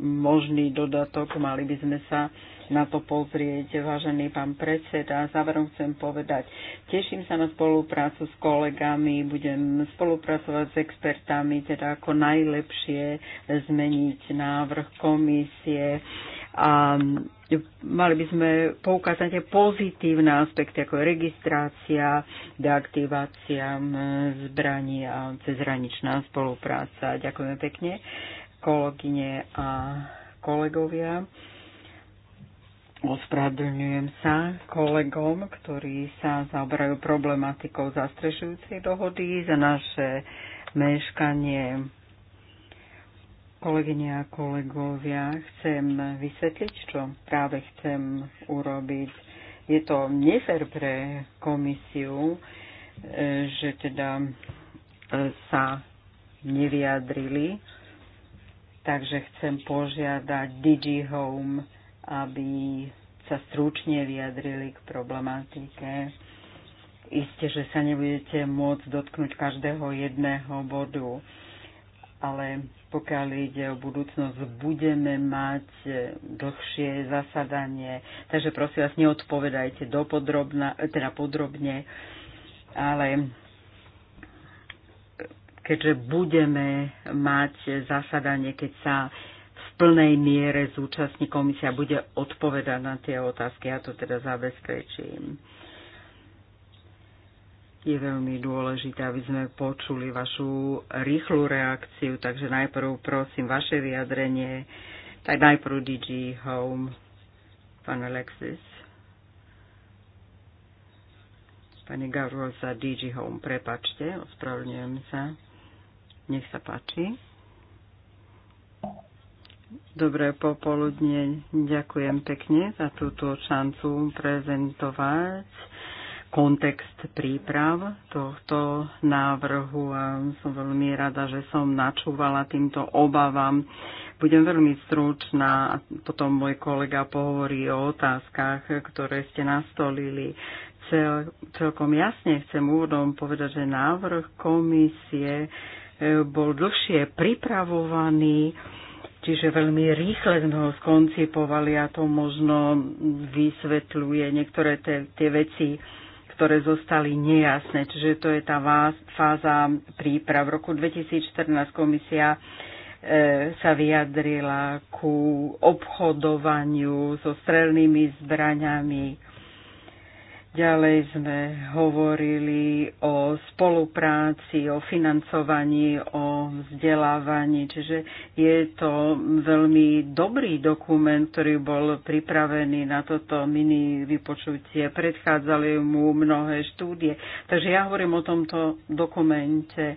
možný dodatok, mali by sme sa na to pozrieť, vážený pán predseda. Záverom chcem povedať, teším sa na spoluprácu s kolegami, budem spolupracovať s expertami, teda ako najlepšie zmeniť návrh komisie a mali by sme poukázať tie pozitívne aspekty, ako je registrácia, deaktivácia zbraní a cezhraničná spolupráca. Ďakujeme pekne, kolegyne a kolegovia. Ospravedlňujem sa kolegom, ktorí sa zaoberajú problematikou zastrešujúcej dohody za naše meškanie Kolegyne a kolegovia, chcem vysvetliť, čo práve chcem urobiť. Je to nefer pre komisiu, e, že teda e, sa nevyjadrili, takže chcem požiadať Digi Home, aby sa stručne vyjadrili k problematike. Isté, že sa nebudete môcť dotknúť každého jedného bodu ale pokiaľ ide o budúcnosť, budeme mať e, dlhšie zasadanie. Takže prosím vás, neodpovedajte dopodrobna, e, teda podrobne, ale keďže budeme mať zasadanie, keď sa v plnej miere zúčastní komisia, bude odpovedať na tie otázky. Ja to teda zabezpečím je veľmi dôležité, aby sme počuli vašu rýchlu reakciu, takže najprv prosím vaše vyjadrenie, tak najprv DG Home, pán Alexis. Pani Gavrosa DG Home, prepačte, ospravedlňujem sa. Nech sa páči. Dobré popoludne, ďakujem pekne za túto šancu prezentovať kontext príprav tohto návrhu a som veľmi rada, že som načúvala týmto obavám. Budem veľmi stručná a potom môj kolega pohovorí o otázkach, ktoré ste nastolili. Cel, celkom jasne chcem úvodom povedať, že návrh komisie e, bol dlhšie pripravovaný, čiže veľmi rýchle sme ho skoncipovali a to možno vysvetľuje niektoré te, tie veci, ktoré zostali nejasné. Čiže to je tá fáza príprav. V roku 2014 komisia e, sa vyjadrila ku obchodovaniu so strelnými zbraňami Ďalej sme hovorili o spolupráci, o financovaní, o vzdelávaní, čiže je to veľmi dobrý dokument, ktorý bol pripravený na toto mini vypočutie. Predchádzali mu mnohé štúdie. Takže ja hovorím o tomto dokumente.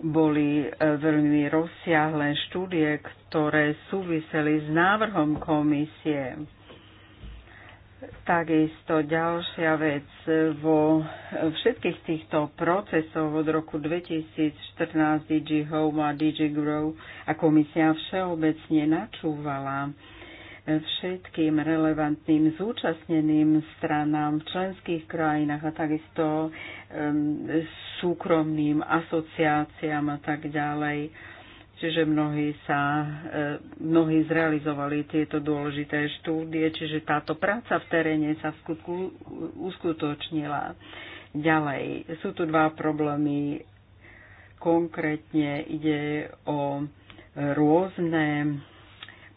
Boli e, veľmi rozsiahle štúdie, ktoré súviseli s návrhom komisie Takisto ďalšia vec, vo všetkých týchto procesoch od roku 2014 DG Home a DG Grow a komisia všeobecne načúvala všetkým relevantným zúčastneným stranám v členských krajinách a takisto súkromným asociáciám a tak ďalej Čiže mnohí, sa, e, mnohí zrealizovali tieto dôležité štúdie, čiže táto práca v teréne sa v skutku uskutočnila. Ďalej, sú tu dva problémy. Konkrétne ide o rôzne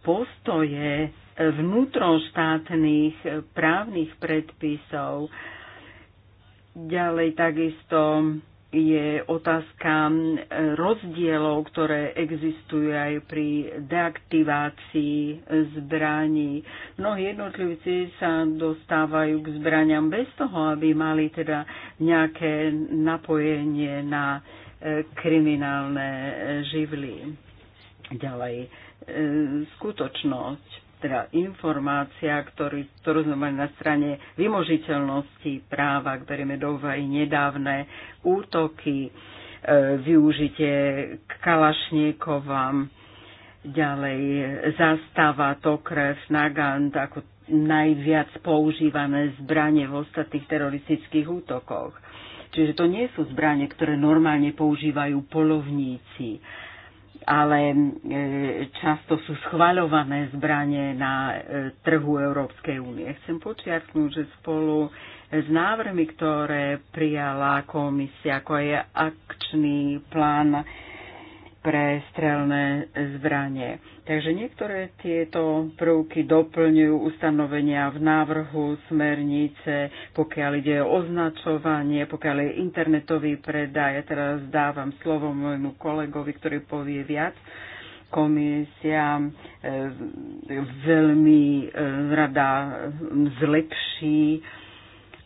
postoje vnútroštátnych právnych predpisov. Ďalej takisto je otázka rozdielov, ktoré existujú aj pri deaktivácii zbraní. Mnohí jednotlivci sa dostávajú k zbraniam bez toho, aby mali teda nejaké napojenie na e, kriminálne živly. Ďalej, e, skutočnosť, teda informácia, ktorý, ktorú sme mali na strane vymožiteľnosti práva, ak berieme do úvahy nedávne útoky, e, využitie Kalašníkova, ďalej zastáva Tokrev, Nagant ako najviac používané zbranie v ostatných teroristických útokoch. Čiže to nie sú zbranie, ktoré normálne používajú polovníci, ale e, často sú schvaľované zbranie na e, trhu Európskej únie. Chcem počiarknúť, že spolu s návrhmi, ktoré prijala komisia, ako je akčný plán pre strelné zbranie. Takže niektoré tieto prvky doplňujú ustanovenia v návrhu smernice, pokiaľ ide o označovanie, pokiaľ je internetový predaj. Ja teraz dávam slovo môjmu kolegovi, ktorý povie viac. Komisia e, veľmi e, rada zlepší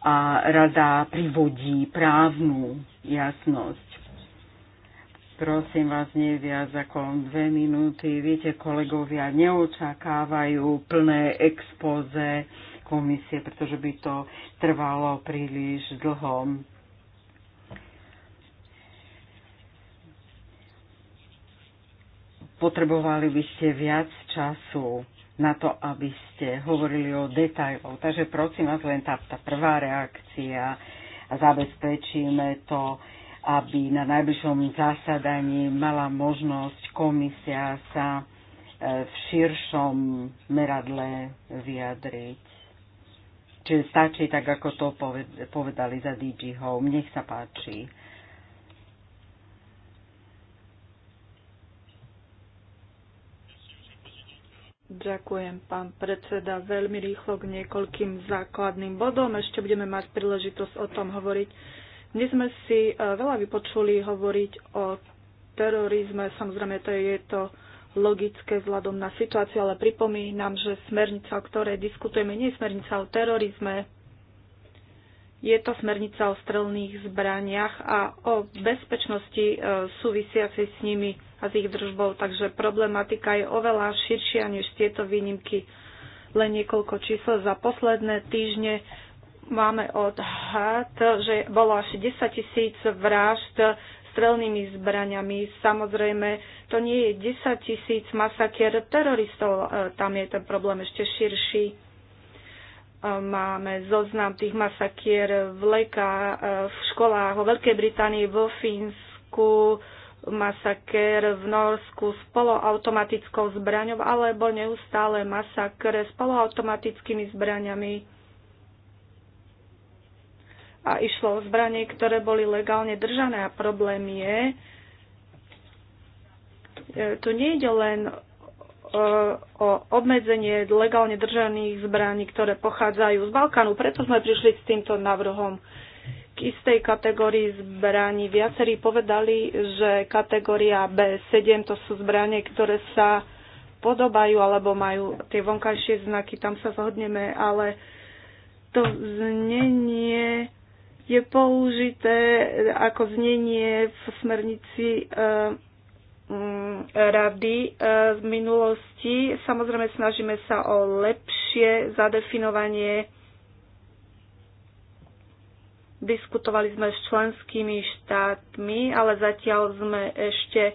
a rada privodí právnu jasnosť. Prosím vás, nie viac ako dve minúty. Viete, kolegovia neočakávajú plné expoze komisie, pretože by to trvalo príliš dlho. Potrebovali by ste viac času na to, aby ste hovorili o detajloch. Takže prosím vás len tá, tá prvá reakcia a zabezpečíme to aby na najbližšom zasadaní mala možnosť komisia sa e, v širšom meradle vyjadriť. Čiže stačí tak, ako to povedali za DG Home. Nech sa páči. Ďakujem, pán predseda. Veľmi rýchlo k niekoľkým základným bodom. Ešte budeme mať príležitosť o tom hovoriť. Dnes sme si e, veľa vypočuli hovoriť o terorizme. Samozrejme, to je to logické vzhľadom na situáciu, ale pripomínam, že smernica, o ktorej diskutujeme, nie je smernica o terorizme. Je to smernica o strelných zbraniach a o bezpečnosti e, súvisiacej s nimi a s ich držbou. Takže problematika je oveľa širšia než tieto výnimky. Len niekoľko čísel za posledné týždne Máme odhad, že bolo až 10 tisíc vražd strelnými zbraniami. Samozrejme, to nie je 10 tisíc masakier teroristov, e, tam je ten problém ešte širší. E, máme zoznam tých masakier v leka, e, v školách, vo Veľkej Británii, vo Fínsku, masakér v Norsku s poloautomatickou zbraňou alebo neustále masakre s poloautomatickými zbraňami a išlo o zbranie, ktoré boli legálne držané a problém je, e, tu nejde len e, o obmedzenie legálne držaných zbraní, ktoré pochádzajú z Balkánu. Preto sme prišli s týmto návrhom k istej kategórii zbraní. Viacerí povedali, že kategória B7 to sú zbranie, ktoré sa podobajú alebo majú tie vonkajšie znaky, tam sa zhodneme, ale to znenie je použité ako znenie v smernici eh, mm, rady eh, z minulosti. Samozrejme, snažíme sa o lepšie zadefinovanie. Diskutovali sme s členskými štátmi, ale zatiaľ sme ešte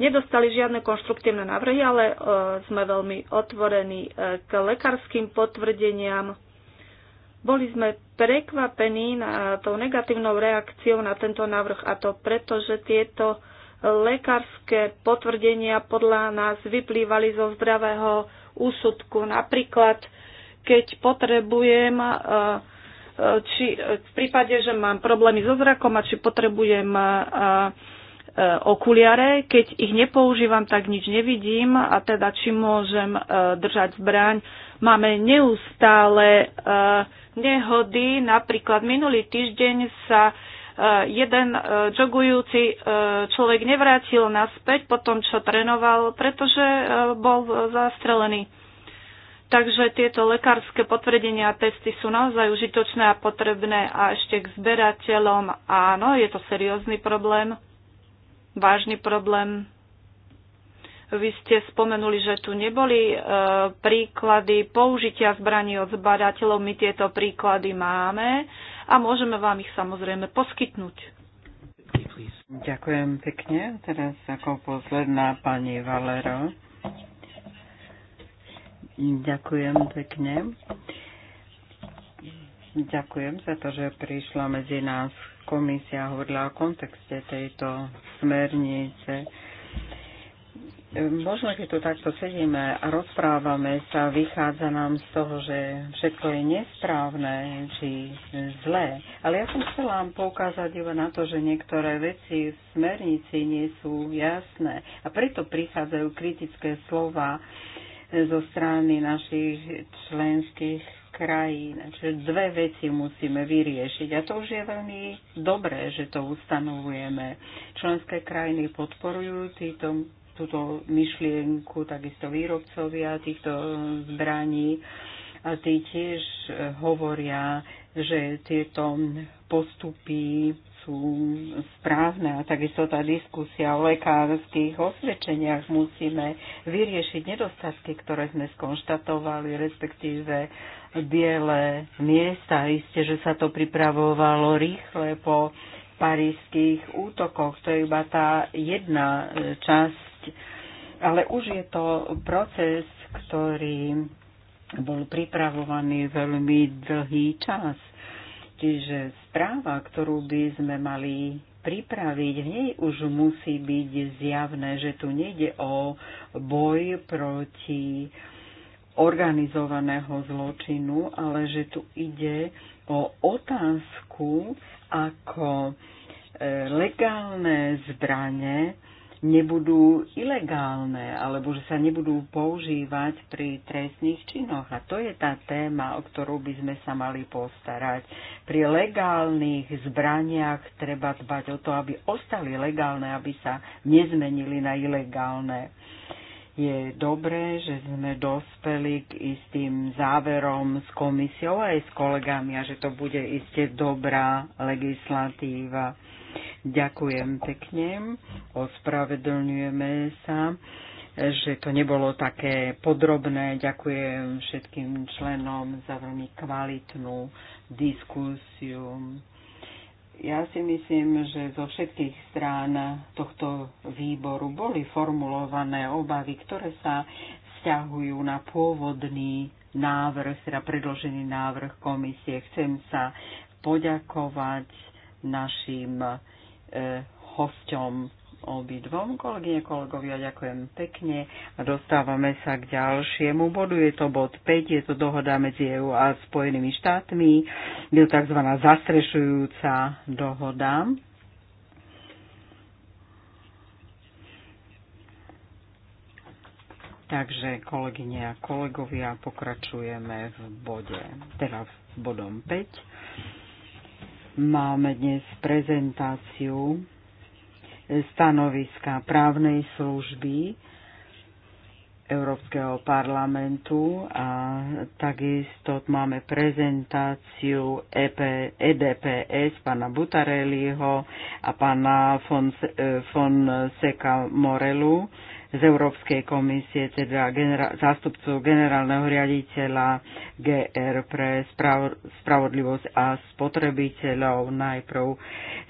nedostali žiadne konštruktívne návrhy, ale eh, sme veľmi otvorení k lekárskym potvrdeniam boli sme prekvapení na tou negatívnou reakciou na tento návrh a to preto, že tieto lekárske potvrdenia podľa nás vyplývali zo zdravého úsudku. Napríklad, keď potrebujem, či v prípade, že mám problémy so zrakom a či potrebujem okuliare, keď ich nepoužívam, tak nič nevidím a teda či môžem e, držať zbraň. Máme neustále e, nehody. Napríklad minulý týždeň sa e, jeden e, jogujúci e, človek nevrátil naspäť po tom, čo trénoval, pretože bol zastrelený. Takže tieto lekárske potvrdenia a testy sú naozaj užitočné a potrebné a ešte k zberateľom. Áno, je to seriózny problém, vážny problém. Vy ste spomenuli, že tu neboli e, príklady použitia zbraní od zbadateľov. My tieto príklady máme a môžeme vám ich samozrejme poskytnúť. Ďakujem pekne. Teraz ako posledná pani Valero. Ďakujem pekne. Ďakujem za to, že prišla medzi nás komisia hovorila o kontexte tejto smernice Možno, keď tu takto sedíme a rozprávame sa, vychádza nám z toho, že všetko je nesprávne či zlé. Ale ja som chcela poukázať iba na to, že niektoré veci v smernici nie sú jasné. A preto prichádzajú kritické slova zo strany našich členských krajín. Čiže dve veci musíme vyriešiť. A to už je veľmi dobré, že to ustanovujeme. Členské krajiny podporujú týto túto myšlienku, takisto výrobcovia týchto zbraní. A tí tiež eh, hovoria, že tieto postupy sú správne a takisto tá diskusia o lekárskych osvedčeniach musíme vyriešiť nedostatky, ktoré sme skonštatovali, respektíve biele miesta. Isté, že sa to pripravovalo rýchle po parížských útokoch. To je iba tá jedna eh, časť ale už je to proces, ktorý bol pripravovaný veľmi dlhý čas. Čiže správa, ktorú by sme mali pripraviť, v nej už musí byť zjavné, že tu nejde o boj proti organizovaného zločinu, ale že tu ide o otázku, ako e, legálne zbranie nebudú ilegálne alebo že sa nebudú používať pri trestných činoch. A to je tá téma, o ktorú by sme sa mali postarať. Pri legálnych zbraniach treba dbať o to, aby ostali legálne, aby sa nezmenili na ilegálne. Je dobré, že sme dospeli k istým záverom s komisiou aj s kolegami a že to bude iste dobrá legislatíva Ďakujem pekne. Ospravedlňujeme sa že to nebolo také podrobné. Ďakujem všetkým členom za veľmi kvalitnú diskusiu. Ja si myslím, že zo všetkých strán tohto výboru boli formulované obavy, ktoré sa vzťahujú na pôvodný návrh, teda predložený návrh komisie. Chcem sa poďakovať našim Eh, hosťom obidvom. Kolegyne, kolegovia, ďakujem pekne a dostávame sa k ďalšiemu bodu. Je to bod 5, je to dohoda medzi EU a Spojenými štátmi. Je to tzv. zastrešujúca dohoda. Takže, kolegyne a kolegovia, pokračujeme v bode, teda v bodom 5 Máme dnes prezentáciu stanoviska právnej služby Európskeho parlamentu a takisto máme prezentáciu EP, EDPS pána Butarelliho a pána von, von eh, Seka Morelu z Európskej komisie, teda genera- zástupcu generálneho riaditeľa GR pre sprav- spravodlivosť a spotrebiteľov. Najprv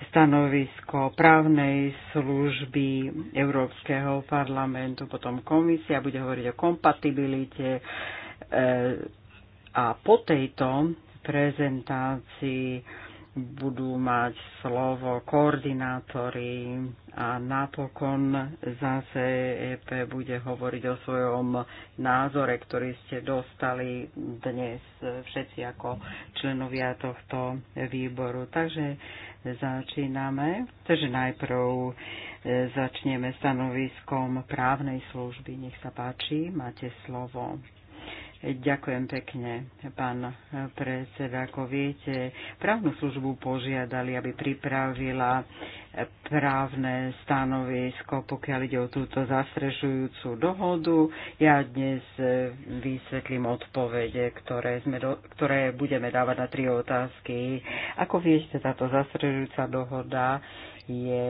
stanovisko právnej služby Európskeho parlamentu, potom komisia bude hovoriť o kompatibilite e, a po tejto prezentácii budú mať slovo koordinátori a napokon zase EP bude hovoriť o svojom názore, ktorý ste dostali dnes všetci ako členovia tohto výboru. Takže začíname. Takže najprv e, začneme stanoviskom právnej služby. Nech sa páči, máte slovo. Ďakujem pekne, pán predseda. Ako viete, právnu službu požiadali, aby pripravila právne stanovisko, pokiaľ ide o túto zastrešujúcu dohodu. Ja dnes vysvetlím odpovede, ktoré, sme do, ktoré budeme dávať na tri otázky. Ako viete, táto zastrešujúca dohoda je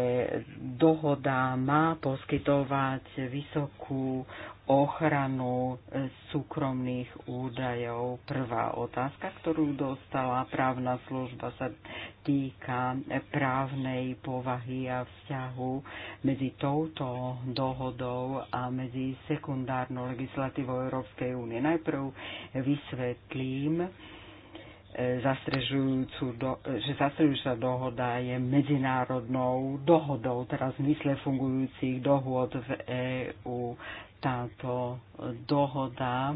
dohoda má poskytovať vysokú ochranu e, súkromných údajov. Prvá otázka, ktorú dostala právna služba, sa týka e, právnej povahy a vzťahu medzi touto dohodou a medzi sekundárnou legislatívou Európskej únie. Najprv vysvetlím, e, zastrežujúcu do, že zastrežujúca dohoda je medzinárodnou dohodou, teraz v mysle fungujúcich dohôd v EÚ táto dohoda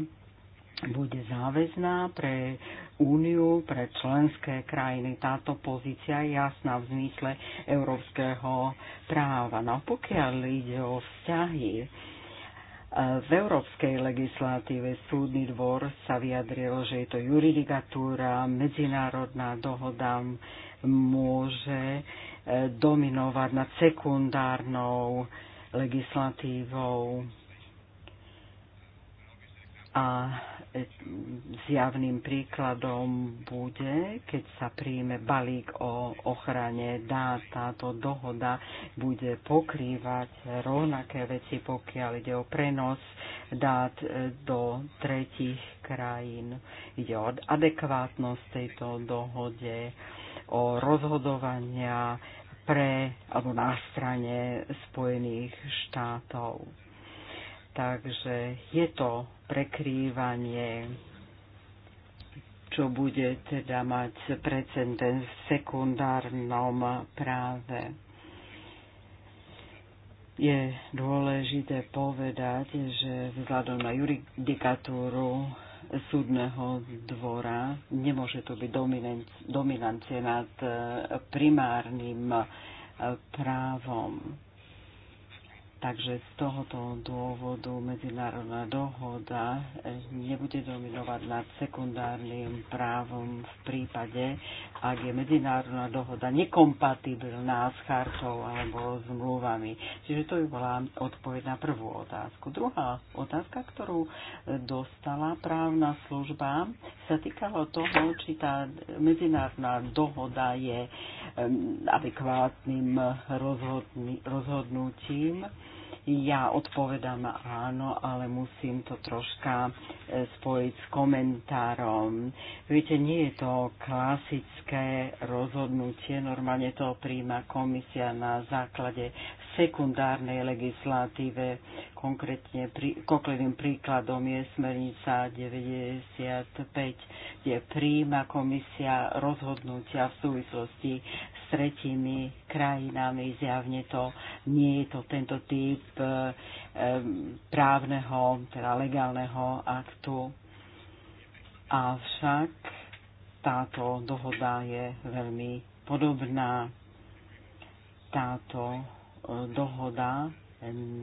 bude záväzná pre Úniu, pre členské krajiny. Táto pozícia je jasná v zmysle európskeho práva. No pokiaľ ide o vzťahy, e, v európskej legislatíve súdny dvor sa vyjadril, že je to juridikatúra, medzinárodná dohoda môže e, dominovať nad sekundárnou legislatívou a e, zjavným príkladom bude, keď sa príjme balík o ochrane dát. Táto dohoda bude pokrývať rovnaké veci, pokiaľ ide o prenos dát e, do tretich krajín. Ide o adekvátnosť tejto dohode, o rozhodovania pre alebo na strane Spojených štátov. Takže je to prekrývanie, čo bude teda mať precedens v sekundárnom práve. Je dôležité povedať, že vzhľadom na juridikatúru súdneho dvora nemôže to byť dominancie nad eh, primárnym eh, právom Takže z tohoto dôvodu medzinárodná dohoda nebude dominovať nad sekundárnym právom v prípade, ak je medzinárodná dohoda nekompatibilná s chartou alebo s mluvami. Čiže to by bola odpoveď na prvú otázku. Druhá otázka, ktorú dostala právna služba, sa týkala toho, či tá medzinárodná dohoda je adekvátnym rozhodnutím ja odpovedám áno, ale musím to troška e, spojiť s komentárom. Viete, nie je to klasické rozhodnutie, normálne to príjma komisia na základe sekundárnej legislatíve. Konkrétne prí, konkrétnym príkladom je smernica 95, kde príjma komisia rozhodnutia v súvislosti tretími krajinami. Zjavne to nie je to tento typ e, právneho, teda legálneho aktu. Avšak táto dohoda je veľmi podobná. Táto e, dohoda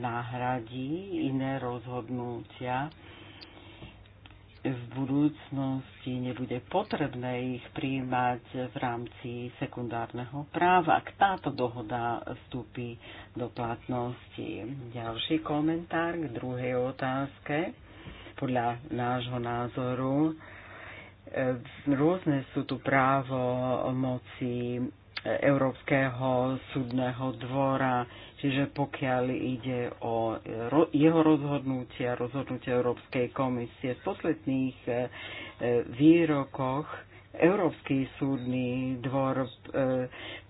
nahradí iné rozhodnutia v budúcnosti nebude potrebné ich príjmať v rámci sekundárneho práva, ak táto dohoda vstúpi do platnosti. Ďalší komentár k druhej otázke. Podľa nášho názoru e, rôzne sú tu právo moci Európskeho súdneho dvora. Čiže pokiaľ ide o e, jeho rozhodnutia, rozhodnutia Európskej komisie v posledných e, e, výrokoch, Európsky súdny dvor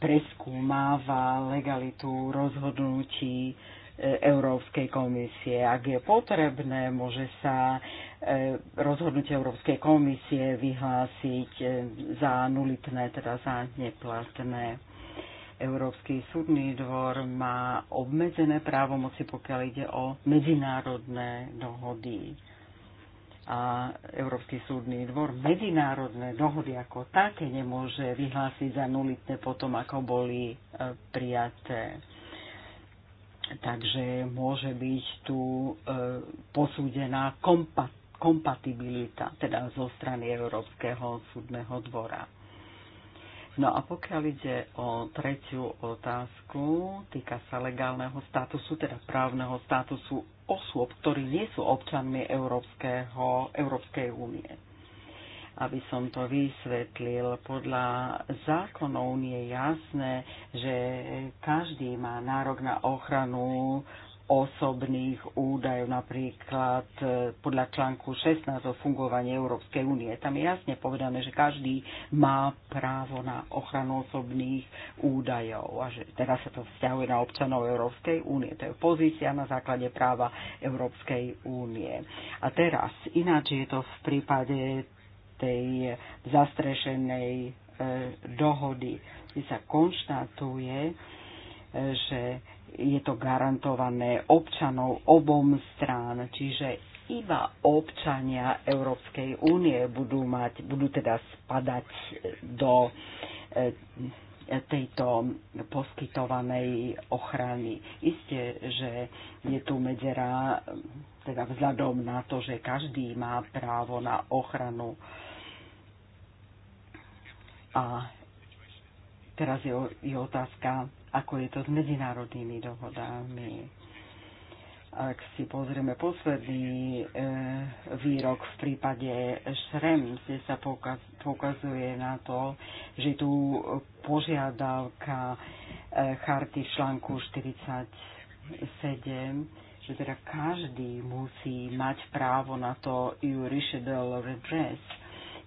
preskúmáva legalitu rozhodnutí Európskej komisie. Ak je potrebné, môže sa rozhodnutie Európskej komisie vyhlásiť za nulitné, teda za neplatné. Európsky súdny dvor má obmedzené právomoci, pokiaľ ide o medzinárodné dohody. A Európsky súdny dvor medzinárodné dohody ako také nemôže vyhlásiť za nulitné potom, ako boli e, prijaté. Takže môže byť tu e, posúdená kompatibilita, teda zo strany Európskeho súdneho dvora. No a pokiaľ ide o tretiu otázku, týka sa legálneho statusu, teda právneho statusu osôb, ktorí nie sú občanmi Európskeho, Európskej únie. Aby som to vysvetlil, podľa zákonov nie je jasné, že každý má nárok na ochranu osobných údajov, napríklad e, podľa článku 16 o fungovaní Európskej únie. Tam je jasne povedané, že každý má právo na ochranu osobných údajov a že teraz sa to vzťahuje na občanov Európskej únie. To je pozícia na základe práva Európskej únie. A teraz, ináč je to v prípade tej zastrešenej e, dohody, kde sa konštatuje, že je to garantované občanov obom strán, čiže iba občania Európskej únie budú mať, budú teda spadať do eh, tejto poskytovanej ochrany. Isté, že je tu medzera, teda vzhľadom na to, že každý má právo na ochranu. A teraz je, je otázka, ako je to s medzinárodnými dohodami. Ak si pozrieme posledný e, výrok v prípade Šrem, kde sa poukaz, poukazuje na to, že tu požiadavka e, charty v článku 47, že teda každý musí mať právo na to jurisdictional redress,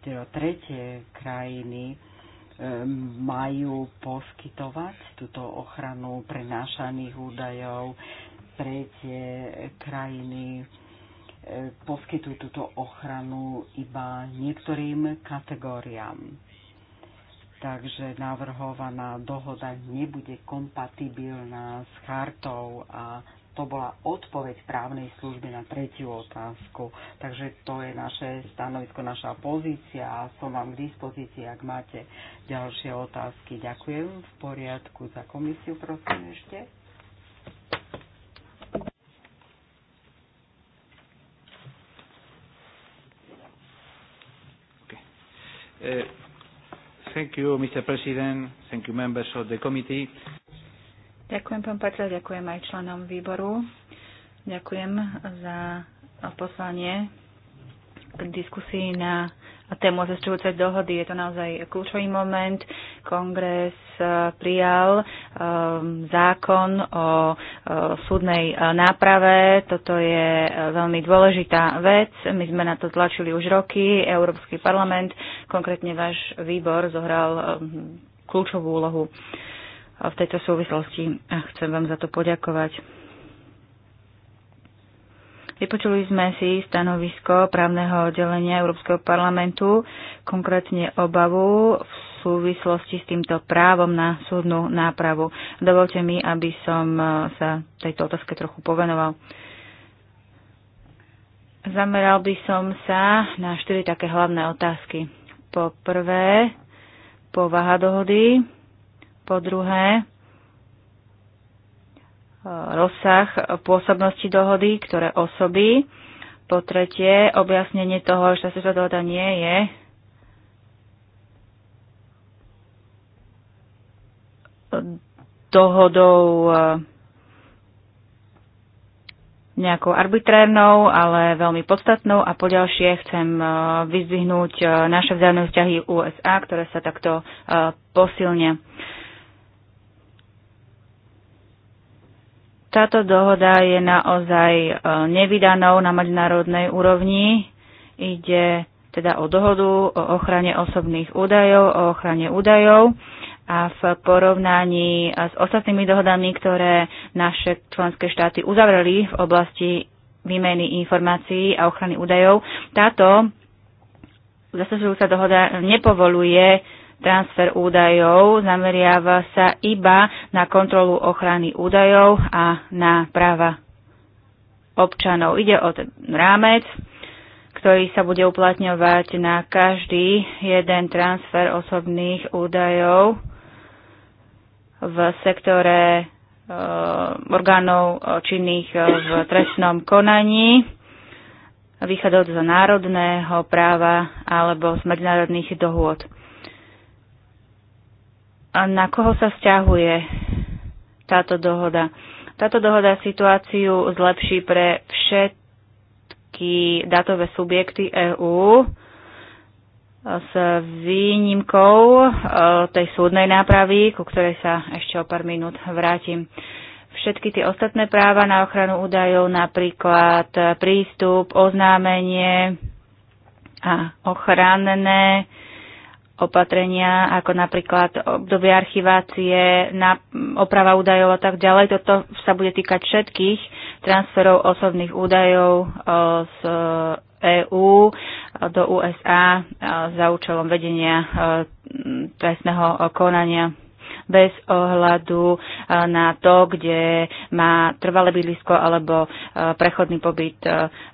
teda tretie krajiny, majú poskytovať túto ochranu prenášaných údajov. pre tie krajiny e, poskytujú túto ochranu iba niektorým kategóriám. Takže navrhovaná dohoda nebude kompatibilná s chartou a to bola odpoveď právnej služby na tretiu otázku. Takže to je naše stanovisko, naša pozícia a som vám k dispozícii, ak máte ďalšie otázky. Ďakujem. V poriadku za komisiu, prosím ešte. Uh, thank you, Mr. President. Thank you, members of the committee. Ďakujem, pán Patel, ďakujem aj členom výboru. Ďakujem za poslanie k diskusii na tému zastrujúcej dohody. Je to naozaj kľúčový moment. Kongres eh, prijal ehm, zákon o eh, súdnej eh, náprave. Toto je veľmi dôležitá vec. My sme na to tlačili už roky. Európsky parlament, konkrétne váš výbor, zohral ehm, kľúčovú úlohu v tejto súvislosti a chcem vám za to poďakovať. Vypočuli sme si stanovisko právneho oddelenia Európskeho parlamentu, konkrétne obavu v súvislosti s týmto právom na súdnu nápravu. Dovolte mi, aby som e, sa tejto otázke trochu povenoval. Zameral by som sa na štyri také hlavné otázky. Po prvé, povaha dohody, po druhé, rozsah pôsobnosti dohody, ktoré osoby. Po tretie, objasnenie toho, že tá dohoda nie je dohodou eh, nejakou arbitrérnou, ale veľmi podstatnou a po ďalšie chcem eh, vyzvihnúť eh, naše vzájomné vzťahy USA, ktoré sa takto posilnia. Táto dohoda je naozaj e, nevydanou na medzinárodnej úrovni. Ide teda o dohodu o ochrane osobných údajov, o ochrane údajov a v porovnaní e, s ostatnými dohodami, ktoré naše členské štáty uzavreli v oblasti výmeny informácií a ochrany údajov, táto zasažujúca dohoda nepovoluje transfer údajov zameriava sa iba na kontrolu ochrany údajov a na práva občanov. Ide o ten rámec, ktorý sa bude uplatňovať na každý jeden transfer osobných údajov v sektore eh, orgánov eh, činných eh, v trestnom konaní, východov z národného práva alebo z medzinárodných dohôd. A na koho sa vzťahuje táto dohoda? Táto dohoda situáciu zlepší pre všetky datové subjekty EÚ s výnimkou eh, tej súdnej nápravy, ku ktorej sa ešte o pár minút vrátim všetky tie ostatné práva na ochranu údajov, napríklad prístup, oznámenie a ochranné opatrenia, ako napríklad obdobie archivácie, oprava údajov a tak ďalej. Toto sa bude týkať všetkých transferov osobných údajov e, z EÚ do USA e, za účelom vedenia e, trestného konania bez ohľadu na to, kde má trvalé bydlisko alebo prechodný pobyt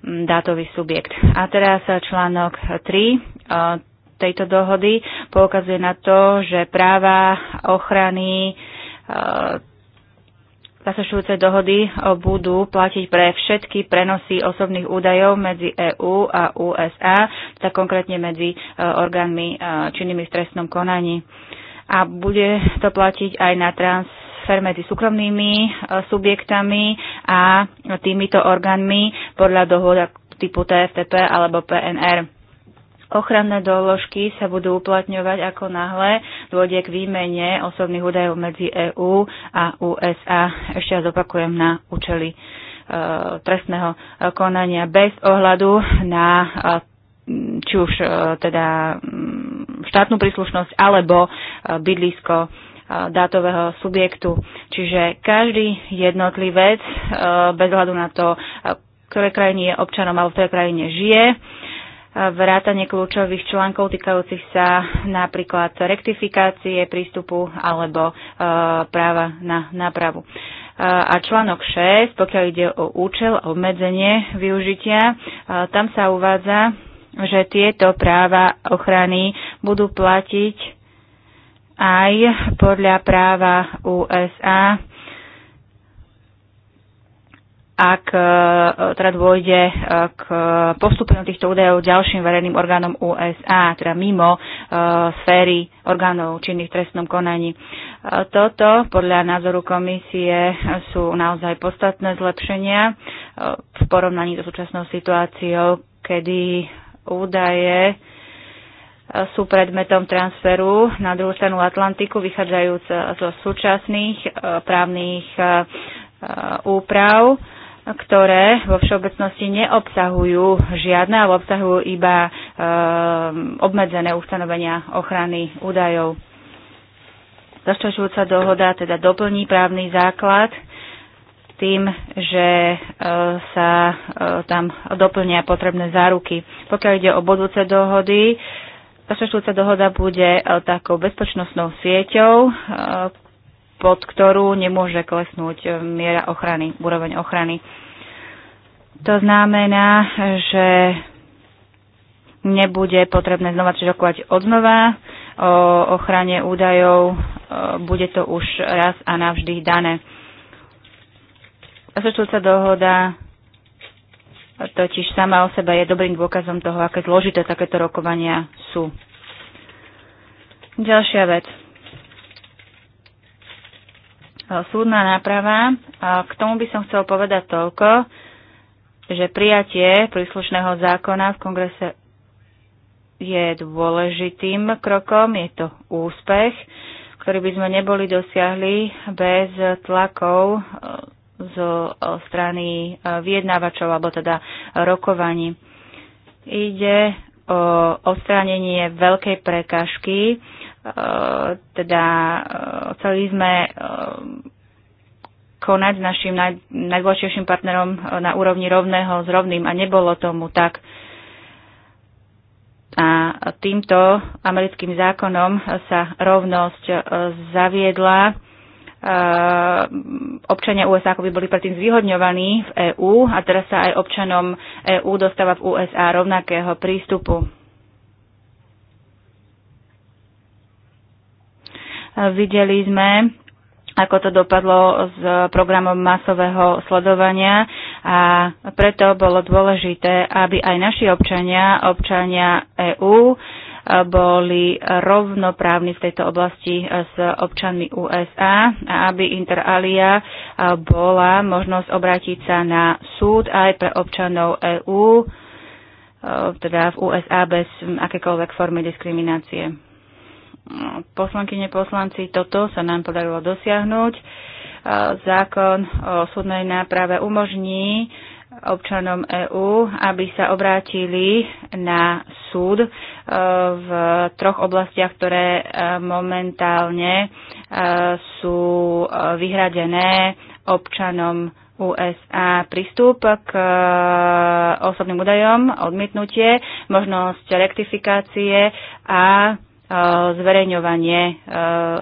dátový subjekt. A teraz článok 3 tejto dohody poukazuje na to, že práva ochrany e, zasašujúce dohody e, budú platiť pre všetky prenosy osobných údajov medzi EÚ a USA, tak teda konkrétne medzi e, orgánmi činnými v trestnom konaní. A bude to platiť aj na transfer medzi súkromnými subjektami a týmito orgánmi podľa dohod typu TFTP alebo PNR. Ochranné doložky sa budú uplatňovať ako náhle dôjde k výmene osobných údajov medzi EÚ a USA. Ešte raz opakujem na účely e, trestného e, konania bez ohľadu na e, či už e, teda štátnu príslušnosť alebo e, bydlisko e, dátového subjektu. Čiže každý jednotlivec, e, bez hľadu na to, ktoré krajine je občanom alebo v ktorej krajine žije, vrátanie kľúčových článkov týkajúcich sa napríklad rektifikácie prístupu alebo e, práva na nápravu. E, a článok 6, pokiaľ ide o účel, a obmedzenie využitia, e, tam sa uvádza, že tieto práva ochrany budú platiť aj podľa práva USA ak e, teda dôjde e, k postupeniu týchto údajov ďalším verejným orgánom USA, teda mimo e, sféry orgánov činných v trestnom konaní. Toto podľa názoru komisie sú naozaj podstatné zlepšenia v porovnaní so súčasnou situáciou, kedy údaje sú predmetom transferu na druhú stranu Atlantiku, vychádzajúc zo súčasných právnych úprav ktoré vo všeobecnosti neobsahujú žiadne, ale obsahujú iba e, obmedzené ustanovenia ochrany údajov. Zašťažujúca dohoda teda doplní právny základ tým, že e, sa e, tam doplnia potrebné záruky. Pokiaľ ide o budúce dohody, Zašťažujúca dohoda bude e, takou bezpečnostnou sieťou, e, pod ktorú nemôže klesnúť e, miera ochrany, úroveň ochrany. To znamená, že nebude potrebné znova rokovať odnova o ochrane údajov, e, bude to už raz a navždy dané. sa dohoda totiž sama o sebe je dobrým dôkazom toho, aké zložité takéto rokovania sú. Ďalšia vec súdna náprava. A k tomu by som chcel povedať toľko, že prijatie príslušného zákona v kongrese je dôležitým krokom, je to úspech, ktorý by sme neboli dosiahli bez tlakov e, zo strany e, vyjednávačov alebo teda rokovaní. Ide o odstránenie veľkej prekažky, Eh, teda eh, chceli sme eh, konať s našim naj, najdôležitejším partnerom na úrovni rovného s rovným a nebolo tomu tak. A týmto americkým zákonom sa rovnosť zaviedla. Občania USA ako by boli predtým zvýhodňovaní v EÚ a teraz sa aj občanom EÚ dostáva v USA rovnakého prístupu. Videli sme, ako to dopadlo s programom masového sledovania a preto bolo dôležité, aby aj naši občania, občania EÚ, boli rovnoprávni v tejto oblasti s občanmi USA a aby inter alia bola možnosť obrátiť sa na súd aj pre občanov EÚ, e, teda v USA bez akékoľvek formy diskriminácie. No, poslankyne, poslanci, toto sa nám podarilo dosiahnuť. Zákon o súdnej náprave umožní občanom EÚ, aby sa obrátili na súd e, v troch oblastiach, ktoré e, momentálne e, sú vyhradené občanom USA prístup k osobným údajom, odmietnutie, možnosť rektifikácie a Eh, zverejňovanie eh,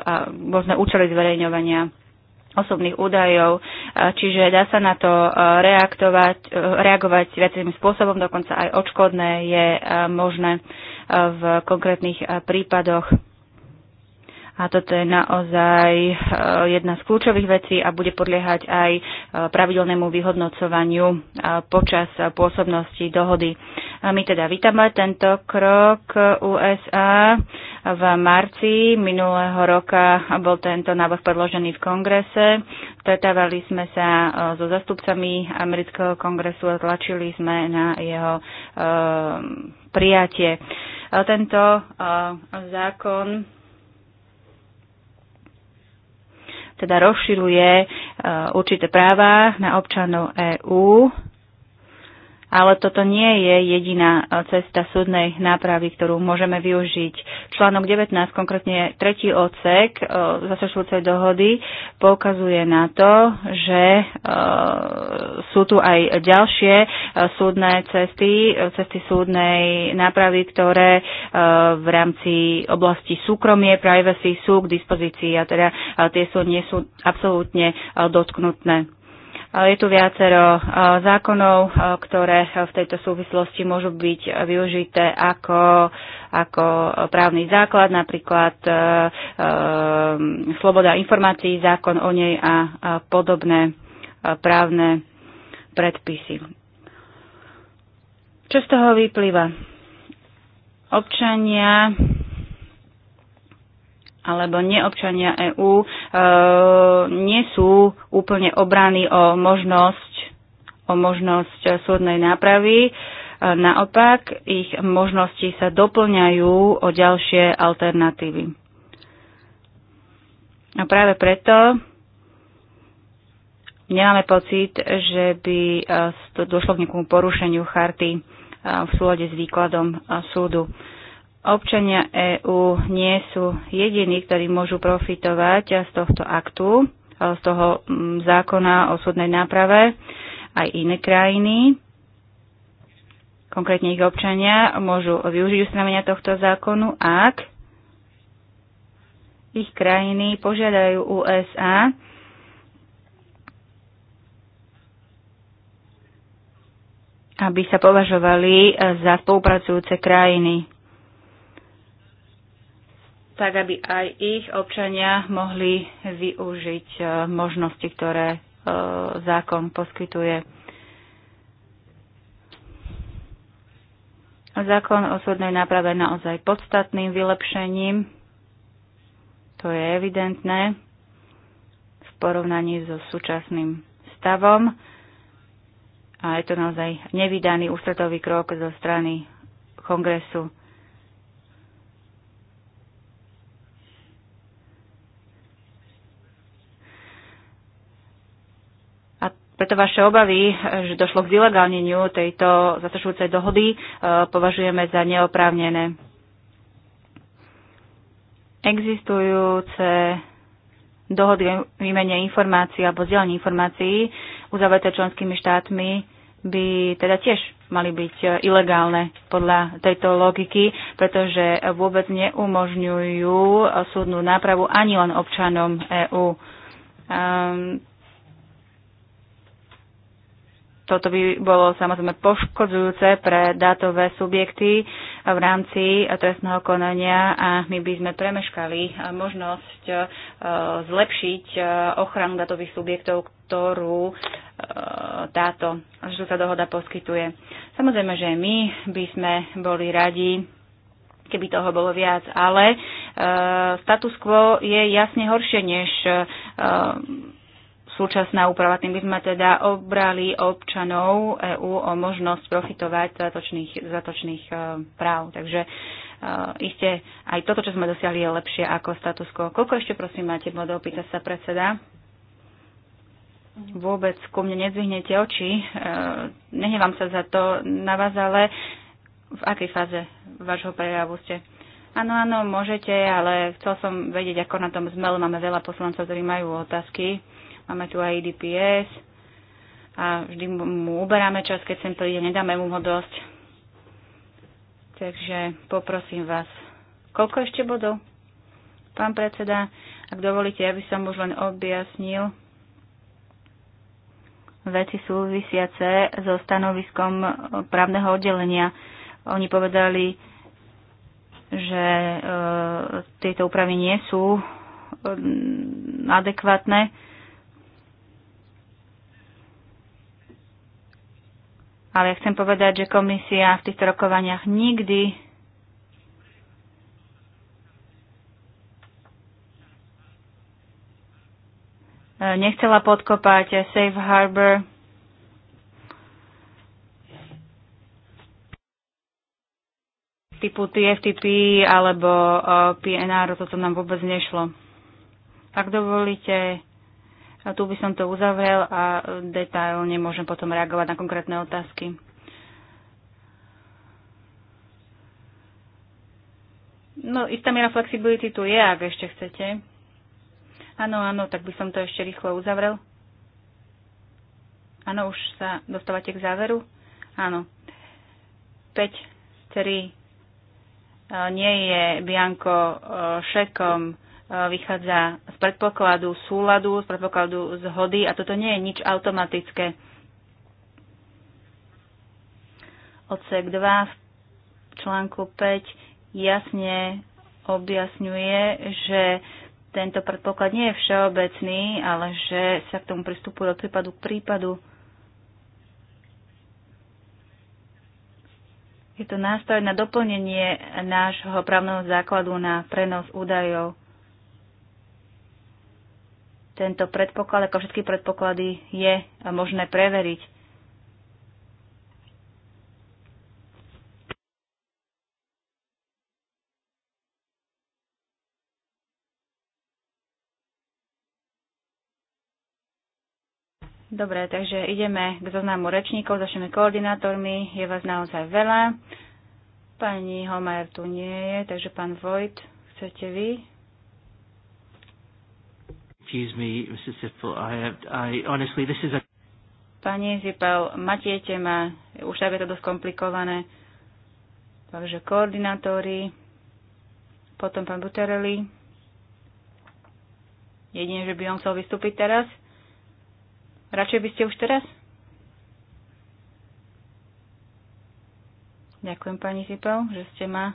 a možné účely zverejňovania osobných údajov, eh, čiže dá sa na to reaktovať, reagovať viacerým spôsobom, dokonca aj odškodné je možné v konkrétnych prípadoch. A toto je naozaj jedna z kľúčových vecí a bude podliehať aj pravidelnému vyhodnocovaniu počas pôsobnosti dohody. A my teda vítame tento krok USA. V marci minulého roka bol tento návrh predložený v kongrese. Stretávali sme sa e, so zastupcami amerického kongresu a tlačili sme na jeho e, prijatie. Tento e, zákon teda rozširuje určité práva na občanov EÚ ale toto nie je jediná e, cesta súdnej nápravy, ktorú môžeme využiť. Článok 19, konkrétne tretí odsek e, zasašujúcej dohody, poukazuje na to, že e, sú tu aj ďalšie súdne cesty, cesty súdnej nápravy, ktoré v rámci oblasti súkromie, privacy sú k dispozícii a teda tie sú, nie sú absolútne dotknutné. Je tu viacero e, zákonov, e, ktoré v tejto súvislosti môžu byť využité ako, ako právny základ, napríklad e, e sloboda informácií, zákon o nej a podobné právne predpisy. Čo z toho vyplýva? Občania alebo neobčania EÚ e, nie sú úplne obrany o možnosť, o možnosť súdnej nápravy. E, naopak, ich možnosti sa doplňajú o ďalšie alternatívy. A práve preto nemáme pocit, že by e, došlo k nejakému porušeniu charty e, v súlade s výkladom e, súdu. Občania EÚ nie sú jediní, ktorí môžu profitovať z tohto aktu, z toho mm, zákona o súdnej náprave, aj iné krajiny, konkrétne ich občania, môžu využiť ustanovenia tohto zákonu, ak ich krajiny požiadajú USA aby sa považovali za spolupracujúce krajiny tak aby aj ich občania mohli využiť e, možnosti, ktoré e, zákon poskytuje. Zákon o súdnej náprave je naozaj podstatným vylepšením, to je evidentné, v porovnaní so súčasným stavom a je to naozaj nevydaný ústretový krok zo strany kongresu. Preto vaše obavy, že došlo k zilegálneniu tejto zastrašujúcej dohody, e, považujeme za neoprávnené. Existujúce dohody o výmene informácií alebo zdieľaní informácií uzavreté členskými štátmi by teda tiež mali byť e, ilegálne podľa tejto logiky, pretože vôbec neumožňujú e, súdnu nápravu ani len občanom EÚ. Um, ehm, toto by bolo samozrejme poškodzujúce pre dátové subjekty v rámci trestného konania a my by sme premeškali možnosť e, zlepšiť e, ochranu datových subjektov, ktorú e, táto sa dohoda poskytuje. Samozrejme, že my by sme boli radi, keby toho bolo viac, ale status quo je jasne horšie než súčasná úprava. Tým by sme teda obrali občanov EÚ o možnosť profitovať zatočných, zatočných e, práv. Takže uh, iste aj toto, čo sme dosiahli, je lepšie ako status quo. Koľko ešte prosím máte bodov, pýta sa predseda? Vôbec ku mne nezvihnete oči. Uh, e, nehnevám sa za to na vás, ale v akej fáze vášho prejavu ste? Áno, áno, môžete, ale chcel som vedieť, ako na tom sme, máme veľa poslancov, ktorí majú otázky. Máme tu aj IDPS a vždy mu uberáme čas, keď sem príde, nedáme mu ho dosť. Takže poprosím vás, koľko ešte bodov? Pán predseda, ak dovolíte, ja by som už len objasnil veci súvisiace so stanoviskom právneho oddelenia. Oni povedali, že e, tieto úpravy nie sú e, adekvátne ale chcem povedať, že komisia v týchto rokovaniach nikdy nechcela podkopať Safe Harbor. typu TFTP alebo eh, PNR, toto nám vôbec nešlo. Tak dovolíte, a tu by som to uzavrel a e, detailne môžem potom reagovať na konkrétne otázky. No, istá miera flexibility tu je, ak ešte chcete. Áno, áno, tak by som to ešte rýchlo uzavrel. Áno, už sa dostávate k záveru? Áno. 5, 3, e, nie je Bianko e, šekom vychádza z predpokladu súladu, z predpokladu zhody a toto nie je nič automatické. Odsek 2 v článku 5 jasne objasňuje, že tento predpoklad nie je všeobecný, ale že sa k tomu pristupuje od prípadu k prípadu. Je to nástroj na doplnenie nášho právneho základu na prenos údajov. Tento predpoklad, ako všetky predpoklady, je možné preveriť. Dobre, takže ideme k zoznamu rečníkov, začneme koordinátormi, je vás naozaj veľa. Pani Homer tu nie je, takže pán Vojt, chcete vy? Excuse me, Mr. I, I honestly, this is a... Pani Zipel, matiete ma, už tak je to dosť komplikované. Takže koordinátori, potom pán Buterelli. Jedine, že by on chcel vystúpiť teraz. Radšej by ste už teraz? Ďakujem, pani Zipel, že ste ma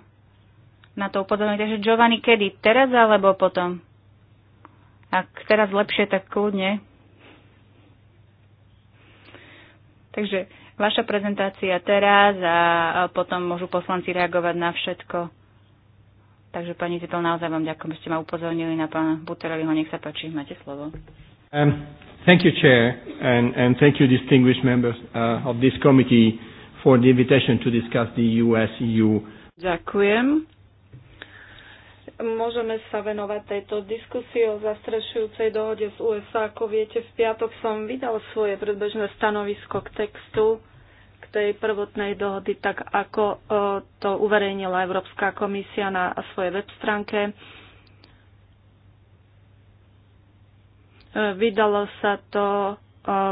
na to upozornili. Takže Giovanni, kedy? Teraz alebo potom? Ak teraz lepšie, tak kľudne. Takže vaša prezentácia teraz a potom môžu poslanci reagovať na všetko. Takže pani Zipel, naozaj vám ďakujem, že ste ma upozornili na pána Buterovýho. Nech sa páči, máte slovo. Um, thank you, Chair, and, and thank you, distinguished members uh, of this committee for the invitation to discuss the US-EU. E ďakujem Môžeme sa venovať tejto diskusii o zastrešujúcej dohode z USA. Ako viete, v piatok som vydal svoje predbežné stanovisko k textu k tej prvotnej dohody, tak ako e, to uverejnila Európska komisia na svojej web stránke. E, vydalo sa to e,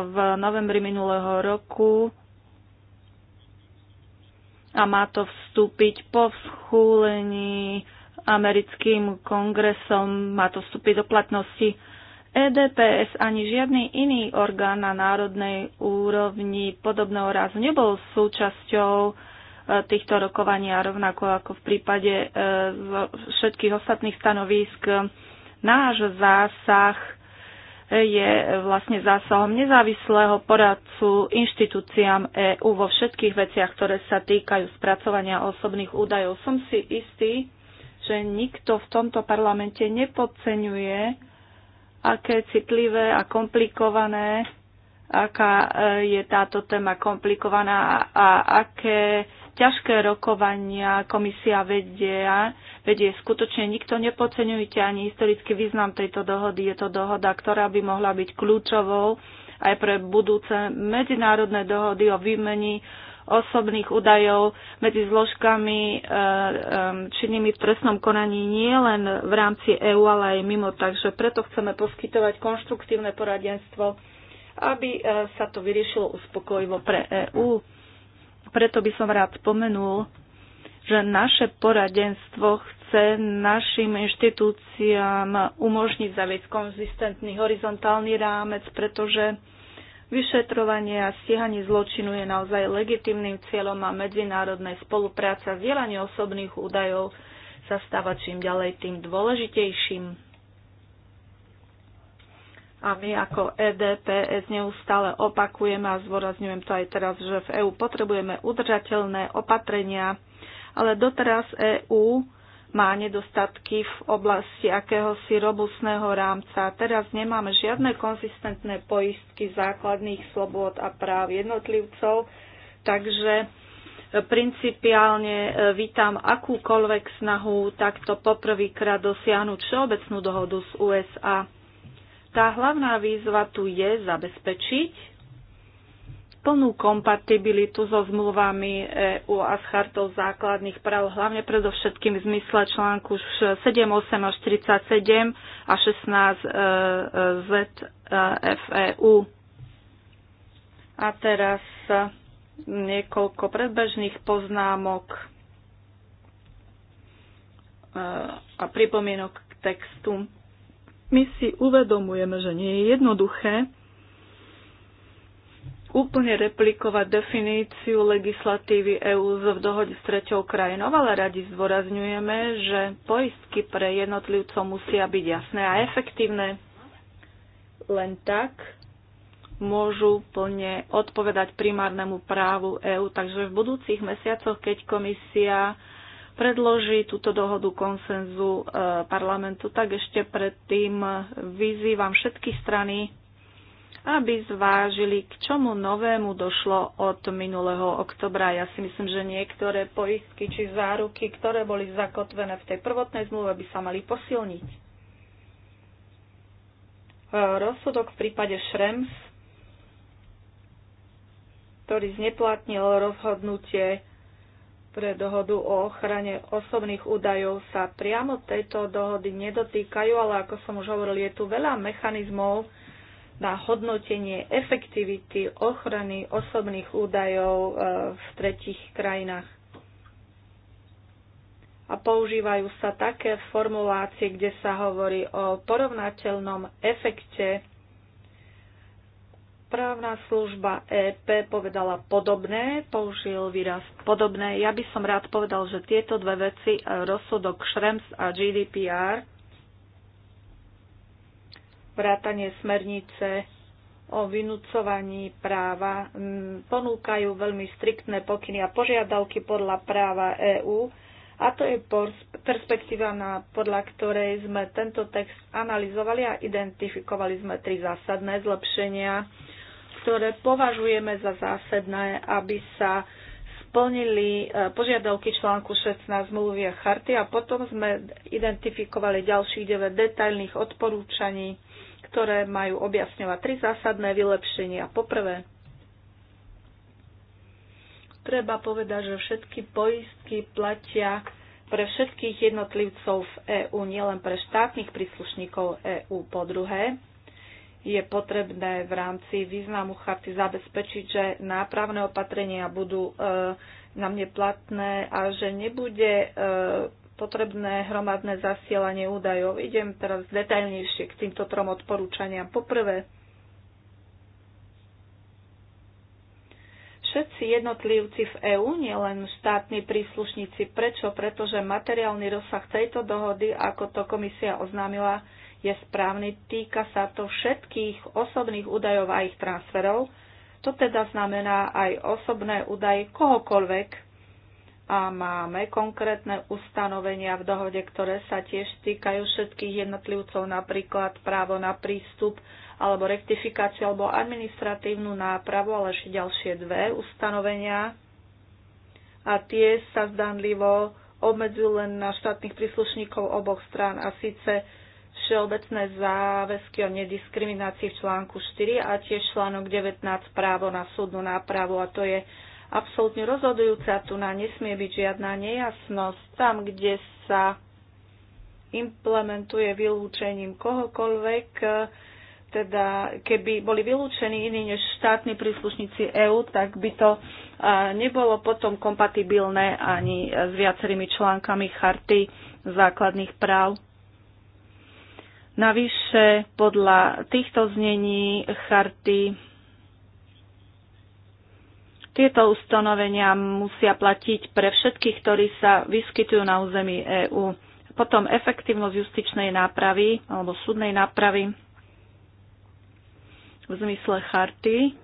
v novembri minulého roku a má to vstúpiť po schúlení americkým kongresom, má to vstúpiť do platnosti. EDPS ani žiadny iný orgán na národnej úrovni podobného razu nebol súčasťou e, týchto rokovania, rovnako ako v prípade e, všetkých ostatných stanovísk. Náš zásah e, je vlastne zásahom nezávislého poradcu inštitúciám EÚ vo všetkých veciach, ktoré sa týkajú spracovania osobných údajov. Som si istý, že nikto v tomto parlamente nepodceňuje, aké citlivé a komplikované, aká e, je táto téma komplikovaná a aké ťažké rokovania komisia vedie, vedie skutočne nikto nepodceňujte ani historický význam tejto dohody. Je to dohoda, ktorá by mohla byť kľúčovou aj pre budúce medzinárodné dohody o výmeni osobných údajov medzi zložkami e, e, činnými v trestnom konaní nie len v rámci EÚ, ale aj mimo. Takže preto chceme poskytovať konštruktívne poradenstvo, aby e, sa to vyriešilo uspokojivo pre EÚ. Preto by som rád spomenul, že naše poradenstvo chce našim inštitúciám umožniť zaviesť konzistentný horizontálny rámec, pretože Vyšetrovanie a stíhanie zločinu je naozaj legitimným cieľom a medzinárodnej spolupráca a zdieľanie osobných údajov sa stáva čím ďalej tým dôležitejším a my ako EDPS neustále opakujeme a zvorazňujem to aj teraz, že v EÚ potrebujeme udržateľné opatrenia, ale doteraz EÚ má nedostatky v oblasti akéhosi robustného rámca. Teraz nemáme žiadne konzistentné poistky základných slobod a práv jednotlivcov, takže principiálne e, vítam akúkoľvek snahu takto poprvýkrát dosiahnuť všeobecnú dohodu z USA. Tá hlavná výzva tu je zabezpečiť, plnú kompatibilitu so zmluvami EU a s chartou základných práv, hlavne predovšetkým v zmysle článku 7, 8 až 37 a 16 e, e, ZFEU. E, a teraz niekoľko predbežných poznámok a pripomienok k textu. My si uvedomujeme, že nie je jednoduché úplne replikovať definíciu legislatívy EÚ v dohode s treťou krajinou, ale radi zdôrazňujeme, že poistky pre jednotlivcov musia byť jasné a efektívne. Len tak môžu plne odpovedať primárnemu právu EÚ. Takže v budúcich mesiacoch, keď komisia predloží túto dohodu konsenzu e, parlamentu, tak ešte predtým vyzývam všetky strany aby zvážili, k čomu novému došlo od minulého oktobra. Ja si myslím, že niektoré poistky či záruky, ktoré boli zakotvené v tej prvotnej zmluve, by sa mali posilniť. E, rozsudok v prípade Šrems, ktorý zneplatnil rozhodnutie pre dohodu o ochrane osobných údajov sa priamo tejto dohody nedotýkajú, ale ako som už hovoril, je tu veľa mechanizmov, na hodnotenie efektivity ochrany osobných údajov e, v tretich krajinách. A používajú sa také formulácie, kde sa hovorí o porovnateľnom efekte. Právna služba EP povedala podobné, použil výraz podobné. Ja by som rád povedal, že tieto dve veci, e, rozsudok Schrems a GDPR, vrátanie smernice o vynúcovaní práva ponúkajú veľmi striktné pokyny a požiadavky podľa práva EÚ a to je perspektíva, na, podľa ktorej sme tento text analyzovali a identifikovali sme tri zásadné zlepšenia, ktoré považujeme za zásadné, aby sa splnili e, požiadavky článku 16 zmluvy a charty a potom sme identifikovali ďalších 9 detailných odporúčaní ktoré majú objasňovať tri zásadné vylepšenia. Poprvé, treba povedať, že všetky poistky platia pre všetkých jednotlivcov v EÚ, nielen pre štátnych príslušníkov EÚ. Po druhé, je potrebné v rámci významu charty zabezpečiť, že nápravné opatrenia budú e, na mne platné a že nebude e, potrebné hromadné zasielanie údajov. Idem teraz detailnejšie k týmto trom odporúčaniam. Poprvé, všetci jednotlivci v EÚ, nielen štátni príslušníci. Prečo? Pretože materiálny rozsah tejto dohody, ako to komisia oznámila, je správny. Týka sa to všetkých osobných údajov a ich transferov. To teda znamená aj osobné údaje kohokoľvek, a máme konkrétne ustanovenia v dohode, ktoré sa tiež týkajú všetkých jednotlivcov, napríklad právo na prístup alebo rektifikáciu alebo administratívnu nápravu, ale ešte ďalšie dve ustanovenia. A tie sa zdanlivo obmedzujú len na štátnych príslušníkov oboch strán a síce všeobecné záväzky o nediskriminácii v článku 4 a tiež článok 19 právo na súdnu nápravu a to je absolútne rozhodujúca. Tu na nesmie byť žiadna nejasnosť. Tam, kde sa implementuje vylúčením kohokoľvek, e, teda keby boli vylúčení iní než štátni príslušníci EÚ, tak by to e, nebolo potom kompatibilné ani s viacerými článkami charty základných práv. Navyše podľa týchto znení charty tieto ustanovenia musia platiť pre všetkých, ktorí sa vyskytujú na území EÚ. Potom efektívnosť justičnej nápravy alebo súdnej nápravy v zmysle charty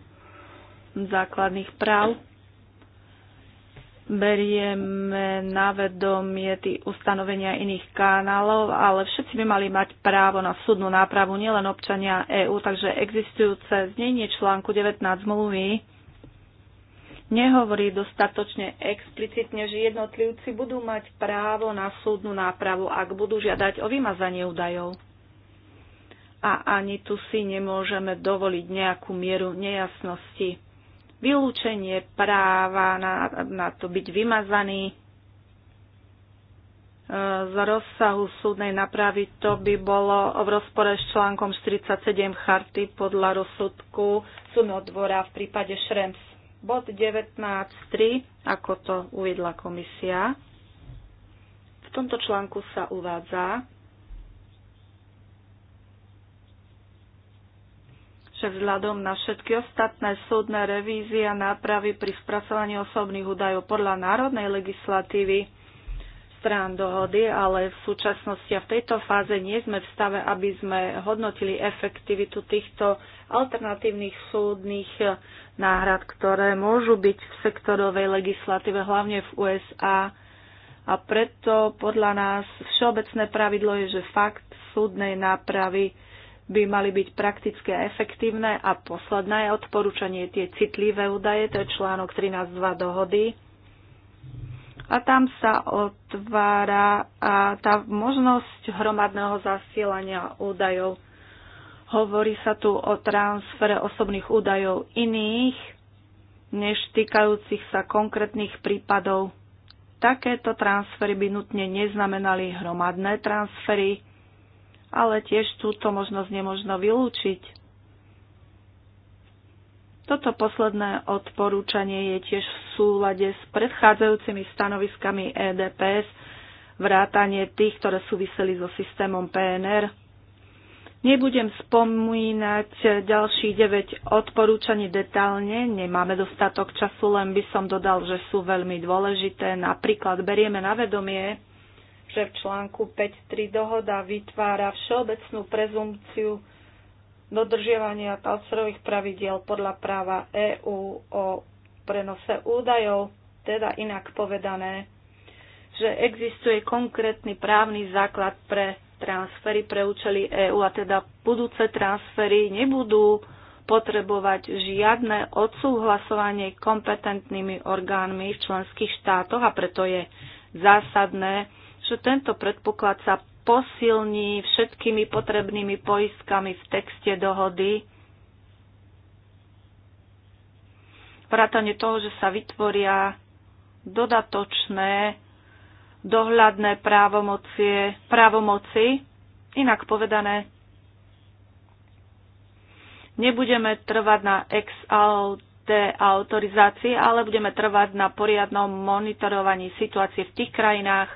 základných práv berieme na vedomie tých ustanovenia iných kanálov, ale všetci by mali mať právo na súdnu nápravu, nielen občania EÚ, takže existujúce znenie článku 19 zmluvy nehovorí dostatočne explicitne, že jednotlivci budú mať právo na súdnu nápravu, ak budú žiadať o vymazanie údajov. A ani tu si nemôžeme dovoliť nejakú mieru nejasnosti. Vylúčenie práva na, na to byť vymazaný e, z rozsahu súdnej napravy to by bolo v rozpore s článkom 47 charty podľa rozsudku súdneho dvora v prípade Šrems. Bod 19.3, ako to uvedla komisia, v tomto článku sa uvádza, že vzhľadom na všetky ostatné súdne revízie a nápravy pri spracovaní osobných údajov podľa národnej legislatívy strán dohody, ale v súčasnosti a v tejto fáze nie sme v stave, aby sme hodnotili efektivitu týchto alternatívnych súdnych náhrad, ktoré môžu byť v sektorovej legislatíve, hlavne v USA. A preto podľa nás všeobecné pravidlo je, že fakt súdnej nápravy by mali byť praktické a efektívne. A posledné odporúčanie tie citlivé údaje, to je článok 13.2 dohody a tam sa otvára a tá možnosť hromadného zasielania údajov. Hovorí sa tu o transfere osobných údajov iných, než týkajúcich sa konkrétnych prípadov. Takéto transfery by nutne neznamenali hromadné transfery, ale tiež túto možnosť nemožno vylúčiť. Toto posledné odporúčanie je tiež v súlade s predchádzajúcimi stanoviskami EDPS, vrátanie tých, ktoré súviseli so systémom PNR. Nebudem spomínať ďalších 9 odporúčaní detálne, nemáme dostatok času, len by som dodal, že sú veľmi dôležité. Napríklad berieme na vedomie, že v článku 5.3 dohoda vytvára všeobecnú prezumciu dodržiavania talcerových pravidiel podľa práva EÚ o prenose údajov, teda inak povedané, že existuje konkrétny právny základ pre transfery pre účely EÚ a teda budúce transfery nebudú potrebovať žiadne odsúhlasovanie kompetentnými orgánmi v členských štátoch a preto je zásadné, že tento predpoklad sa posilní všetkými potrebnými poistkami v texte dohody, vrátane toho, že sa vytvoria dodatočné dohľadné právomocie, právomoci, inak povedané, nebudeme trvať na ex autorizácii, ale budeme trvať na poriadnom monitorovaní situácie v tých krajinách,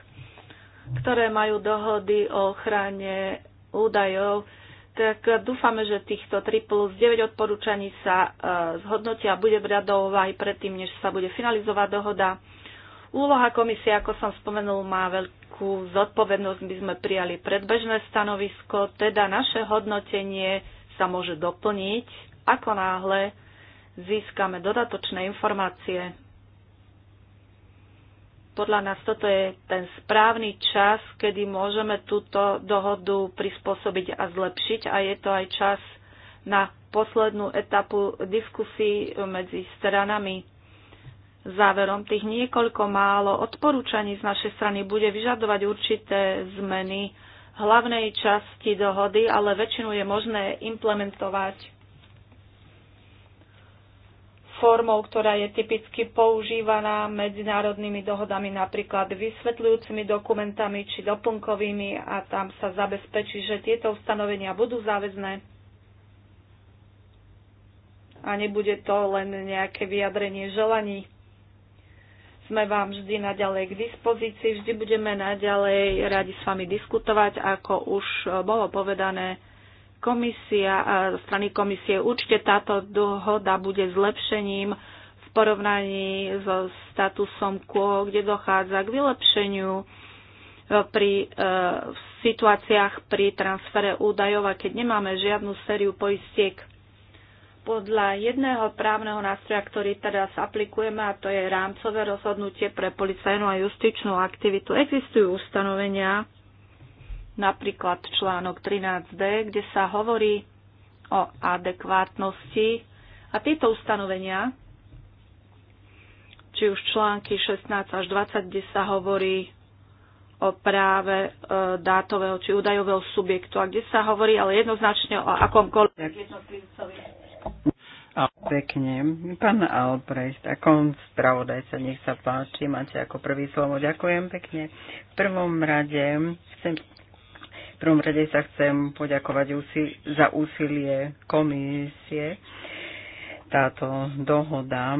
ktoré majú dohody o ochrane údajov, tak dúfame, že týchto 3 plus 9 odporúčaní sa e, zhodnotia a bude brať aj predtým, než sa bude finalizovať dohoda. Úloha komisie, ako som spomenul, má veľkú zodpovednosť. My sme prijali predbežné stanovisko, teda naše hodnotenie sa môže doplniť, ako náhle získame dodatočné informácie. Podľa nás toto je ten správny čas, kedy môžeme túto dohodu prispôsobiť a zlepšiť a je to aj čas na poslednú etapu diskusí medzi stranami. Záverom tých niekoľko málo odporúčaní z našej strany bude vyžadovať určité zmeny hlavnej časti dohody, ale väčšinu je možné implementovať formou, ktorá je typicky používaná medzinárodnými dohodami, napríklad vysvetľujúcimi dokumentami či doplnkovými a tam sa zabezpečí, že tieto ustanovenia budú záväzné a nebude to len nejaké vyjadrenie želaní. Sme vám vždy naďalej k dispozícii, vždy budeme naďalej radi s vami diskutovať, ako už bolo povedané komisia, zo strany komisie. Určite táto dohoda bude zlepšením v porovnaní so statusom quo, kde dochádza k vylepšeniu e, pri e, v situáciách pri transfere údajov a keď nemáme žiadnu sériu poistiek. Podľa jedného právneho nástroja, ktorý teraz aplikujeme, a to je rámcové rozhodnutie pre policajnú a justičnú aktivitu, existujú ustanovenia, napríklad článok 13d, kde sa hovorí o adekvátnosti a tieto ustanovenia, či už články 16 až 20, kde sa hovorí o práve e, dátového či údajového subjektu a kde sa hovorí ale jednoznačne o akomkoľvek a Pekne. Pán Albrecht, ako spravodajca, nech sa páči, máte ako prvý slovo. Ďakujem pekne. V prvom rade chcem prvom rade sa chcem poďakovať za úsilie komisie. Táto dohoda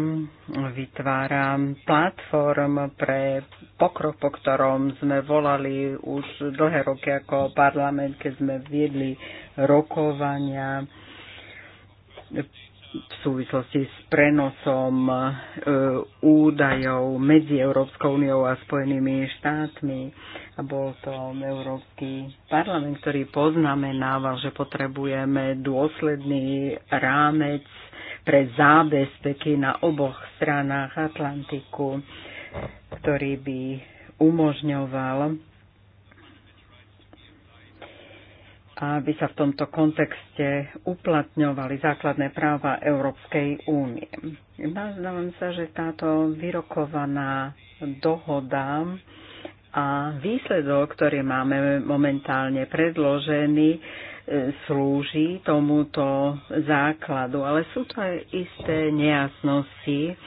vytvára platform pre pokrok, po ktorom sme volali už dlhé roky ako parlament, keď sme viedli rokovania v súvislosti s prenosom e, údajov medzi Európskou úniou a Spojenými štátmi a bol to Európsky parlament, ktorý poznamenával, že potrebujeme dôsledný rámec pre zábezpeky na oboch stranách Atlantiku, ktorý by umožňoval, aby sa v tomto kontexte uplatňovali základné práva Európskej únie. Nazdávam sa, že táto vyrokovaná dohoda a výsledok, ktorý máme momentálne predložený, e, slúži tomuto základu. Ale sú to aj isté nejasnosti,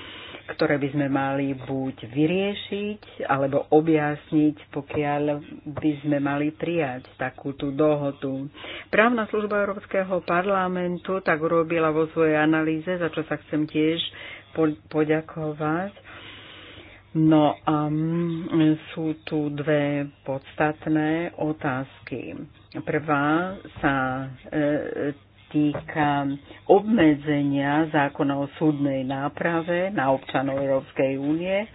ktoré by sme mali buď vyriešiť, alebo objasniť, pokiaľ by sme mali prijať takúto dohodu. Právna služba Európskeho parlamentu tak urobila vo svojej analýze, za čo sa chcem tiež poďakovať No a mm, sú tu dve podstatné otázky. Prvá sa e, týka obmedzenia zákona o súdnej náprave na občanov Európskej únie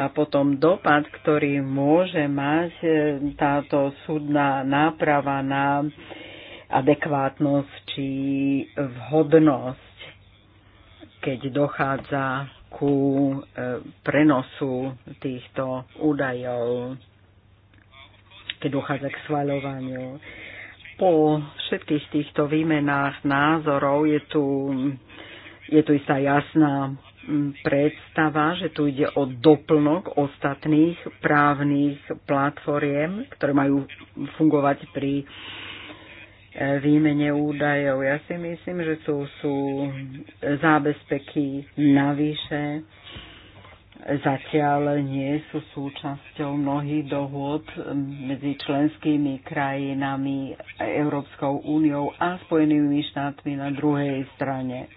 a potom dopad, ktorý môže mať e, táto súdna náprava na adekvátnosť či vhodnosť, keď dochádza ku e, prenosu týchto údajov, keď dochádza k svaľovaniu. Po všetkých týchto výmenách názorov je tu, je tu istá jasná predstava, že tu ide o doplnok ostatných právnych platformiem, ktoré majú fungovať pri E, výmene údajov. Ja si myslím, že tu sú zábezpeky navyše. Zatiaľ nie sú súčasťou mnohých dohôd medzi členskými krajinami, Európskou úniou a Spojenými štátmi na druhej strane.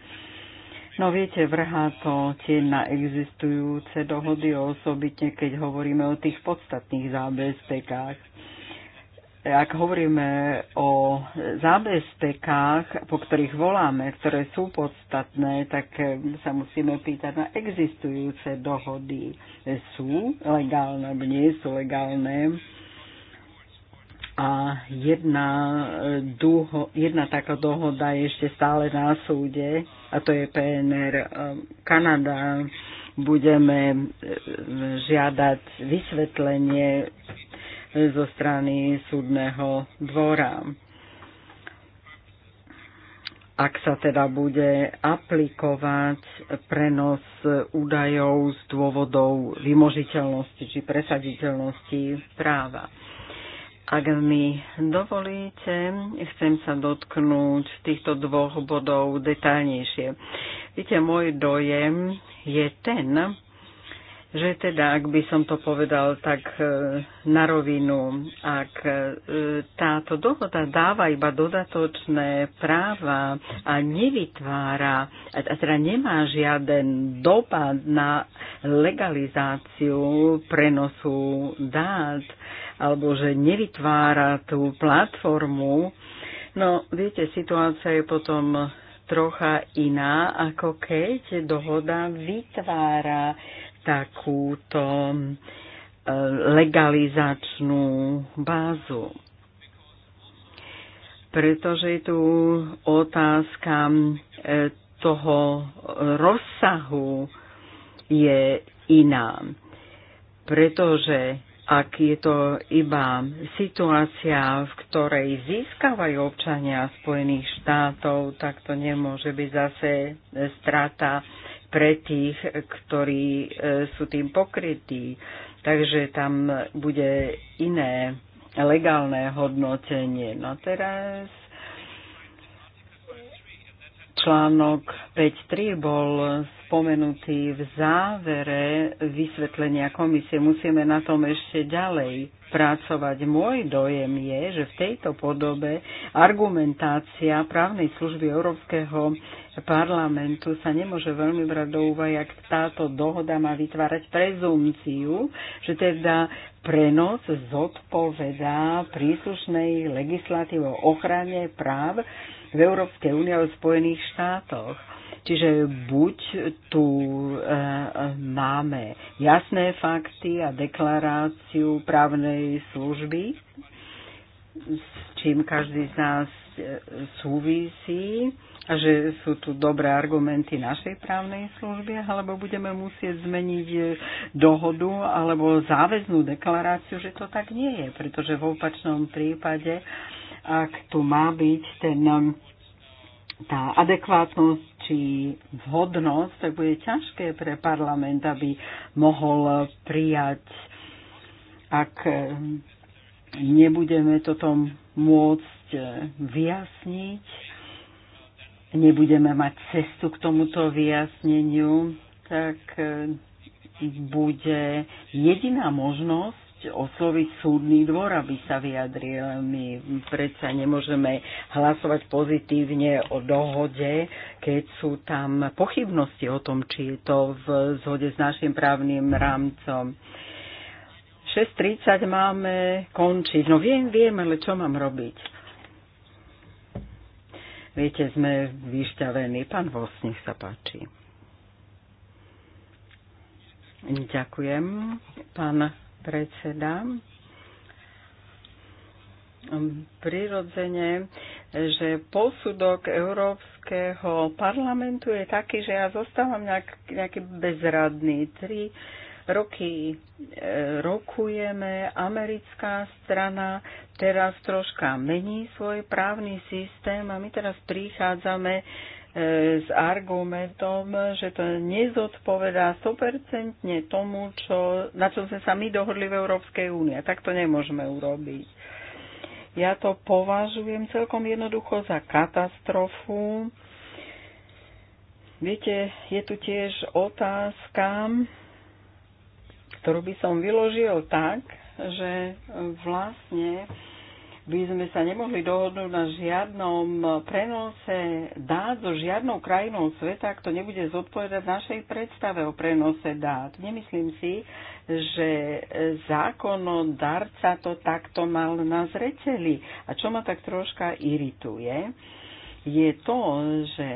No viete, vrhá to tie na existujúce dohody, osobitne keď hovoríme o tých podstatných zábezpekách ak hovoríme o zábezpekách, po ktorých voláme, ktoré sú podstatné, tak e, sa musíme pýtať na existujúce dohody. Sú legálne, alebo nie sú legálne? A jedna, dúho, jedna taká dohoda je ešte stále na súde, a to je PNR e, Kanada. Budeme e, žiadať vysvetlenie zo strany súdneho dvora. Ak sa teda bude aplikovať prenos údajov z dôvodov vymožiteľnosti či presaditeľnosti práva. Ak mi dovolíte, chcem sa dotknúť týchto dvoch bodov detaľnejšie. Viete, môj dojem je ten, že teda, ak by som to povedal tak e, na rovinu, ak e, táto dohoda dáva iba dodatočné práva a nevytvára, a teda nemá žiaden dopad na legalizáciu prenosu dát, alebo že nevytvára tú platformu, no viete, situácia je potom trocha iná, ako keď dohoda vytvára takúto e, legalizačnú bázu. Pretože je tu otázka e, toho rozsahu je iná. Pretože ak je to iba situácia, v ktorej získavajú občania Spojených štátov, tak to nemôže byť zase strata pre tých, ktorí e, sú tým pokrytí. Takže tam bude iné legálne hodnotenie. No teraz Článok 5.3 bol spomenutý v závere vysvetlenia komisie. Musíme na tom ešte ďalej pracovať. Môj dojem je, že v tejto podobe argumentácia právnej služby Európskeho parlamentu sa nemôže veľmi brať do úvahy, ak táto dohoda má vytvárať prezumciu, že teda prenos zodpovedá príslušnej legislatívo o ochrane práv v Európskej únie a v Spojených štátoch. Čiže buď tu e, e, máme jasné fakty a deklaráciu právnej služby, s čím každý z nás e, súvisí a že sú tu dobré argumenty našej právnej služby, alebo budeme musieť zmeniť e, dohodu alebo záväznú deklaráciu, že to tak nie je, pretože v opačnom prípade ak tu má byť ten, um, tá adekvátnosť či vhodnosť, tak bude ťažké pre parlament, aby mohol prijať, ak um, nebudeme toto môcť uh, vyjasniť, nebudeme mať cestu k tomuto vyjasneniu, tak uh, bude jediná možnosť osloviť súdny dvor, aby sa vyjadril. My predsa nemôžeme hlasovať pozitívne o dohode, keď sú tam pochybnosti o tom, či je to v zhode s našim právnym rámcom. 6.30 máme končiť. No viem, viem, ale čo mám robiť? Viete, sme vyšťavení. Pán Vos, nech sa páči. Ďakujem, pán predseda. Prirodzene, že posudok Európskeho parlamentu je taký, že ja zostávam nejaký bezradný. Tri roky e, rokujeme, americká strana teraz troška mení svoj právny systém a my teraz prichádzame s argumentom, že to nezodpovedá 100% tomu, čo, na čo sme sa my dohodli v Európskej únie. Tak to nemôžeme urobiť. Ja to považujem celkom jednoducho za katastrofu. Viete, je tu tiež otázka, ktorú by som vyložil tak, že vlastne by sme sa nemohli dohodnúť na žiadnom prenose dát so žiadnou krajinou sveta, ak to nebude zodpovedať našej predstave o prenose dát. Nemyslím si, že zákonodarca to takto mal na zreteli. A čo ma tak troška irituje, je to, že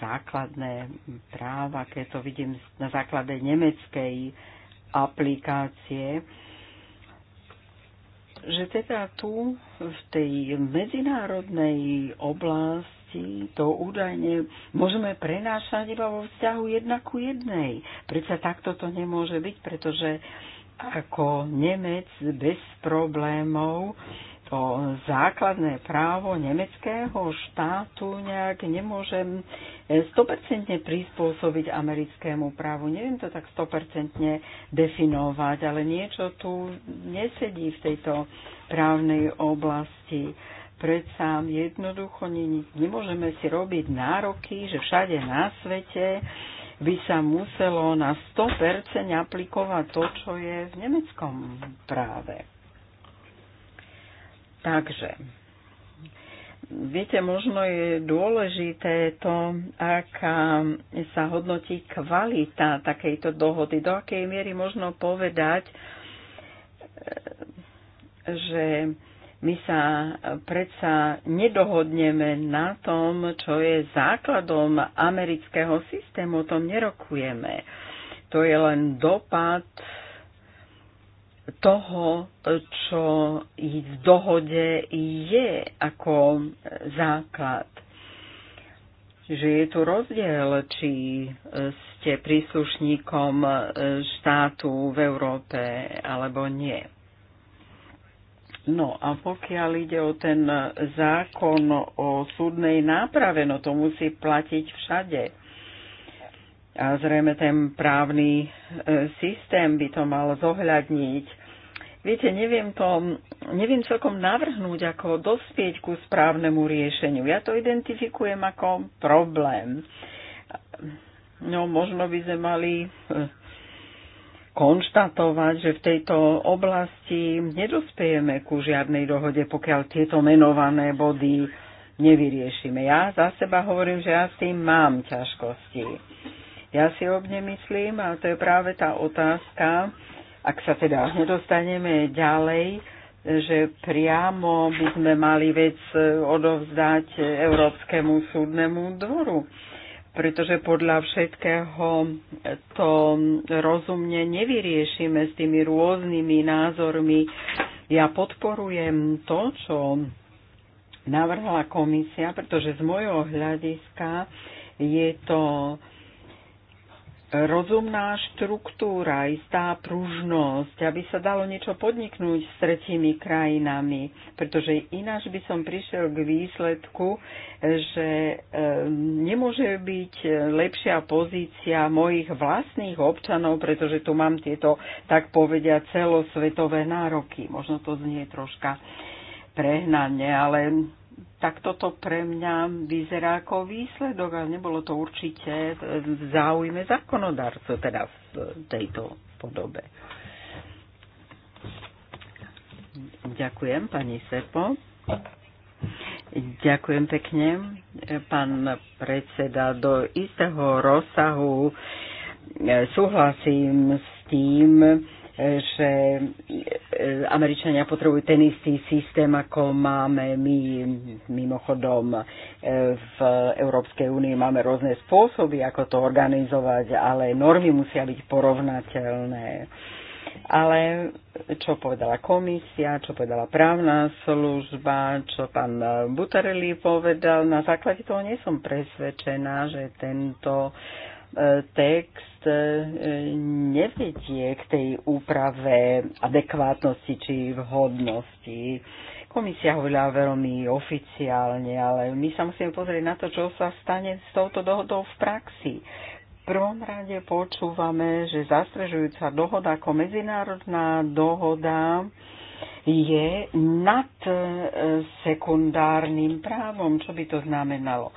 základné práva, keď to vidím na základe nemeckej aplikácie, že teda tu v tej medzinárodnej oblasti to údajne môžeme prenášať iba vo vzťahu jedna ku jednej. Prečo takto to nemôže byť, pretože ako Nemec bez problémov to základné právo nemeckého štátu nejak nemôžem 100% prispôsobiť americkému právu. Neviem to tak 100% definovať, ale niečo tu nesedí v tejto právnej oblasti. Predsa jednoducho nemôžeme si robiť nároky, že všade na svete by sa muselo na 100% aplikovať to, čo je v nemeckom práve. Takže Viete, možno je dôležité to, aká sa hodnotí kvalita takejto dohody. Do akej miery možno povedať, e, že my sa predsa nedohodneme na tom, čo je základom amerického systému, o tom nerokujeme. To je len dopad toho, čo v dohode je ako základ. Že je tu rozdiel, či ste príslušníkom štátu v Európe alebo nie. No a pokiaľ ide o ten zákon o súdnej náprave, no to musí platiť všade a zrejme ten právny e, systém by to mal zohľadniť. Viete, neviem, to, neviem celkom navrhnúť, ako dospieť ku správnemu riešeniu. Ja to identifikujem ako problém. No, možno by sme mali e, konštatovať, že v tejto oblasti nedospejeme ku žiadnej dohode, pokiaľ tieto menované body nevyriešime. Ja za seba hovorím, že ja s tým mám ťažkosti. Ja si obnemyslím, a to je práve tá otázka, ak sa teda nedostaneme ďalej, že priamo by sme mali vec eh, odovzdať eh, Európskemu súdnemu dvoru. Pretože podľa všetkého eh, to rozumne nevyriešime s tými rôznymi názormi. Ja podporujem to, čo navrhla komisia, pretože z môjho hľadiska je to rozumná štruktúra, istá pružnosť, aby sa dalo niečo podniknúť s tretími krajinami, pretože ináč by som prišiel k výsledku, že e, nemôže byť e, lepšia pozícia mojich vlastných občanov, pretože tu mám tieto, tak povedia, celosvetové nároky. Možno to znie troška prehnane, ale tak toto pre mňa vyzerá ako výsledok, ale nebolo to určite v záujme zákonodárcov, teda v tejto podobe. Ďakujem, pani Sepo. Ďakujem pekne, pán predseda. Do istého rozsahu eh, súhlasím s tým, že e, Američania potrebujú ten istý systém, ako máme my. Mimochodom, e, v Európskej únii máme rôzne spôsoby, ako to organizovať, ale normy musia byť porovnateľné. Ale čo povedala komisia, čo povedala právna služba, čo pán Butarelli povedal, na základe toho nie som presvedčená, že tento text e, nevedie k tej úprave adekvátnosti či vhodnosti. Komisia hovorila veľmi oficiálne, ale my sa musíme pozrieť na to, čo sa stane s touto dohodou v praxi. V prvom rade počúvame, že zastrežujúca dohoda ako medzinárodná dohoda je nad e, sekundárnym právom. Čo by to znamenalo?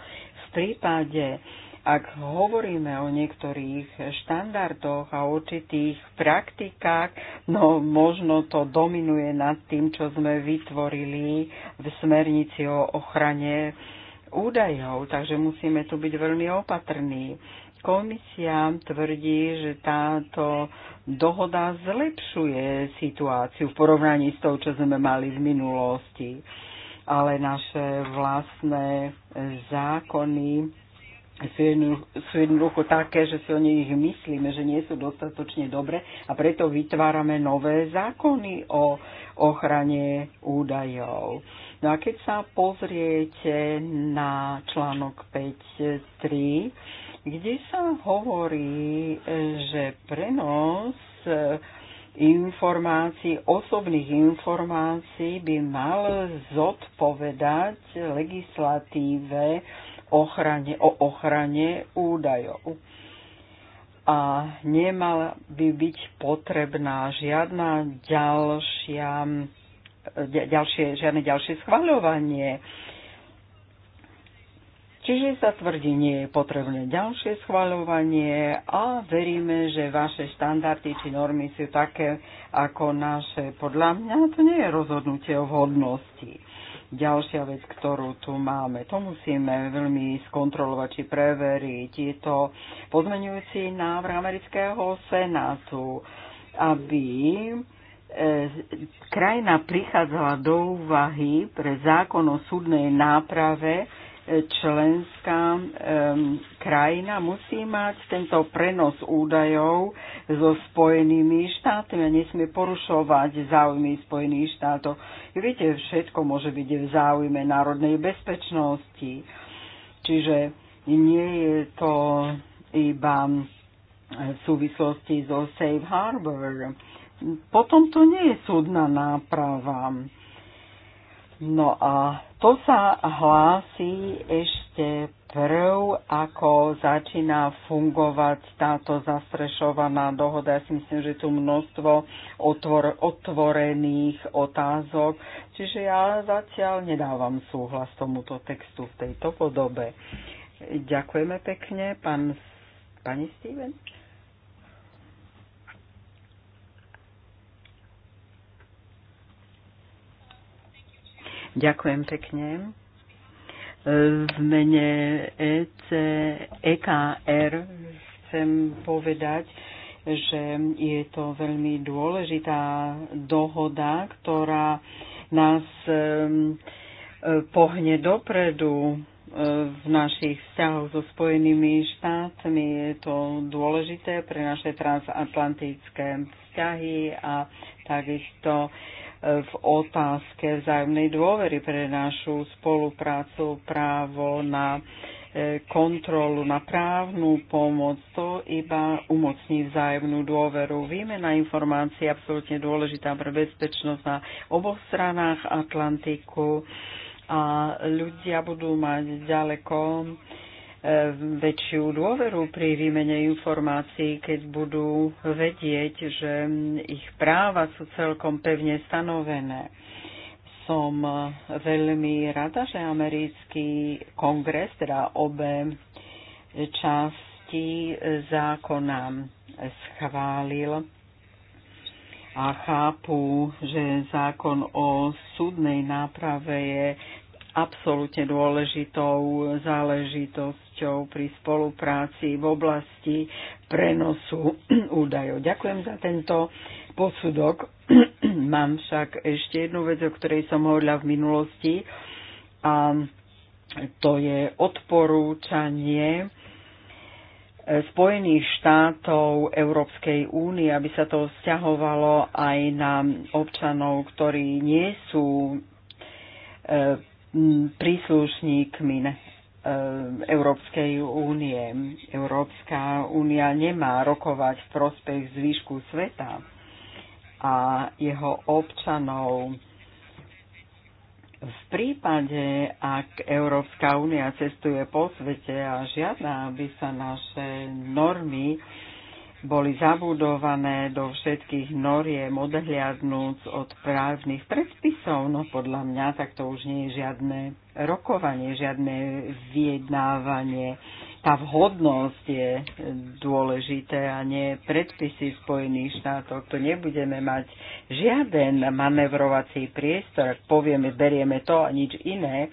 V prípade ak hovoríme o niektorých štandardoch a určitých praktikách, no možno to dominuje nad tým, čo sme vytvorili v smernici o ochrane údajov, takže musíme tu byť veľmi opatrní. Komisia tvrdí, že táto dohoda zlepšuje situáciu v porovnaní s tou, čo sme mali v minulosti. Ale naše vlastné zákony sú, jedno, sú jednoducho také, že si o nich myslíme, že nie sú dostatočne dobre a preto vytvárame nové zákony o ochrane údajov. No a keď sa pozriete na článok 5.3, kde sa hovorí, že prenos eh, informácií, osobných informácií by mal zodpovedať legislatíve ochrane, o ochrane údajov. A nemala by byť potrebná žiadna ďalšia, e, ďalšie, žiadne ďalšie schvaľovanie. Čiže sa tvrdí, nie je potrebné ďalšie schvaľovanie a veríme, že vaše štandardy či normy sú také ako naše. Podľa mňa to nie je rozhodnutie o vhodnosti. Ďalšia vec, ktorú tu máme, to musíme veľmi skontrolovať či preveriť. Je to pozmenujúci návrh amerického senátu, aby e, krajina prichádzala do úvahy pre zákon o súdnej náprave členská um, krajina musí mať tento prenos údajov so Spojenými štátmi a nesmie porušovať záujmy Spojených štátov. Viete, všetko môže byť v záujme národnej bezpečnosti. Čiže nie je to iba v súvislosti so Safe Harbor. Potom to nie je súdna náprava No a to sa hlási ešte prv, ako začína fungovať táto zastrešovaná dohoda. Ja si myslím, že tu množstvo otvor, otvorených otázok. Čiže ja zatiaľ nedávam súhlas tomuto textu v tejto podobe. Ďakujeme pekne, pán, pani Steven. Ďakujem pekne. V mene EC, EKR chcem povedať, že je to veľmi dôležitá dohoda, ktorá nás pohne dopredu v našich vzťahoch so Spojenými štátmi. Je to dôležité pre naše transatlantické vzťahy a takisto v otázke vzájomnej dôvery pre našu spoluprácu, právo na e, kontrolu, na právnu pomoc. To iba umocní vzájomnú dôveru. Výmena informácií je absolútne dôležitá pre bezpečnosť na oboch stranách Atlantiku a ľudia budú mať ďaleko väčšiu dôveru pri výmene informácií, keď budú vedieť, že ich práva sú celkom pevne stanovené. Som veľmi rada, že americký kongres, teda obe časti zákona schválil a chápu, že zákon o súdnej náprave je absolútne dôležitou záležitosť činnosťou pri spolupráci v oblasti prenosu *clears throat* údajov. Ďakujem za tento posudok. *clears throat* Mám však ešte jednu vec, o ktorej som hovorila v minulosti a to je odporúčanie Spojených štátov Európskej únie, aby sa to vzťahovalo aj na občanov, ktorí nie sú e, príslušníkmi Eh, Európskej únie. Európska únia nemá rokovať v prospech zvýšku sveta a jeho občanov. V prípade, ak Európska únia cestuje po svete a žiada, aby sa naše normy boli zabudované do všetkých noriem, odhliadnúc od právnych predpisov, no podľa mňa tak to už nie je žiadne rokovanie, žiadne vyjednávanie. Tá vhodnosť je dôležité a nie predpisy Spojených štátov. To nebudeme mať žiaden manevrovací priestor, ak povieme, berieme to a nič iné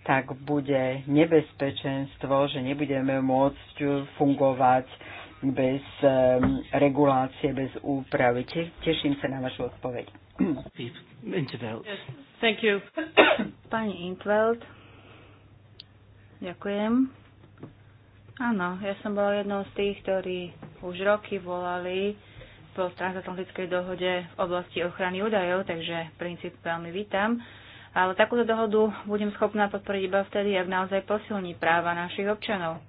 tak bude nebezpečenstvo, že nebudeme môcť fungovať bez um, regulácie, bez úpravy. Teším sa na vašu odpoveď. Thank you. *coughs* Pani Intveld, ďakujem. Áno, ja som bola jednou z tých, ktorí už roky volali po transatlantickej dohode v oblasti ochrany údajov, takže princíp veľmi vítam. Ale takúto dohodu budem schopná podporiť iba vtedy, ak naozaj posilní práva našich občanov.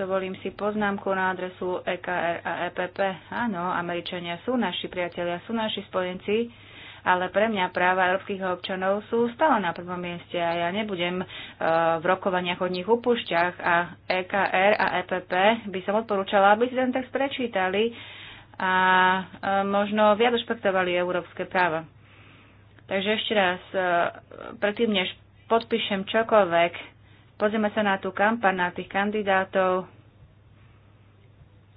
Dovolím si poznámku na adresu EKR a EPP. Áno, Američania sú naši priatelia, sú naši spojenci, ale pre mňa práva európskych občanov sú stále na prvom mieste a ja nebudem e, v rokovaniach od nich upúšťach a EKR a EPP by som odporúčala, aby si ten text prečítali a e, možno viac rešpektovali európske práva. Takže ešte raz, e, predtým než podpíšem čokoľvek, Pozrieme sa na tú kampaň, na tých kandidátov,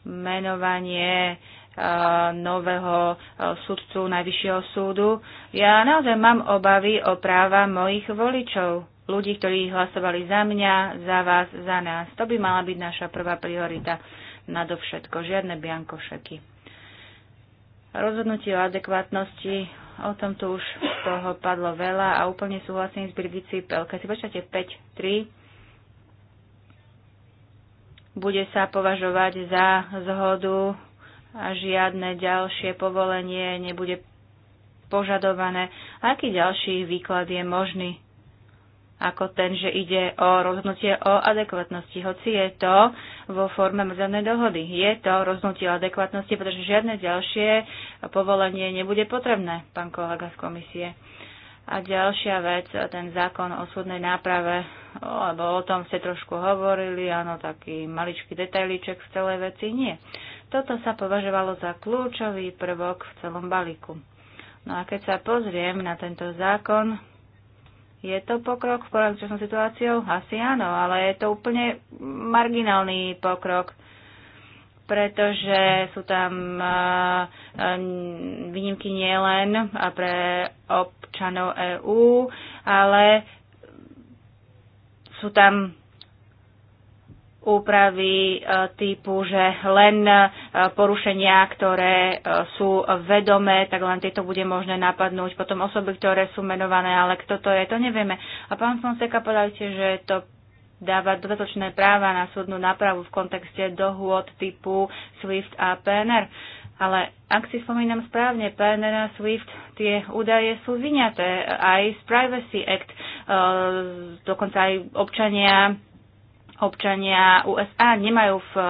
menovanie eh, nového eh, sudcu Najvyššieho súdu. Ja naozaj mám obavy o práva mojich voličov, ľudí, ktorí hlasovali za mňa, za vás, za nás. To by mala byť naša prvá priorita. Nadovšetko, žiadne biankošeky. Rozhodnutie o adekvátnosti, o tom tu už toho padlo veľa a úplne súhlasím s Birgit Pelka. si počítate 5-3, bude sa považovať za zhodu a žiadne ďalšie povolenie nebude požadované. Aký ďalší výklad je možný? Ako ten, že ide o rozhodnutie o adekvatnosti, hoci je to vo forme mrzavnej dohody. Je to rozhodnutie o adekvatnosti, pretože žiadne ďalšie povolenie nebude potrebné, pán kolega z komisie. A ďalšia vec, ten zákon o súdnej náprave, alebo o tom ste trošku hovorili, áno, taký maličký detailíček v celej veci, nie. Toto sa považovalo za kľúčový prvok v celom balíku. No a keď sa pozriem na tento zákon, je to pokrok v porovnaní s časnou situáciou? Asi áno, ale je to úplne marginálny pokrok pretože sú tam eh, výnimky nielen pre ob občanov EÚ, ale sú tam úpravy e, typu, že len e, porušenia, ktoré e, sú vedomé, tak len tieto bude možné napadnúť. Potom osoby, ktoré sú menované, ale kto to je, to nevieme. A pán Fonseca povedal že to dáva dodatočné práva na súdnu nápravu v kontexte dohôd typu SWIFT a PNR. Ale ak si spomínam správne, PNR a SWIFT, tie údaje sú vyňaté aj z Privacy Act, e, dokonca aj občania, občania USA nemajú v e,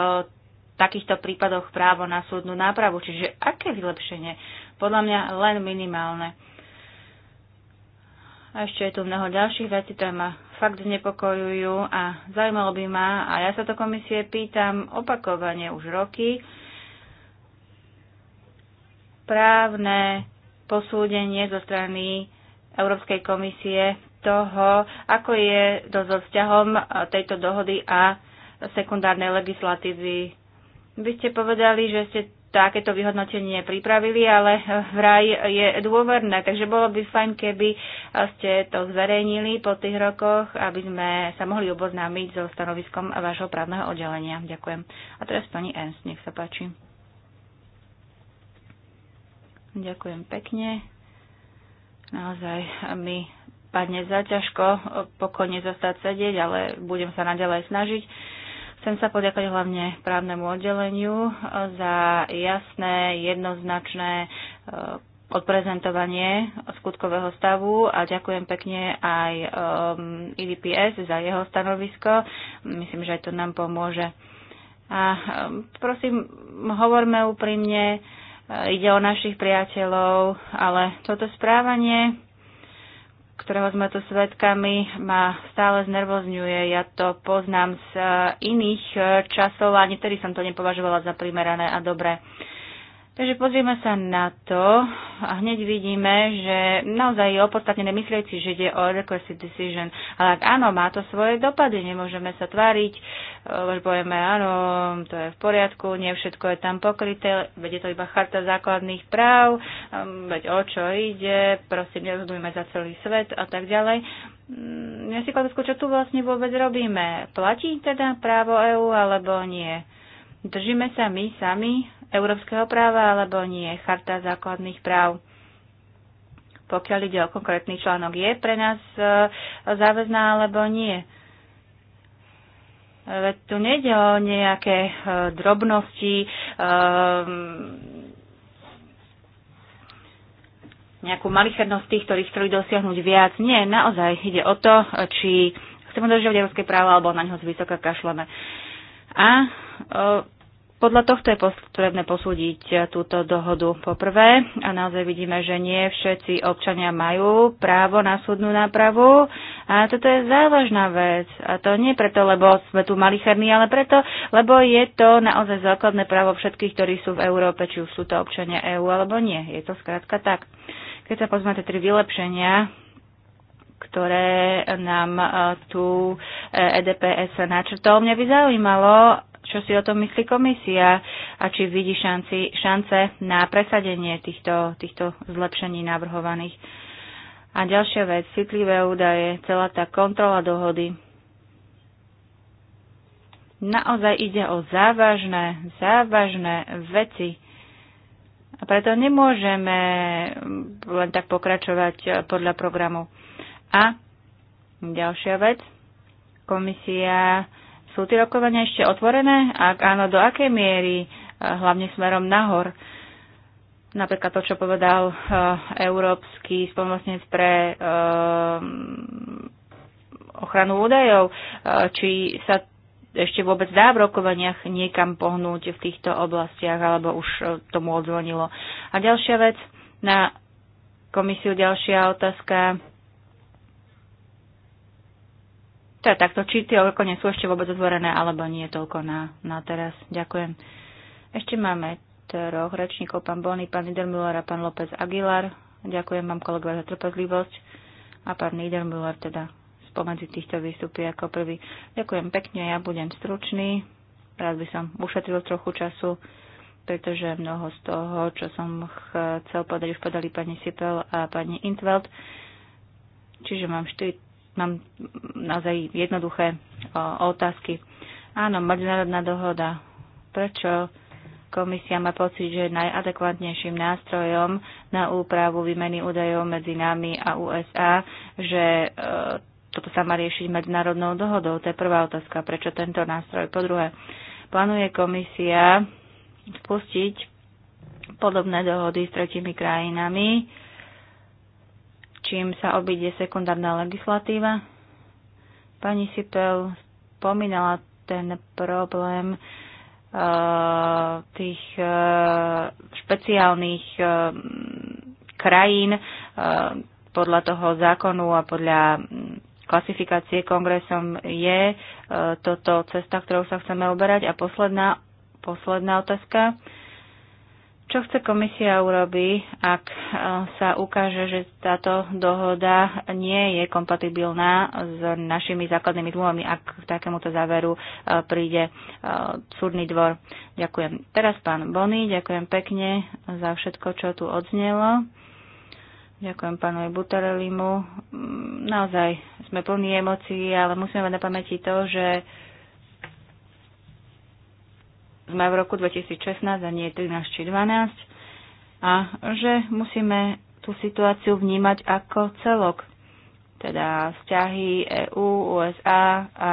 takýchto prípadoch právo na súdnu nápravu. Čiže aké vylepšenie? Podľa mňa len minimálne. A ešte je tu mnoho ďalších vecí, ktoré ma fakt znepokojujú a zaujímalo by ma, a ja sa to komisie pýtam opakovane už roky, právne posúdenie zo strany Európskej komisie toho, ako je so vzťahom tejto dohody a sekundárnej legislatívy. Vy ste povedali, že ste takéto vyhodnotenie pripravili, ale vraj je dôverné, takže bolo by fajn, keby ste to zverejnili po tých rokoch, aby sme sa mohli oboznámiť so stanoviskom vášho právneho oddelenia. Ďakujem. A teraz pani Ernst, nech sa páči. Ďakujem pekne. Naozaj mi padne zaťažko pokojne zostať sedieť, ale budem sa naďalej snažiť. Chcem sa poďakovať hlavne právnemu oddeleniu za jasné, jednoznačné e, odprezentovanie skutkového stavu a ďakujem pekne aj IDPS e, e za jeho stanovisko. Myslím, že aj to nám pomôže. A prosím, hovorme úprimne, E, ide o našich priateľov, ale toto správanie, ktorého sme tu svetkami, ma stále znervozňuje. Ja to poznám z e, iných e, časov a niekedy som to nepovažovala za primerané a dobré. Takže pozrieme sa na to a hneď vidíme, že naozaj je opodstatnené myslieť si, že ide o recursive decision. Ale ak áno, má to svoje dopady, nemôžeme sa tváriť, lebo povieme, áno, to je v poriadku, nie všetko je tam pokryté, veď je to iba charta základných práv, um, veď o čo ide, prosím, nerozumíme za celý svet a tak ďalej. Mm, ja si kladu, čo tu vlastne vôbec robíme. Platí teda právo EÚ alebo nie? Držíme sa my sami európskeho práva alebo nie, charta základných práv. Pokiaľ ide o konkrétny článok, je pre nás e, záväzná alebo nie. Veď tu nejde o nejaké e, drobnosti, e, nejakú malichernosť tých, ktorí chceli dosiahnuť viac. Nie, naozaj ide o to, či chceme dodržiavať európske práva alebo na ňo zvysoka kašleme. A podľa tohto je potrebné posúdiť túto dohodu poprvé a naozaj vidíme, že nie všetci občania majú právo na súdnu nápravu a toto je závažná vec a to nie preto, lebo sme tu malicherní, ale preto, lebo je to naozaj základné právo všetkých, ktorí sú v Európe, či už sú to občania EÚ alebo nie. Je to skrátka tak. Keď sa pozmáte tri vylepšenia, ktoré nám eh, tu EDPS eh, e načrtol. Mňa by zaujímalo, čo si o tom myslí komisia a či vidí šanci, šance na presadenie týchto, týchto zlepšení navrhovaných. A ďalšia vec, citlivé údaje, celá tá kontrola dohody. Naozaj ide o závažné, závažné veci. A preto nemôžeme len tak pokračovať podľa programu. A ďalšia vec, komisia sú tie rokovania ešte otvorené? Ak áno, do akej miery, e, hlavne smerom nahor? Napríklad to, čo povedal e, Európsky spomocnec pre e, ochranu údajov, či sa ešte vôbec dá v rokovaniach niekam pohnúť v týchto oblastiach, alebo už tomu odzvonilo. A ďalšia vec, na komisiu ďalšia otázka. je takto, či tie okone sú ešte vôbec otvorené, alebo nie je toľko na, na teraz. Ďakujem. Ešte máme troch rečníkov, pán Bony, pán Niedermüller a pán López Aguilar. Ďakujem vám kolegovia za trpezlivosť a pán Niedermüller teda spomedzi týchto výstupí ako prvý. Ďakujem pekne, ja budem stručný. Rád by som ušetril trochu času, pretože mnoho z toho, čo som chcel povedať, už podali pani Sipel a pani Intveld. Čiže mám 4 Mám naozaj jednoduché otázky. Áno, medzinárodná dohoda. Prečo komisia má pocit, že najadekvátnejším nástrojom na úpravu výmeny údajov medzi nami a USA, že uh, toto sa má riešiť medzinárodnou dohodou? To je prvá otázka. Prečo tento nástroj? Po druhé, plánuje komisia spustiť podobné dohody s tretimi krajinami čím sa obíde sekundárna legislatíva. Pani Sipel spomínala ten problém uh, tých uh, špeciálnych uh, krajín uh, podľa toho zákonu a podľa mm, klasifikácie kongresom je uh, toto cesta, ktorou sa chceme oberať. A posledná, posledná otázka. Uh, čo chce komisia urobiť, ak eh, sa ukáže, že táto dohoda nie je kompatibilná s našimi základnými zmluvami, ak k takémuto záveru eh, príde eh, súdny dvor? Ďakujem. Teraz pán Bony, ďakujem pekne za všetko, čo tu odznelo. Ďakujem pánovi Butarelimu. Mm, naozaj sme plní emócií, ale musíme mať na pamäti to, že sme v roku 2016 a nie 13 či 12 a že musíme tú situáciu vnímať ako celok, teda vzťahy EU, USA a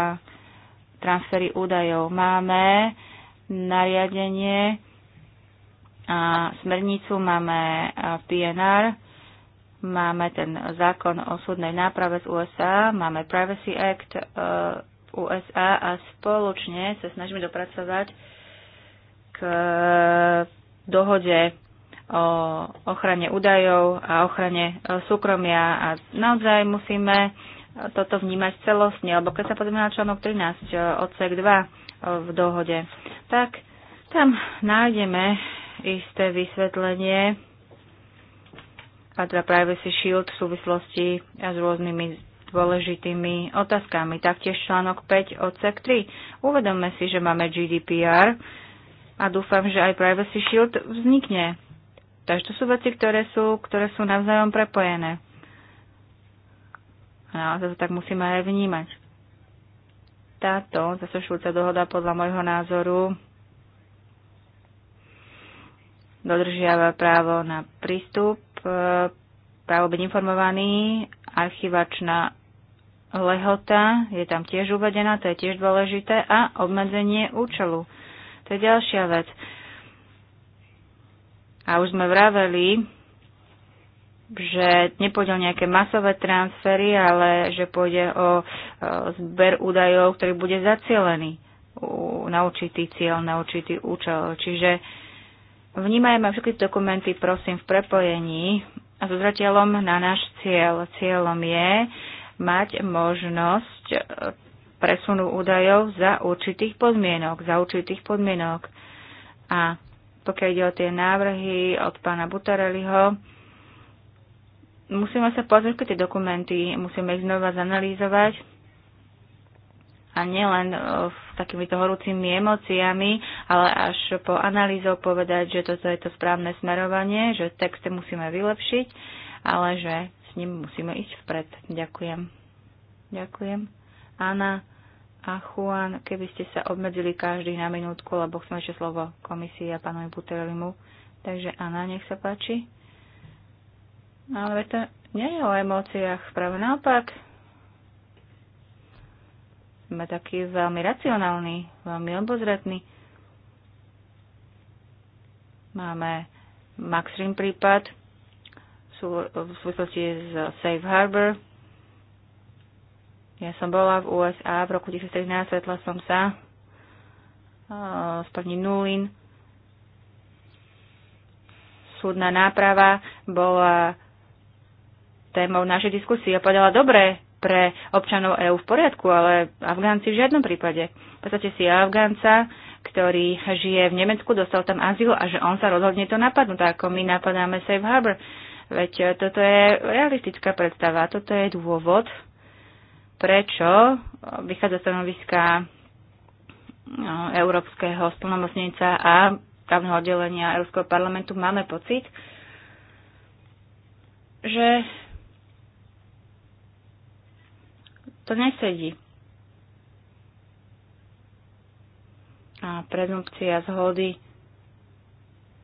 transfery údajov. Máme nariadenie a smernicu, máme PNR, máme ten zákon o súdnej náprave z USA, máme Privacy Act e, USA a spoločne sa snažíme dopracovať E, dohode o ochrane údajov a ochrane e, súkromia a naozaj musíme toto vnímať celostne, alebo keď sa pozrieme na článok 13, e, odsek 2 v dohode, tak tam nájdeme isté vysvetlenie a teda Privacy Shield v súvislosti s rôznymi dôležitými otázkami. Taktiež článok 5 odsek 3. Uvedome si, že máme GDPR, a dúfam, že aj Privacy Shield vznikne. Takže to sú veci, ktoré sú, ktoré sú navzájom prepojené. A naozaj to tak musíme aj vnímať. Táto zasošujúca dohoda podľa môjho názoru dodržiava právo na prístup, e, právo byť informovaný, archivačná lehota je tam tiež uvedená, to je tiež dôležité, a obmedzenie účelu. To je ďalšia vec. A už sme vraveli, že nepôjde o nejaké masové transfery, ale že pôjde o zber údajov, ktorý bude zacielený na určitý cieľ, na určitý účel. Čiže vnímajme všetky dokumenty, prosím, v prepojení a so zreteľom na náš cieľ. Cieľom je mať možnosť presunu údajov za určitých podmienok, za určitých podmienok. A pokiaľ ide o tie návrhy od pána Butareliho, musíme sa pozrieť tie dokumenty, musíme ich znova zanalýzovať a nielen v e, takýmito horúcimi emóciami, ale až po analýzou povedať, že toto je to správne smerovanie, že texty musíme vylepšiť, ale že s ním musíme ísť vpred. Ďakujem. Ďakujem. Anna a Juan, keby ste sa obmedzili každý na minútku, lebo chcem ešte slovo komisii a pánovi Buterelimu. Takže Anna, nech sa páči. Ale to nie je o emóciách, práve naopak. Sme takí veľmi racionálni, veľmi obozretní. Máme Maxrim prípad v súvislosti s Safe Harbor, ja som bola v USA v roku 2013, svetla som sa s pani Nulin. Súdna náprava bola témou našej diskusie. Ja povedala, dobre, pre občanov EÚ v poriadku, ale Afgánci v žiadnom prípade. V podstate si Afgánca, ktorý žije v Nemecku, dostal tam azyl a že on sa rozhodne to napadnúť, ako my napadáme Safe Harbor. Veď toto je realistická predstava, toto je dôvod, prečo vychádza stanoviska no, Európskeho splnomocnica a právneho oddelenia Európskeho parlamentu, máme pocit, že to nesedí. A prezumpcia zhody,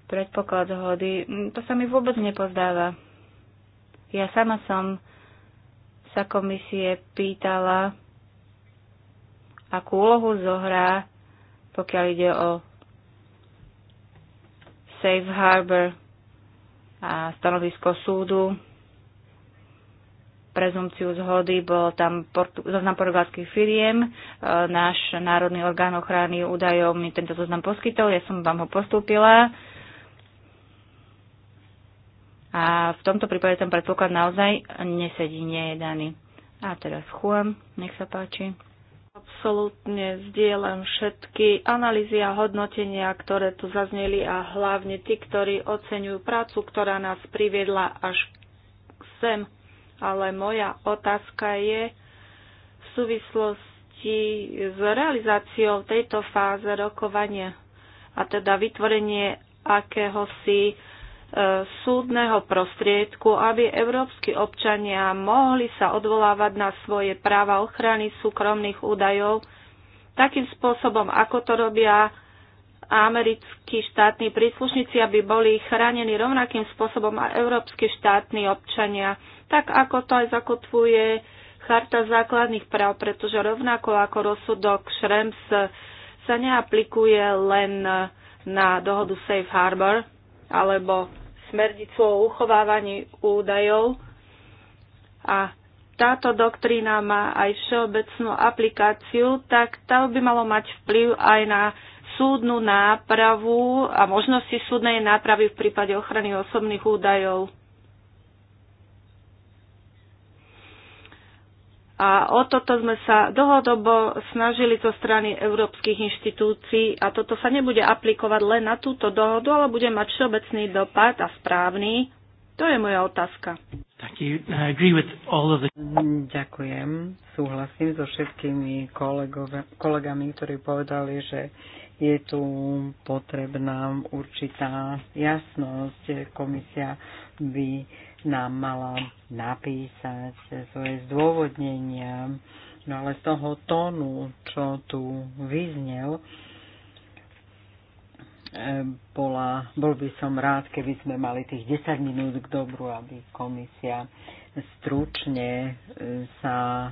predpoklad zhody, mm, to sa mi vôbec nepozdáva. Ja sama som sa komisie pýtala, akú úlohu zohrá, pokiaľ ide o Safe Harbor a stanovisko súdu, prezumciu zhody, bol tam portu- zoznam portugalských firiem, e, náš národný orgán ochrany údajov mi tento zoznam poskytol, ja som vám ho postúpila. A v tomto prípade ten predpoklad naozaj nesedí, nie je daný. A teraz Juan, nech sa páči. Absolútne zdieľam všetky analýzy a hodnotenia, ktoré tu zazneli a hlavne tí, ktorí oceňujú prácu, ktorá nás priviedla až sem. Ale moja otázka je v súvislosti s realizáciou tejto fáze rokovania a teda vytvorenie akéhosi súdneho prostriedku, aby európsky občania mohli sa odvolávať na svoje práva ochrany súkromných údajov takým spôsobom, ako to robia americkí štátni príslušníci, aby boli chránení rovnakým spôsobom a európsky štátni občania, tak ako to aj zakotvuje Charta základných práv, pretože rovnako ako rozsudok Šrems sa neaplikuje len na dohodu Safe Harbor, alebo smernicu o uchovávaní údajov a táto doktrína má aj všeobecnú aplikáciu, tak to by malo mať vplyv aj na súdnu nápravu a možnosti súdnej nápravy v prípade ochrany osobných údajov. A o toto sme sa dlhodobo snažili zo strany európskych inštitúcií a toto sa nebude aplikovať len na túto dohodu, ale bude mať všeobecný dopad a správny. To je moja otázka. Ďakujem. Súhlasím so všetkými kolegami, ktorí povedali, že je tu potrebná určitá jasnosť. Komisia by nám mala napísať svoje zdôvodnenia, no ale z toho tónu, čo tu vyznel, bola, bol by som rád, keby sme mali tých 10 minút k dobru, aby komisia stručne eh, sa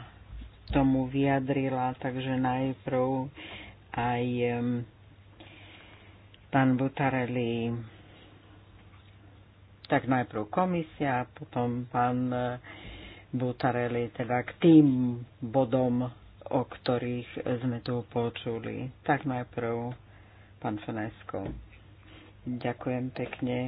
tomu vyjadrila, takže najprv aj eh, pán Butarelli tak najprv komisia, potom pán e, Butarelli, teda k tým bodom, o ktorých sme tu počuli. Tak najprv pán Fenesko. Ďakujem pekne.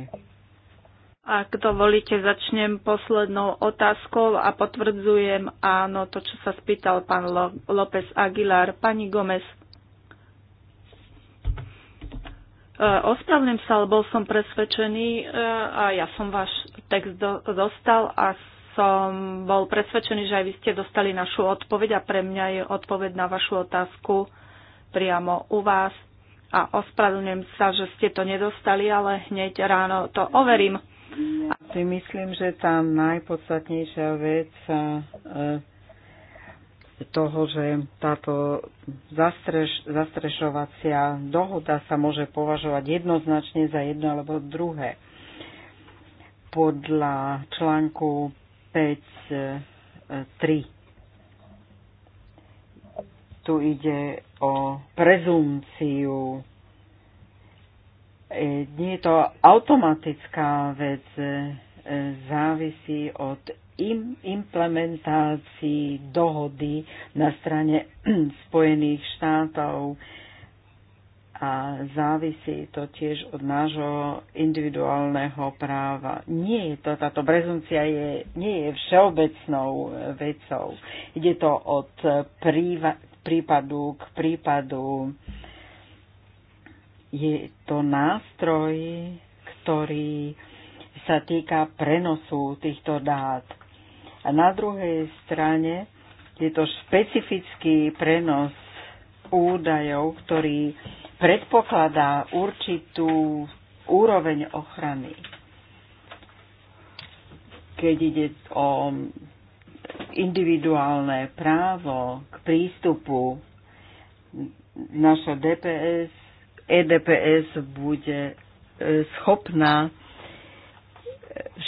Ak dovolíte, začnem poslednou otázkou a potvrdzujem áno to, čo sa spýtal pán López Aguilar. Pani Gomez, E, Ospravnem sa, bol som presvedčený e, a ja som váš text do, dostal a som bol presvedčený, že aj vy ste dostali našu odpoveď a pre mňa je odpoveď na vašu otázku priamo u vás. A ospravedlňujem sa, že ste to nedostali, ale hneď ráno to overím. Si myslím, že tá najpodstatnejšia vec e, toho, že táto zastreš, zastrešovacia dohoda sa môže považovať jednoznačne za jedno alebo druhé. Podľa článku 5.3 tu ide o prezumciu. E, nie je to automatická vec, e, závisí od im implementácii dohody na strane *clears throat* Spojených štátov a závisí to tiež od nášho individuálneho práva. Nie je to, táto prezumcia je, nie je všeobecnou vecou. Ide to od príva, prípadu k prípadu. Je to nástroj, ktorý sa týka prenosu týchto dát a na druhej strane je to špecifický prenos údajov, ktorý predpokladá určitú úroveň ochrany. Keď ide o individuálne právo k prístupu, naša DPS, EDPS bude e, schopná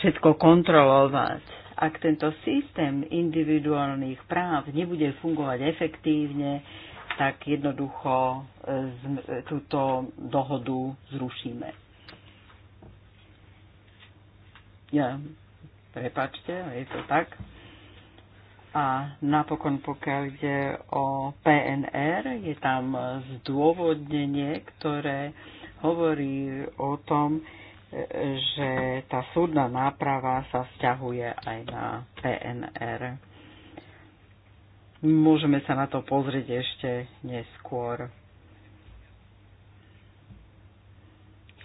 všetko kontrolovať ak tento systém individuálnych práv nebude fungovať efektívne, tak jednoducho e, e, túto dohodu zrušíme. Ja, prepačte, je to tak. A napokon, pokiaľ ide o PNR, je tam zdôvodnenie, ktoré hovorí o tom, že tá súdna náprava sa vzťahuje aj na PNR. Môžeme sa na to pozrieť ešte neskôr.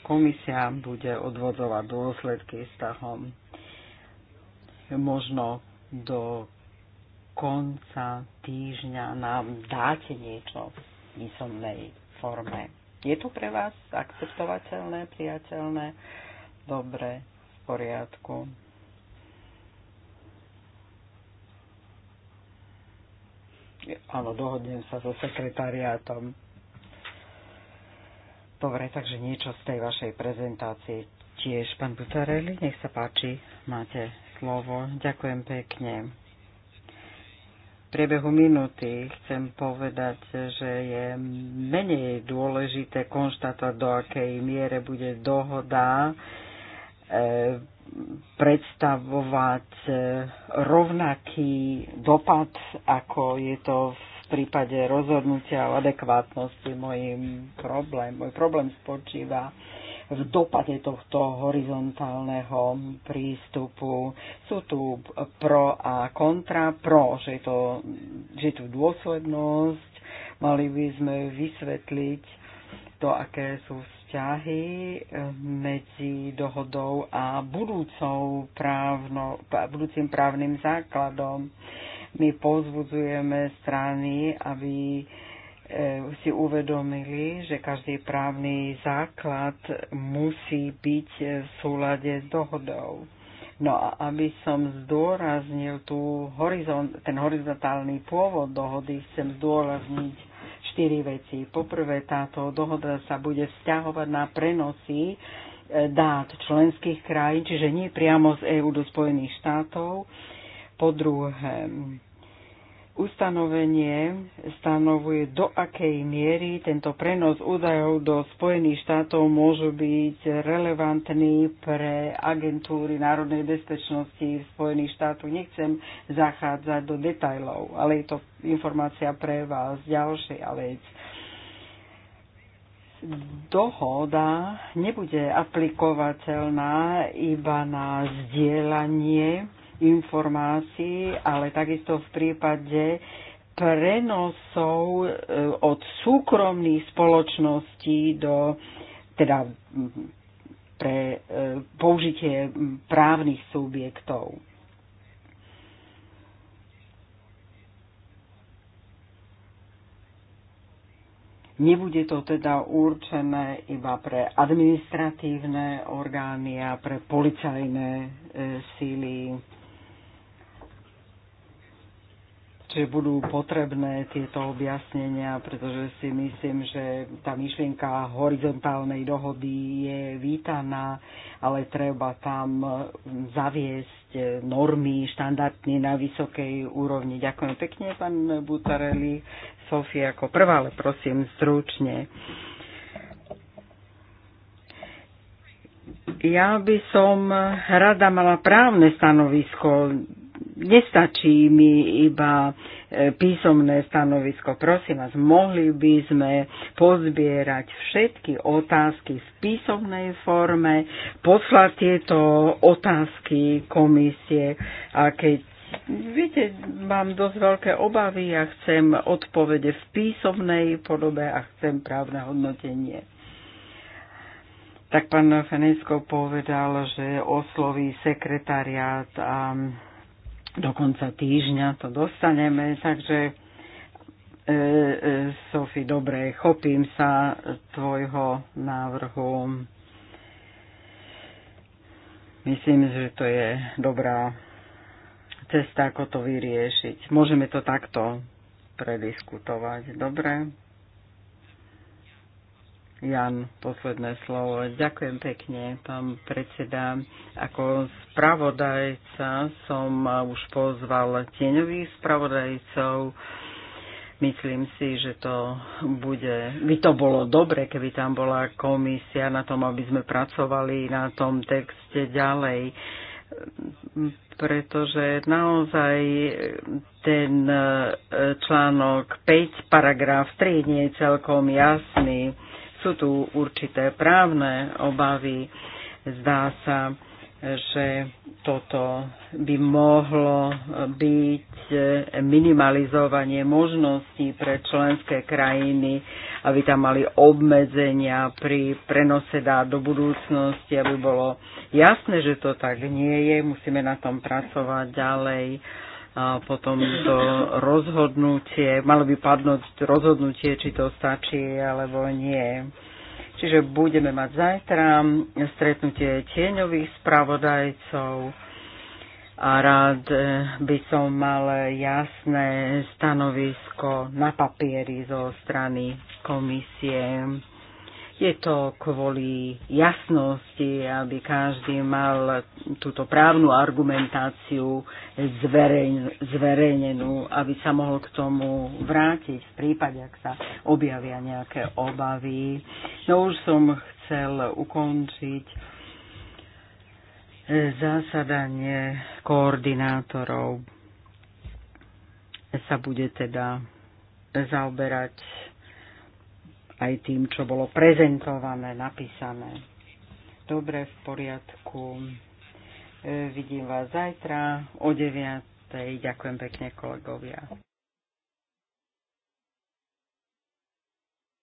Komisia bude odvodzovať dôsledky vzťahom možno do konca týždňa nám dáte niečo v písomnej forme. Je to pre vás akceptovateľné, priateľné? Dobre, v poriadku. Áno, dohodnem sa so sekretariátom. Dobre, takže niečo z tej vašej prezentácie tiež. Pán Butarelli, nech sa páči, máte slovo. Ďakujem pekne priebehu minúty chcem povedať, že je menej dôležité konštatovať, do akej miere bude dohoda e, predstavovať e, rovnaký dopad, ako je to v prípade rozhodnutia o adekvátnosti. môj problém, môj problém spočíva v dopade tohto horizontálneho prístupu. Sú tu pro a kontra. Pro, že je, to, že je tu dôslednosť, mali by sme vysvetliť to, aké sú vzťahy eh, medzi dohodou a budúcou právno, budúcim právnym základom. My povzbudzujeme strany, aby E, si uvedomili, že každý právny základ musí byť v súlade s dohodou. No a aby som zdôraznil tú horizont, ten horizontálny pôvod dohody, chcem zdôrazniť štyri veci. Poprvé, táto dohoda sa bude vzťahovať na prenosy e, dát členských krajín, čiže nie priamo z EÚ do Spojených štátov. Po druhé, Ustanovenie stanovuje, do akej miery tento prenos údajov do Spojených štátov môžu byť relevantný pre agentúry národnej bezpečnosti v Spojených štátoch. Nechcem zachádzať do detajlov, ale je to informácia pre vás. Ďalšia vec dohoda nebude aplikovateľná iba na zdieľanie informácií, ale takisto v prípade prenosov e, od súkromných spoločností do teda pre e, použitie právnych subjektov. Nebude to teda určené iba pre administratívne orgány a pre policajné e, síly že budú potrebné tieto objasnenia, pretože si myslím, že tá myšlienka horizontálnej dohody je vítaná, ale treba tam zaviesť normy štandardne na vysokej úrovni. Ďakujem pekne, pán Butarelli. Sofia ako prvá, ale prosím stručne. Ja by som rada mala právne stanovisko nestačí mi iba e, písomné stanovisko. Prosím vás, mohli by sme pozbierať všetky otázky v písomnej forme, poslať tieto otázky komisie a keď Viete, mám dosť veľké obavy a ja chcem odpovede v písomnej podobe a chcem právne hodnotenie tak pán Fenesko povedal, že osloví sekretariát a do konca týždňa to dostaneme, takže e, e, Sofi, dobre, chopím sa tvojho návrhu. Myslím, že to je dobrá cesta, ako to vyriešiť. Môžeme to takto prediskutovať. Dobre. Jan, posledné slovo. Ďakujem pekne, pán predseda. Ako spravodajca som už pozval tieňových spravodajcov. Myslím si, že to bude, by to bolo dobre, keby tam bola komisia na tom, aby sme pracovali na tom texte ďalej pretože naozaj ten eh, článok 5, paragraf 3 nie je celkom jasný. Sú tu určité právne obavy. Zdá sa, že toto by mohlo byť minimalizovanie možností pre členské krajiny, aby tam mali obmedzenia pri prenose dát do budúcnosti, aby bolo jasné, že to tak nie je. Musíme na tom pracovať ďalej a potom to rozhodnutie, malo by padnúť rozhodnutie, či to stačí alebo nie. Čiže budeme mať zajtra stretnutie tieňových spravodajcov a rád by som mal jasné stanovisko na papieri zo strany komisie. Je to kvôli jasnosti, aby každý mal túto právnu argumentáciu zverejn, zverejnenú, aby sa mohol k tomu vrátiť v prípade, ak sa objavia nejaké obavy. No už som chcel ukončiť e, zásadanie koordinátorov e, sa bude teda zaoberať aj tým, čo bolo prezentované, napísané. Dobre, v poriadku. E, vidím vás zajtra o 9. Ďakujem pekne kolegovia.